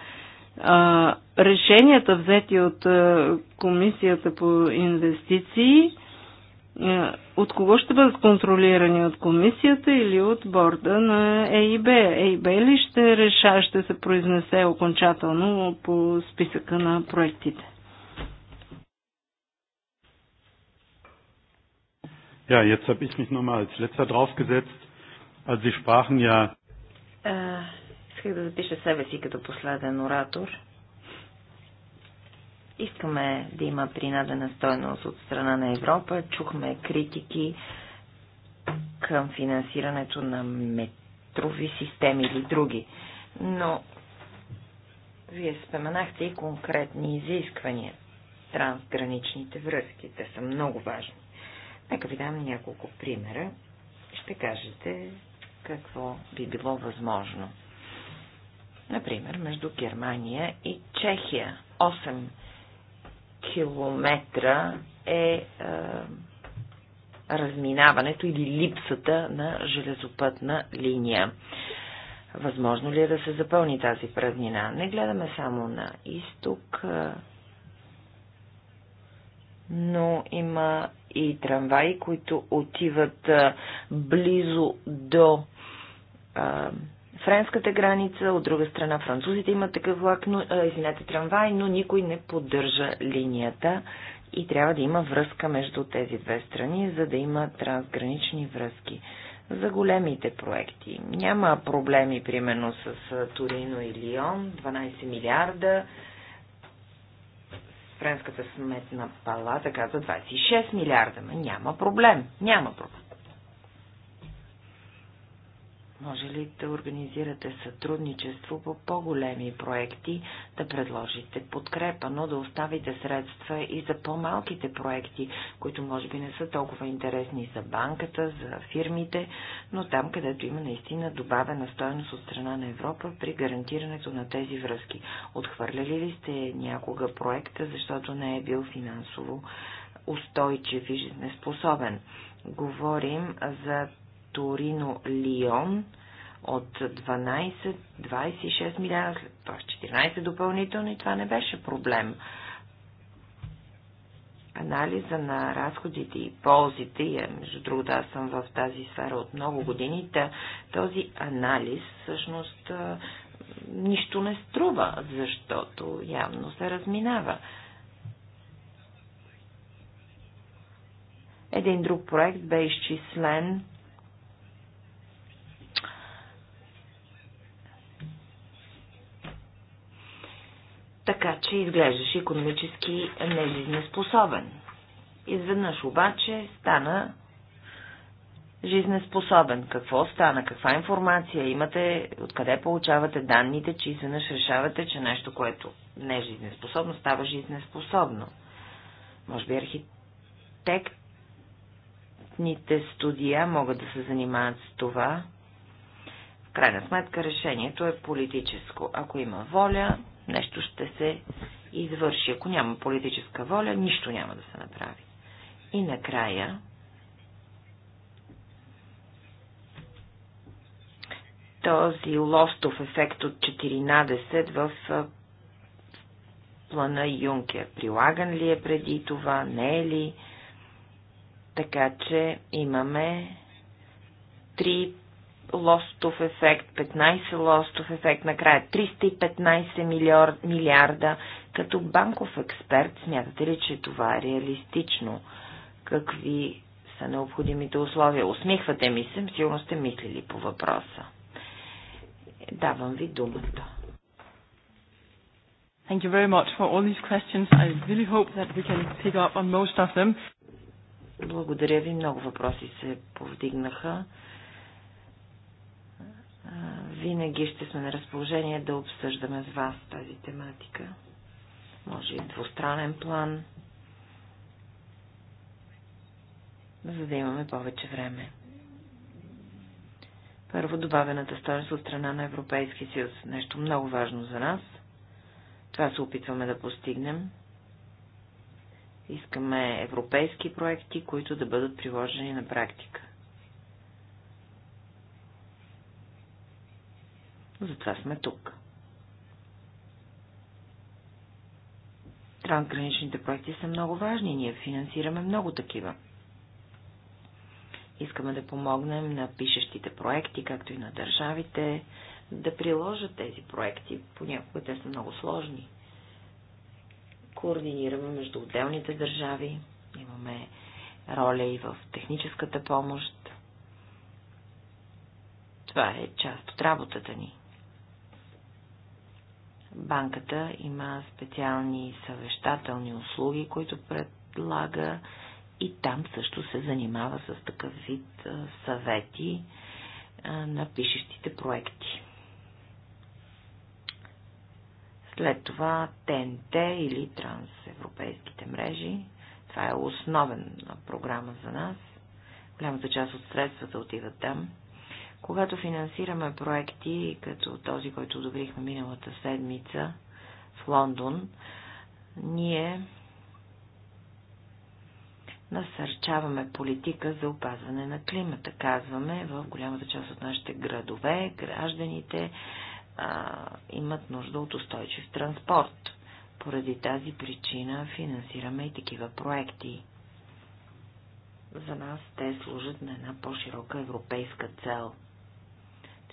А, решенията взети от а, Комисията по инвестиции, а, от кого ще бъдат контролирани? От Комисията или от борда на ЕИБ? ЕИБ ли ще реша, ще се произнесе окончателно по списъка на проектите? Ja, jetzt habe ich mich mal als letzter draufgesetzt. Also Sie sprachen ja... Äh, исках да запиша себе си като последен оратор. Искаме да има принадена стойност от страна на Европа. Чухме критики към финансирането на метрови системи или други. Но вие споменахте и конкретни изисквания. Трансграничните връзки, те са много важни. Нека ви дам няколко примера. Ще кажете какво би било възможно. Например, между Германия и Чехия 8 километра е, е разминаването или липсата на железопътна линия. Възможно ли е да се запълни тази празнина? Не гледаме само на изток, е, но има и трамваи, които отиват близо до френската граница, от друга страна французите имат такъв влак, но, извинете, трамвай, но никой не поддържа линията и трябва да има връзка между тези две страни, за да има трансгранични връзки. За големите проекти. Няма проблеми, примерно, с Торино и Лион, 12 милиарда, Френската сметна палата казва 26 милиарда. Ма няма проблем. Няма проблем. Може ли да организирате сътрудничество по по-големи проекти, да предложите подкрепа, но да оставите средства и за по-малките проекти, които може би не са толкова интересни за банката, за фирмите, но там, където има наистина добавена стоеност от страна на Европа при гарантирането на тези връзки? Отхвърляли ли сте някога проекта, защото не е бил финансово устойчив и жизнеспособен? Говорим за Торино-Лион от 12-26 милиона, т.е. 14 допълнително и това не беше проблем. Анализа на разходите и ползите, и е, между другото аз съм в тази сфера от много години, този анализ всъщност нищо не струва, защото явно се разминава. Един друг проект бе изчислен така че изглеждаше економически нежизнеспособен. Изведнъж обаче стана жизнеспособен. Какво стана? Каква информация имате? Откъде получавате данните, че изведнъж решавате, че нещо, което не е жизнеспособно, става жизнеспособно? Може би архитектните студия могат да се занимават с това. В крайна сметка решението е политическо. Ако има воля, нещо ще се извърши. Ако няма политическа воля, нищо няма да се направи. И накрая, този лостов ефект от 14 в плана Юнкер. Прилаган ли е преди това, не е ли? Така че имаме три лостов ефект, 15 лостов ефект, накрая 315 милиор, милиарда. Като банков експерт, смятате ли, че това е реалистично? Какви са необходимите условия? Усмихвате ми се, сигурно сте мислили по въпроса. Давам ви думата. Thank you very much for all these questions. I really hope that we can pick up on most of them. Благодаря ви. Много въпроси се повдигнаха винаги ще сме на разположение да обсъждаме с вас тази тематика. Може и двустранен план, за да имаме повече време. Първо, добавената стоеност от страна на Европейския съюз. Нещо много важно за нас. Това се опитваме да постигнем. Искаме европейски проекти, които да бъдат приложени на практика. Затова сме тук. Трансграничните проекти са много важни, ние финансираме много такива. Искаме да помогнем на пишещите проекти, както и на държавите, да приложат тези проекти. Понякога те са много сложни. Координираме между отделните държави, имаме роля и в техническата помощ. Това е част от работата ни. Банката има специални съвещателни услуги, които предлага и там също се занимава с такъв вид съвети на пишещите проекти. След това ТНТ или трансевропейските мрежи. Това е основен програма за нас. Голямата част от средствата отиват там. Когато финансираме проекти, като този, който одобрихме миналата седмица в Лондон, ние насърчаваме политика за опазване на климата. Казваме, в голямата част от нашите градове, гражданите а, имат нужда от устойчив транспорт. Поради тази причина финансираме и такива проекти. За нас те служат на една по-широка европейска цел –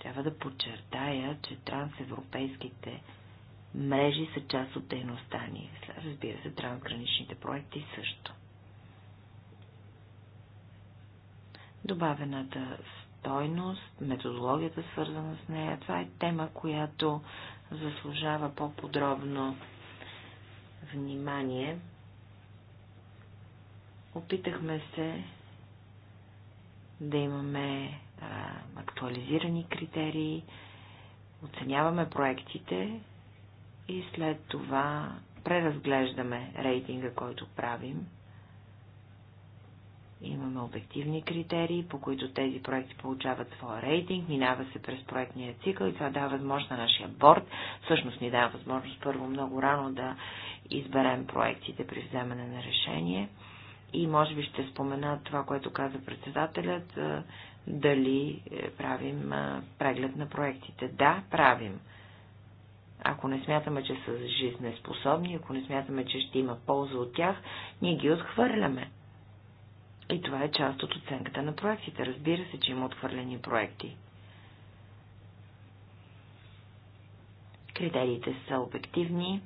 трябва да подчертая, че трансевропейските мрежи са част от дейността ни. Разбира се, трансграничните проекти също. Добавената стойност, методологията свързана с нея, това е тема, която заслужава по-подробно внимание. Опитахме се да имаме актуализирани критерии, оценяваме проектите и след това преразглеждаме рейтинга, който правим. Имаме обективни критерии, по които тези проекти получават своя рейтинг, минава се през проектния цикъл и това дава възможност на нашия борт. Всъщност ни дава възможност първо много рано да изберем проектите при вземане на решение. И може би ще спомена това, което каза председателят, дали е, правим е, преглед на проектите. Да, правим. Ако не смятаме, че са жизнеспособни, ако не смятаме, че ще има полза от тях, ние ги отхвърляме. И това е част от оценката на проектите. Разбира се, че има отхвърлени проекти. Критериите са обективни,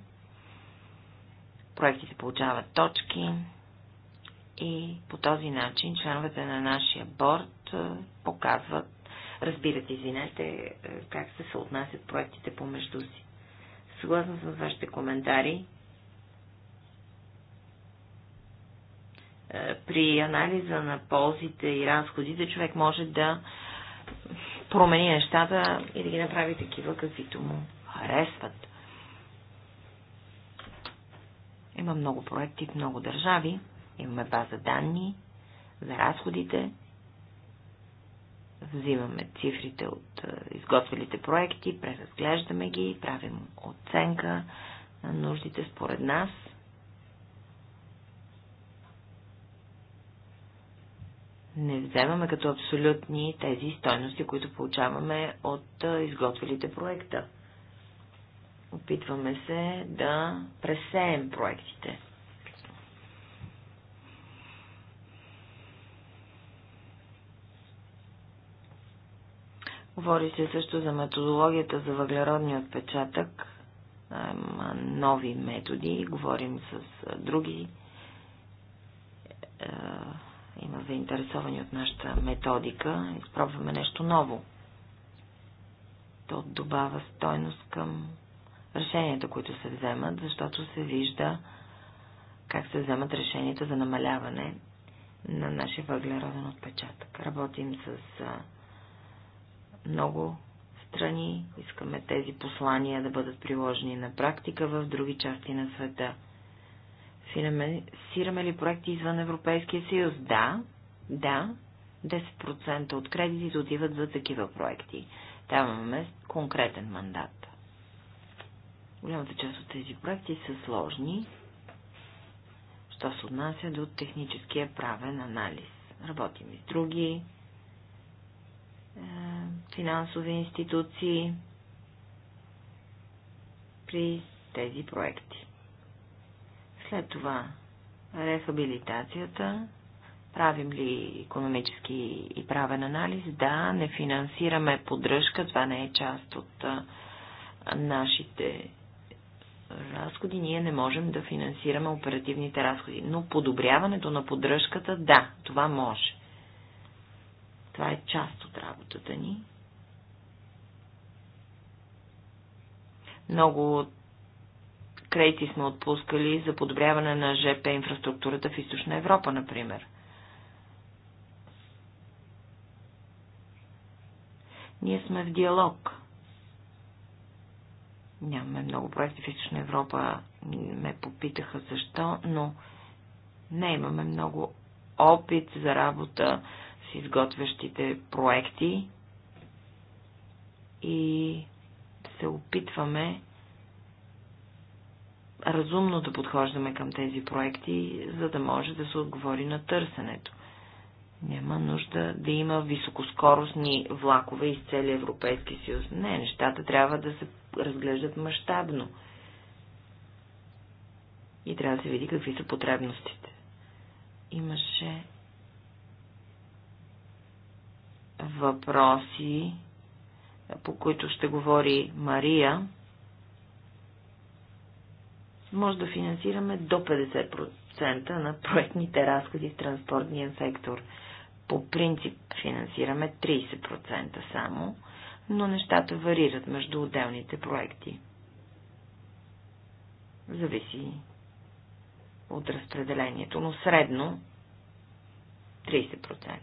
проектите получават точки и по този начин членовете на нашия борт показват, разбират, извинете, е, как се съотнасят проектите помежду си. Съгласна съм с вашите коментари. Е, при анализа на ползите и разходите човек може да промени нещата и да ги направи такива, каквито му харесват. Има много проекти в много държави, имаме база данни за разходите, взимаме цифрите от е, изготвилите проекти, преразглеждаме ги, правим оценка на нуждите според нас. Не вземаме като абсолютни тези стойности, които получаваме от е, изготвилите проекта. Опитваме се да пресеем проектите. Говори се също за методологията за въглеродния отпечатък. Има нови методи. Говорим с други. Има заинтересовани от нашата методика. Изпробваме нещо ново. То добава стойност към решенията, които се вземат, защото се вижда как се вземат решенията за намаляване на нашия въглероден отпечатък. Работим с много страни, искаме тези послания да бъдат приложени на практика в други части на света. Финансираме ли проекти извън Европейския съюз? Да, да. 10% от кредитите отиват за такива проекти. Там имаме конкретен мандат. Голямата част от тези проекти са сложни, що се отнася до техническия правен анализ. Работим и с други е, финансови институции при тези проекти. След това рехабилитацията. Правим ли економически и правен анализ? Да, не финансираме поддръжка, това не е част от е, нашите е, разходи. Ние не можем да финансираме оперативните разходи, но подобряването на поддръжката, да, това може. Това е част от работата ни. Много кредити сме отпускали за подобряване на ЖП инфраструктурата в Източна Европа, например. Ние сме в диалог. Нямаме много проекти в Източна Европа, ме попитаха защо, но не имаме много опит за работа с изготвящите проекти и се опитваме разумно да подхождаме към тези проекти, за да може да се отговори на търсенето. Няма нужда да има високоскоростни влакове из целия Европейски съюз. Не, нещата трябва да се разглеждат мащабно. И трябва да се види какви са потребностите. Имаше въпроси, по които ще говори Мария, може да финансираме до 50% на проектните разходи в транспортния сектор. По принцип финансираме 30% само, но нещата варират между отделните проекти. Зависи от разпределението, но средно 30%.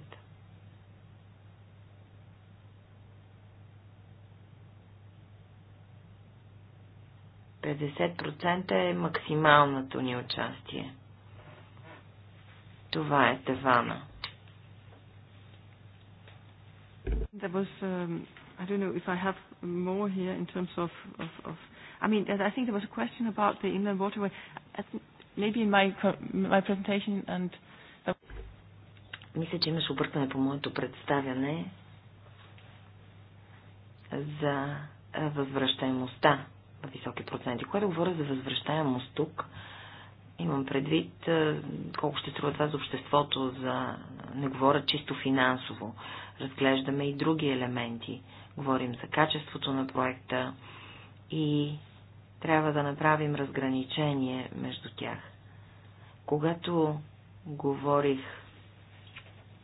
50% е максималното ни участие. Това е тавана. There was, um, I don't know if I have more here in terms of, of, of I mean, I think there was a question about the inland waterway. Maybe in my, my presentation and... Мисля, че имаш объркване по моето представяне за възвръщаемостта високи проценти. Когато говоря за възвръщаемост тук, имам предвид колко ще струва това за обществото, за... не говоря чисто финансово. Разглеждаме и други елементи. Говорим за качеството на проекта и трябва да направим разграничение между тях. Когато говорих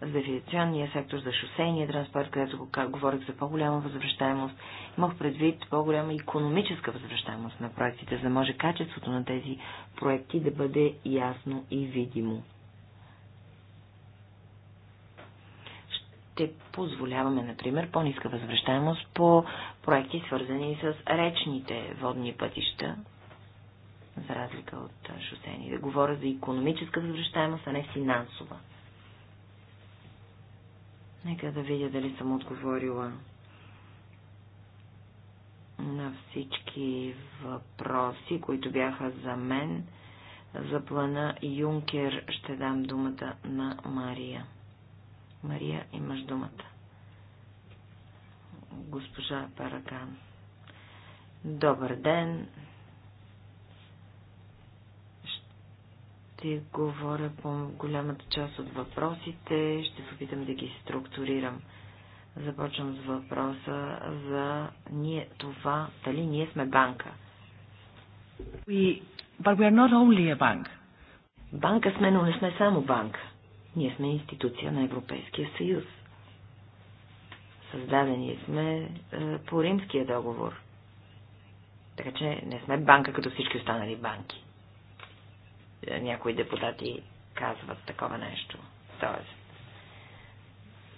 за авиационния сектор, за шосейния транспорт, където го, как, говорих за по-голяма възвръщаемост, имах предвид по-голяма економическа възвръщаемост на проектите, за да може качеството на тези проекти да бъде ясно и видимо. ще позволяваме, например, по-ниска възвръщаемост по проекти, свързани с речните водни пътища, за разлика от шосени. Да говоря за економическа възвръщаемост, а не финансова. Нека да видя дали съм отговорила на всички въпроси, които бяха за мен. За плана Юнкер ще дам думата на Мария. Мария, имаш думата. Госпожа Параган. Добър ден, Ще говоря по голямата част от въпросите, ще се опитам да ги структурирам. Започвам с въпроса за ние, това, дали ние сме банка. We, but we are not only a bank. Банка сме, но не сме само банка. Ние сме институция на Европейския съюз. Създадени сме е, по римския договор. Така че не сме банка като всички останали банки някои депутати казват такова нещо. Тоест,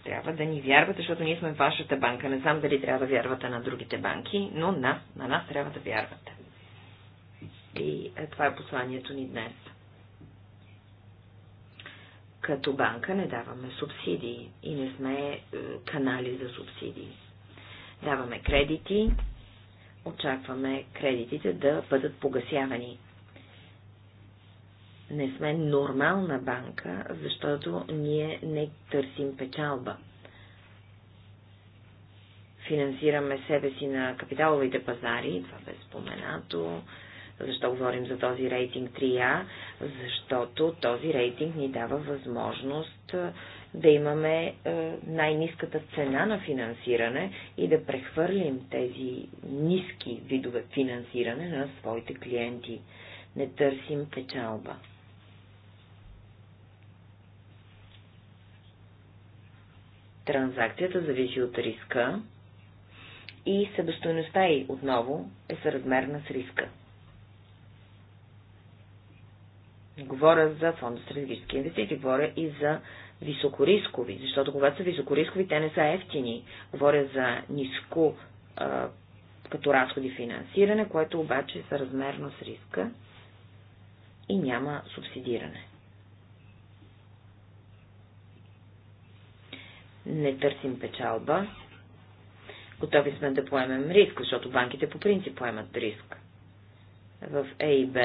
трябва да ни вярвате, защото ние сме вашата банка. Не знам дали трябва да вярвате на другите банки, но на, на нас трябва да вярвате. И е, това е посланието ни днес. Като банка не даваме субсидии и не сме е, канали за субсидии. Даваме кредити, очакваме кредитите да бъдат погасявани не сме нормална банка, защото ние не търсим печалба. Финансираме себе си на капиталовите пазари, това бе споменато. Защо говорим за този рейтинг 3А? Защото този рейтинг ни дава възможност е, да имаме е, най-низката цена на финансиране и да прехвърлим тези ниски видове финансиране на своите клиенти. Не търсим печалба. Транзакцията зависи от риска и себестойността й отново е съразмерна с риска. Говоря за фонда с стратегически инвестиции, говоря и за високорискови, защото когато са високорискови, те не са ефтини. Говоря за ниско а, като разходи финансиране, което обаче е съразмерно с риска и няма субсидиране. не търсим печалба. Готови сме да поемем риск, защото банките по принцип поемат риск. В ЕИБ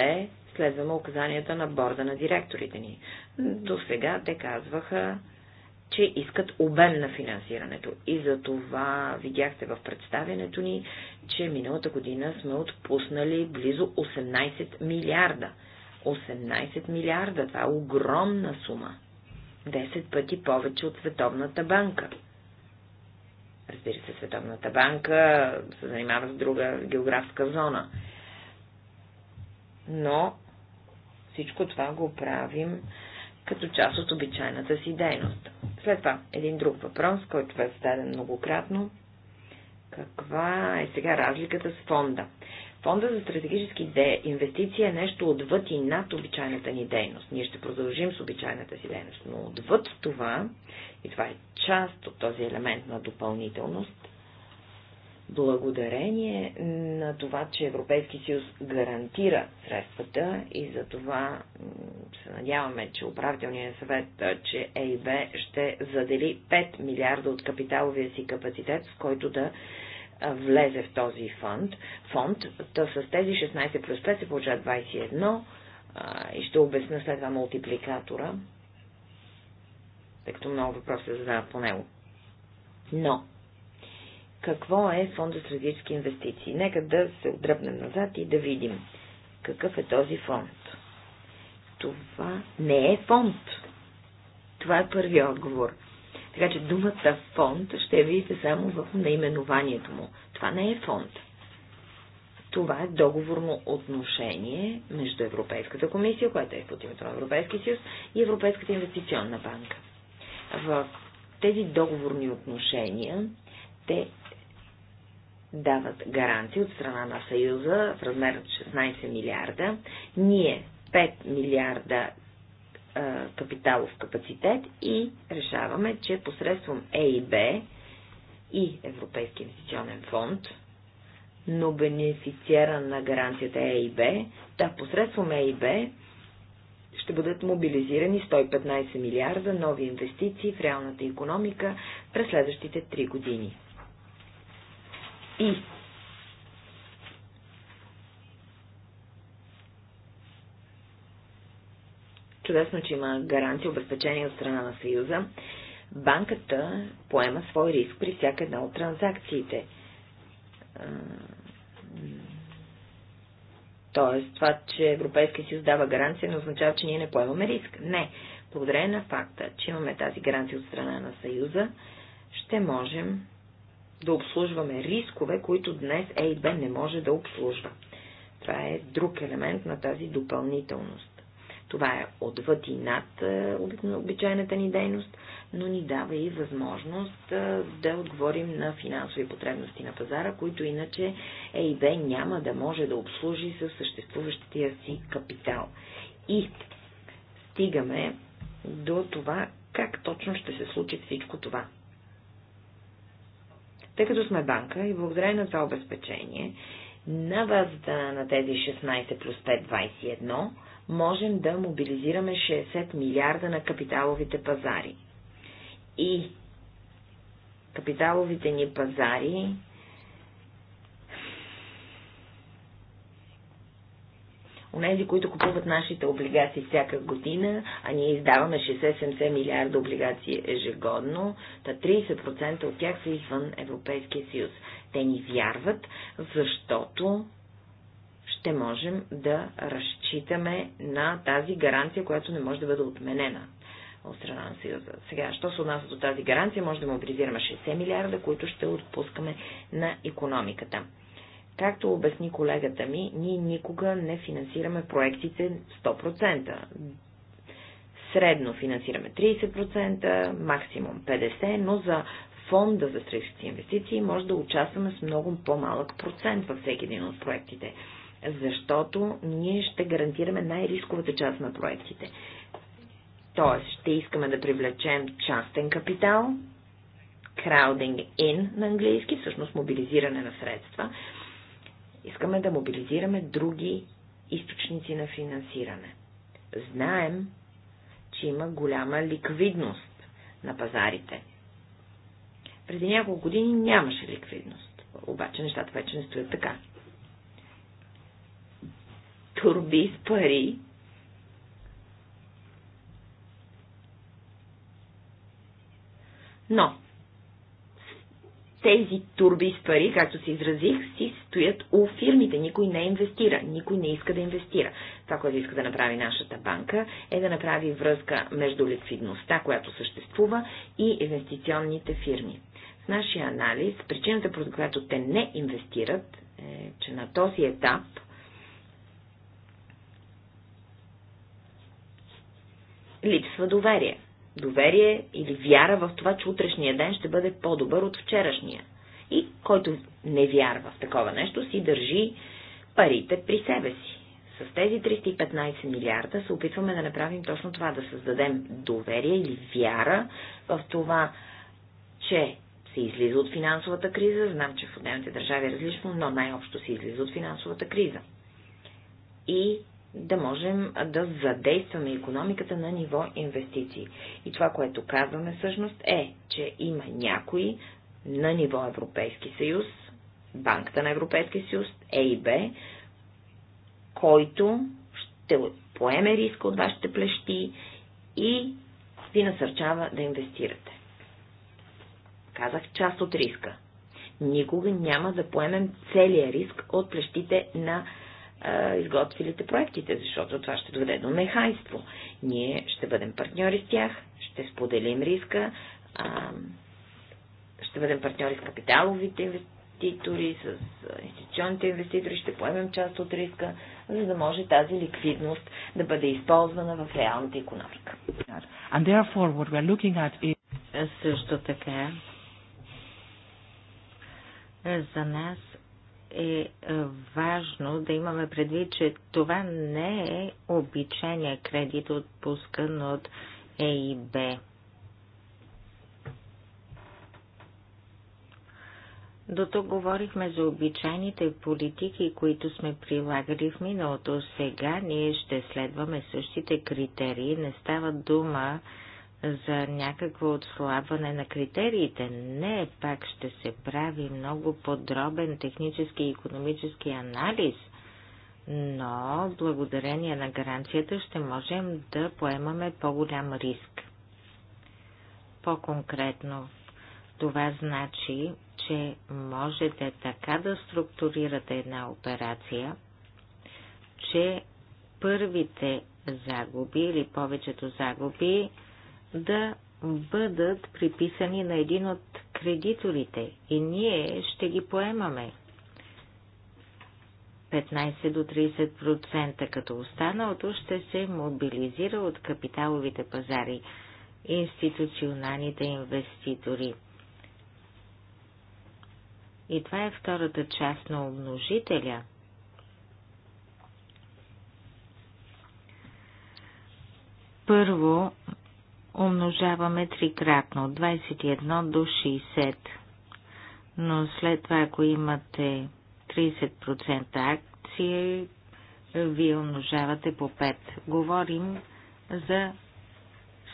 следваме указанията на борда на директорите ни. До сега те казваха, че искат обем на финансирането. И за това видяхте в представянето ни, че миналата година сме отпуснали близо 18 милиарда. 18 милиарда, това е огромна сума. 10 пъти повече от Световната банка. Разбира се, Световната банка се занимава с друга географска зона. Но всичко това го правим като част от обичайната си дейност. След това, един друг въпрос, който бе зададен многократно. Каква е сега разликата с фонда? Фонда за стратегически инвестиции е нещо отвъд и над обичайната ни дейност. Ние ще продължим с обичайната си дейност, но отвъд това, и това е част от този елемент на допълнителност, благодарение на това, че Европейски съюз гарантира средствата и за това се надяваме, че управителният съвет, че ЕИБ ще задели 5 милиарда от капиталовия си капацитет, с който да влезе в този фонд, фонд то с тези 16 плюс 5 се получава 21 и ще обясна след това мултипликатора, тъй като много въпроси се задават по него. Но, какво е фонд за стратегически инвестиции? Нека да се отдръпнем назад и да видим какъв е този фонд. Това не е фонд. Това е първият отговор. Така че думата фонд ще видите само в наименованието му. Това не е фонд. Това е договорно отношение между Европейската комисия, която е под името на Европейския съюз, и Европейската инвестиционна банка. В тези договорни отношения те дават гаранции от страна на Съюза в размер 16 милиарда. Ние 5 милиарда е, капиталов капацитет и решаваме, че посредством ЕИБ и Европейския инвестиционен фонд, но бенефициера на гаранцията ЕИБ, да, посредством ЕИБ ще бъдат мобилизирани 115 милиарда нови инвестиции в реалната економика през следващите 3 години. И Чудесно, че има гаранция, обезпечение от страна на Съюза. Банката поема свой риск при всяка една от транзакциите. Тоест, това, че Европейския съюз дава гаранция, не означава, че ние не поемаме риск. Не. Благодарение на факта, че имаме тази гаранция от страна на Съюза, ще можем да обслужваме рискове, които днес ЕИБ не може да обслужва. Това е друг елемент на тази допълнителност. Това е отвъд и над е, обичайната ни дейност, но ни дава и възможност е, да отговорим на финансови потребности на пазара, които иначе ЕИБ няма да може да обслужи със съществуващия си капитал. И стигаме до това, как точно ще се случи всичко това. Тъй като сме банка и благодарение на това обезпечение, на базата на тези 16 плюс 5, 21, можем да мобилизираме 60 милиарда на капиталовите пазари. И капиталовите ни пазари Унези, които купуват нашите облигации всяка година, а ние издаваме 60-70 милиарда облигации ежегодно, та 30% от тях са извън Европейския съюз. Те ни вярват, защото ще можем да разчитаме на тази гаранция, която не може да бъде отменена от страна на Съюза. Сега, що се отнася до тази гаранция, може да мобилизираме 60 милиарда, които ще отпускаме на економиката. Както обясни колегата ми, ние никога не финансираме проектите 100%. Средно финансираме 30%, максимум 50%, но за фонда за стратегически инвестиции може да участваме с много по-малък процент във всеки един от проектите защото ние ще гарантираме най-рисковата част на проектите. Тоест, ще искаме да привлечем частен капитал, crowding in на английски, всъщност мобилизиране на средства. Искаме да мобилизираме други източници на финансиране. Знаем, че има голяма ликвидност на пазарите. Преди няколко години нямаше ликвидност, обаче нещата вече не стоят така турби с пари, но тези турби с пари, както си изразих, си стоят у фирмите. Никой не инвестира, никой не иска да инвестира. Това, което иска да направи нашата банка, е да направи връзка между ликвидността, която съществува, и инвестиционните фирми. В нашия анализ, причината, по която те не инвестират, е, че на този етап – липсва доверие. Доверие или вяра в това, че утрешния ден ще бъде по-добър от вчерашния. И който не вярва в такова нещо, си държи парите при себе си. С тези 315 милиарда се опитваме да направим точно това, да създадем доверие или вяра в това, че се излиза от финансовата криза. Знам, че в отделните държави е различно, но най-общо се излиза от финансовата криза. И да можем да задействаме економиката на ниво инвестиции. И това, което казваме всъщност е, че има някои на ниво Европейски съюз, Банката на Европейски съюз, ЕИБ, който ще поеме риска от вашите плещи и ви насърчава да инвестирате. Казах част от риска. Никога няма да поемем целия риск от плещите на а, е, изготвилите проектите, защото това ще доведе до нехайство. Ние ще бъдем партньори с тях, ще споделим риска, а, ще бъдем партньори с капиталовите инвеститори, с институционните инвеститори, ще поемем част от риска, за да може тази ликвидност да бъде използвана в реалната економика. And therefore what looking at is... Също така, за нас е, е важно да имаме предвид, че това не е обичайния кредит, отпускан от ЕИБ. До тук говорихме за обичайните политики, които сме прилагали в миналото. Сега ние ще следваме същите критерии. Не става дума за някакво отслабване на критериите. Не, пак ще се прави много подробен технически и економически анализ, но благодарение на гаранцията ще можем да поемаме по-голям риск. По-конкретно, това значи, че можете така да структурирате една операция, че първите загуби или повечето загуби да бъдат приписани на един от кредиторите и ние ще ги поемаме. 15 до 30%, като останалото ще се мобилизира от капиталовите пазари, институционалните инвеститори. И това е втората част на умножителя. Първо, умножаваме трикратно 21 до 60. Но след това, ако имате 30% акции, вие умножавате по 5. Говорим за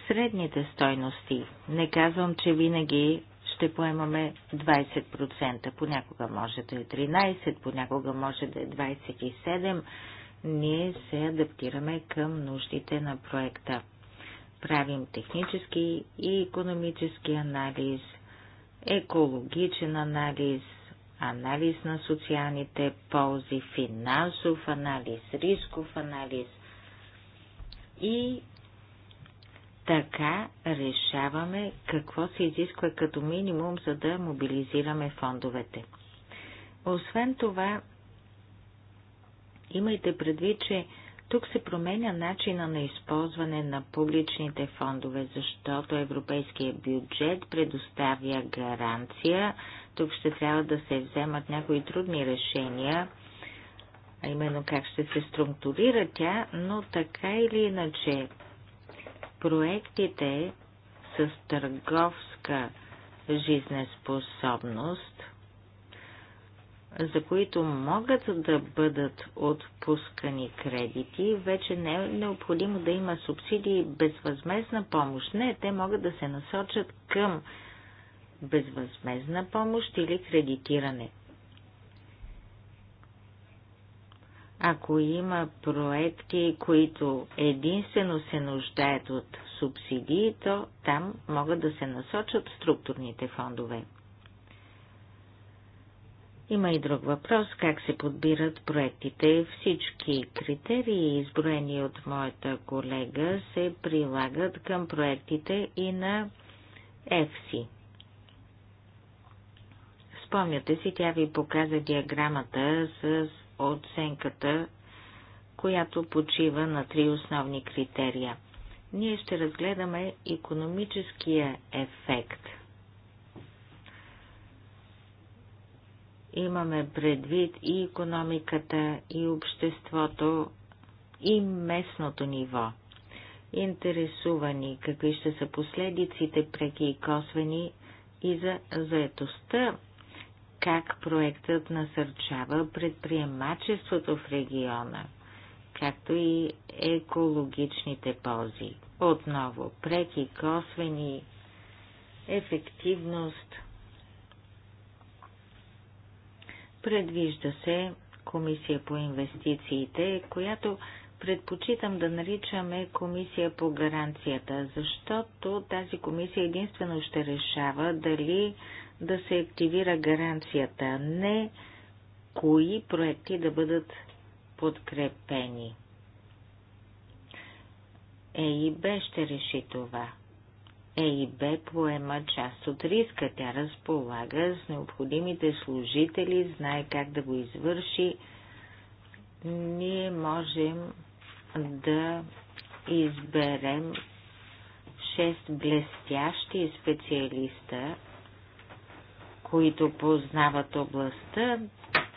средните стойности. Не казвам, че винаги ще поемаме 20%. Понякога може да е 13, понякога може да е 27. Ние се адаптираме към нуждите на проекта правим технически и економически анализ, екологичен анализ, анализ на социалните ползи, финансов анализ, рисков анализ и така решаваме какво се изисква като минимум, за да мобилизираме фондовете. Освен това, имайте предвид, че тук се променя начина на използване на публичните фондове, защото европейския бюджет предоставя гаранция. Тук ще трябва да се вземат някои трудни решения, а именно как ще се структурира тя, но така или иначе проектите с търговска жизнеспособност – за които могат да бъдат отпускани кредити, вече не е необходимо да има субсидии и безвъзмезна помощ. Не, те могат да се насочат към безвъзмезна помощ или кредитиране. Ако има проекти, които единствено се нуждаят от субсидии, то там могат да се насочат структурните фондове. Има и друг въпрос, как се подбират проектите. Всички критерии, изброени от моята колега, се прилагат към проектите и на ЕФСИ. Спомняте си, тя ви показа диаграмата с оценката, която почива на три основни критерия. Ние ще разгледаме економическия ефект – имаме предвид и економиката, и обществото, и местното ниво. Интересувани какви ще са последиците, преки и косвени, и за заетостта, как проектът насърчава предприемачеството в региона, както и екологичните ползи. Отново, преки, косвени, ефективност – Предвижда се Комисия по инвестициите, която предпочитам да наричаме Комисия по гаранцията, защото тази комисия единствено ще решава дали да се активира гаранцията, не кои проекти да бъдат подкрепени. ЕИБ ще реши това. Е и Б поема част от риска. Тя разполага с необходимите служители, знае как да го извърши. Ние можем да изберем 6 блестящи специалиста, които познават областта,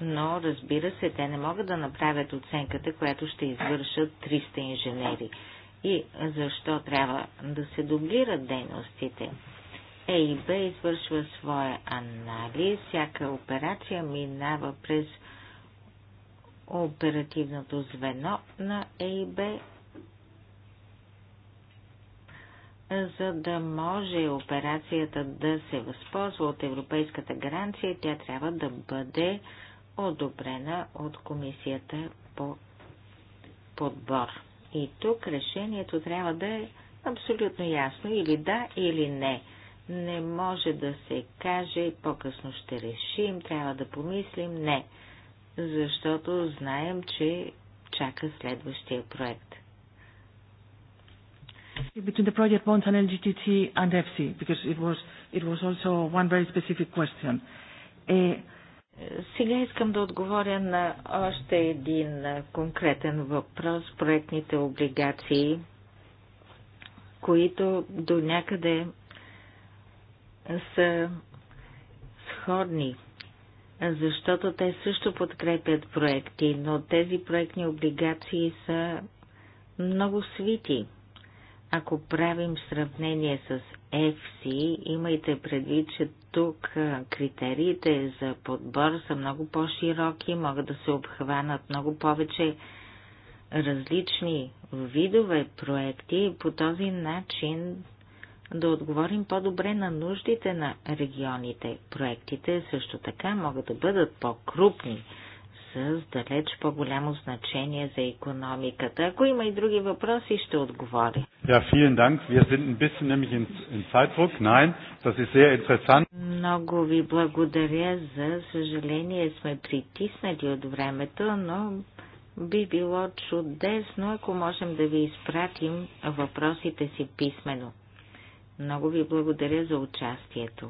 но разбира се, те не могат да направят оценката, която ще извършат 300 инженери и защо трябва да се дублират дейностите. ЕИБ извършва своя анализ, всяка операция минава през оперативното звено на е Б, за да може операцията да се възползва от европейската гаранция, тя трябва да бъде одобрена от комисията по подбор. И тук решението трябва да е абсолютно ясно или да, или не. Не може да се каже, по-късно ще решим, трябва да помислим, не, защото знаем, че чака следващия проект. Between the project bonds and LGTT and FC, because it was, it was also one very specific question. Uh, сега искам да отговоря на още един конкретен въпрос. Проектните облигации, които до някъде са сходни, защото те също подкрепят проекти, но тези проектни облигации са много свити. Ако правим сравнение с FC, имайте предвид, че тук критериите за подбор са много по-широки, могат да се обхванат много повече различни видове проекти и по този начин да отговорим по-добре на нуждите на регионите. Проектите също така могат да бъдат по-крупни, с далеч по-голямо значение за економиката. Ако има и други въпроси, ще отговоря. Ja, vielen Dank. Wir sind ein bisschen nämlich in, in Zeitdruck. Nein, das ist sehr interessant. Много ви благодаря. За съжаление сме притиснати от времето, но би било чудесно, ако можем да ви изпратим въпросите си писменно. Много ви благодаря за участието.